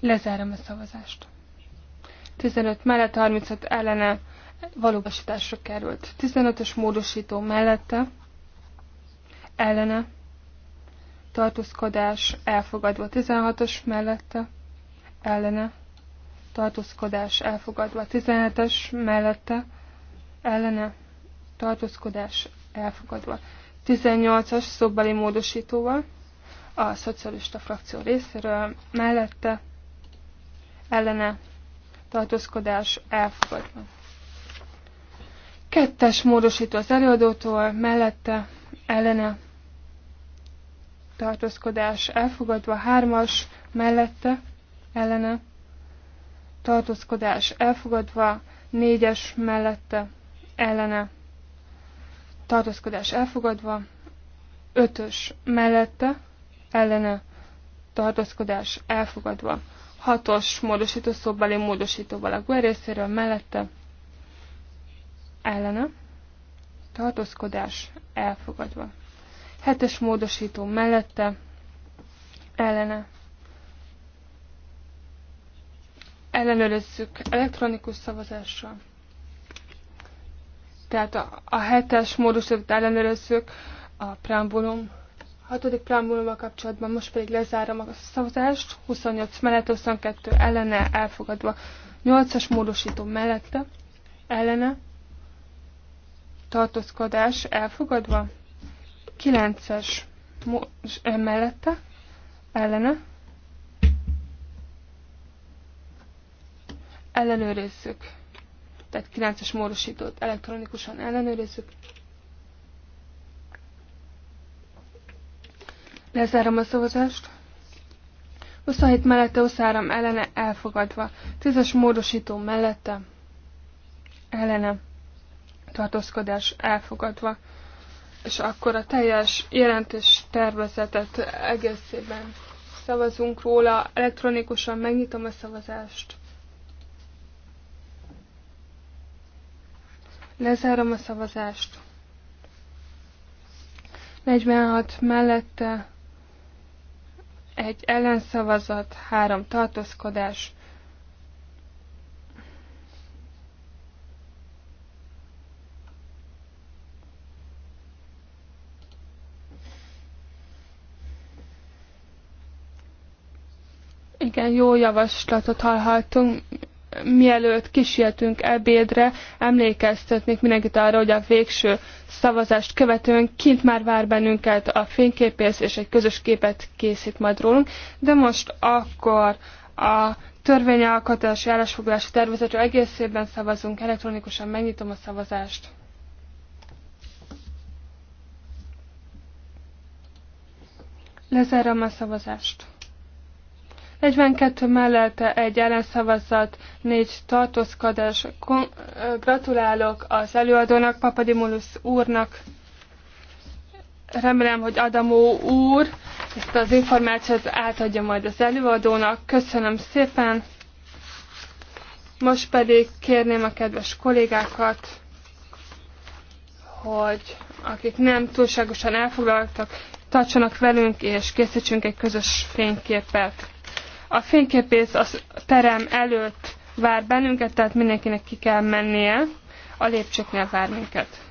Lezárom a szavazást. 15 mellett 35 ellene valósításra került. 15-ös módosító mellette ellene tartózkodás elfogadva 16-os mellette, ellene, tartózkodás elfogadva 17-es mellette, ellene, tartózkodás elfogadva 18-as szobbeli módosítóval, a szocialista frakció részéről mellette, ellene, tartózkodás elfogadva. Kettes módosító az előadótól, mellette ellene tartózkodás elfogadva, hármas mellette ellene tartózkodás elfogadva, négyes mellette ellene tartózkodás elfogadva, ötös mellette ellene tartózkodás elfogadva, hatos módosító szóbeli módosítóval a GUE részéről mellette ellene, tartózkodás elfogadva. Hetes módosító mellette, ellene. Ellenőrizzük elektronikus szavazással. Tehát a, a hetes módosítót ellenőrizzük a preambulum, hatodik preambulummal kapcsolatban, most pedig lezárom a szavazást, 28 mellett, 22 ellene elfogadva, 8-as módosító mellette, ellene, tartózkodás elfogadva, 9-es mellette, ellene, ellenőrizzük, tehát 9-es módosítót elektronikusan ellenőrizzük, Lezárom a szavazást. 27 mellette, 23 ellene elfogadva. 10-es módosító mellette ellene tartózkodás elfogadva. És akkor a teljes jelentés tervezetet egészében szavazunk róla. Elektronikusan megnyitom a szavazást. Lezárom a szavazást. 46 mellette egy ellenszavazat, három tartózkodás, igen jó javaslatot hallhattunk. Mielőtt kisietünk ebédre, emlékeztetnék mindenkit arra, hogy a végső szavazást követően kint már vár bennünket a fényképész, és egy közös képet készít majd rólunk. De most akkor a törvényalkotási állásfoglalási tervezetről egészében szavazunk. Elektronikusan megnyitom a szavazást. Lezárom a szavazást. 42 mellette egy ellenszavazat, négy tartózkodás. Gratulálok az előadónak, Papadimulus úrnak. Remélem, hogy Adamó úr ezt az információt átadja majd az előadónak. Köszönöm szépen. Most pedig kérném a kedves kollégákat, hogy akik nem túlságosan elfoglaltak, tartsanak velünk, és készítsünk egy közös fényképet. A fényképész a terem előtt vár bennünket, tehát mindenkinek ki kell mennie, a lépcsőknél vár minket.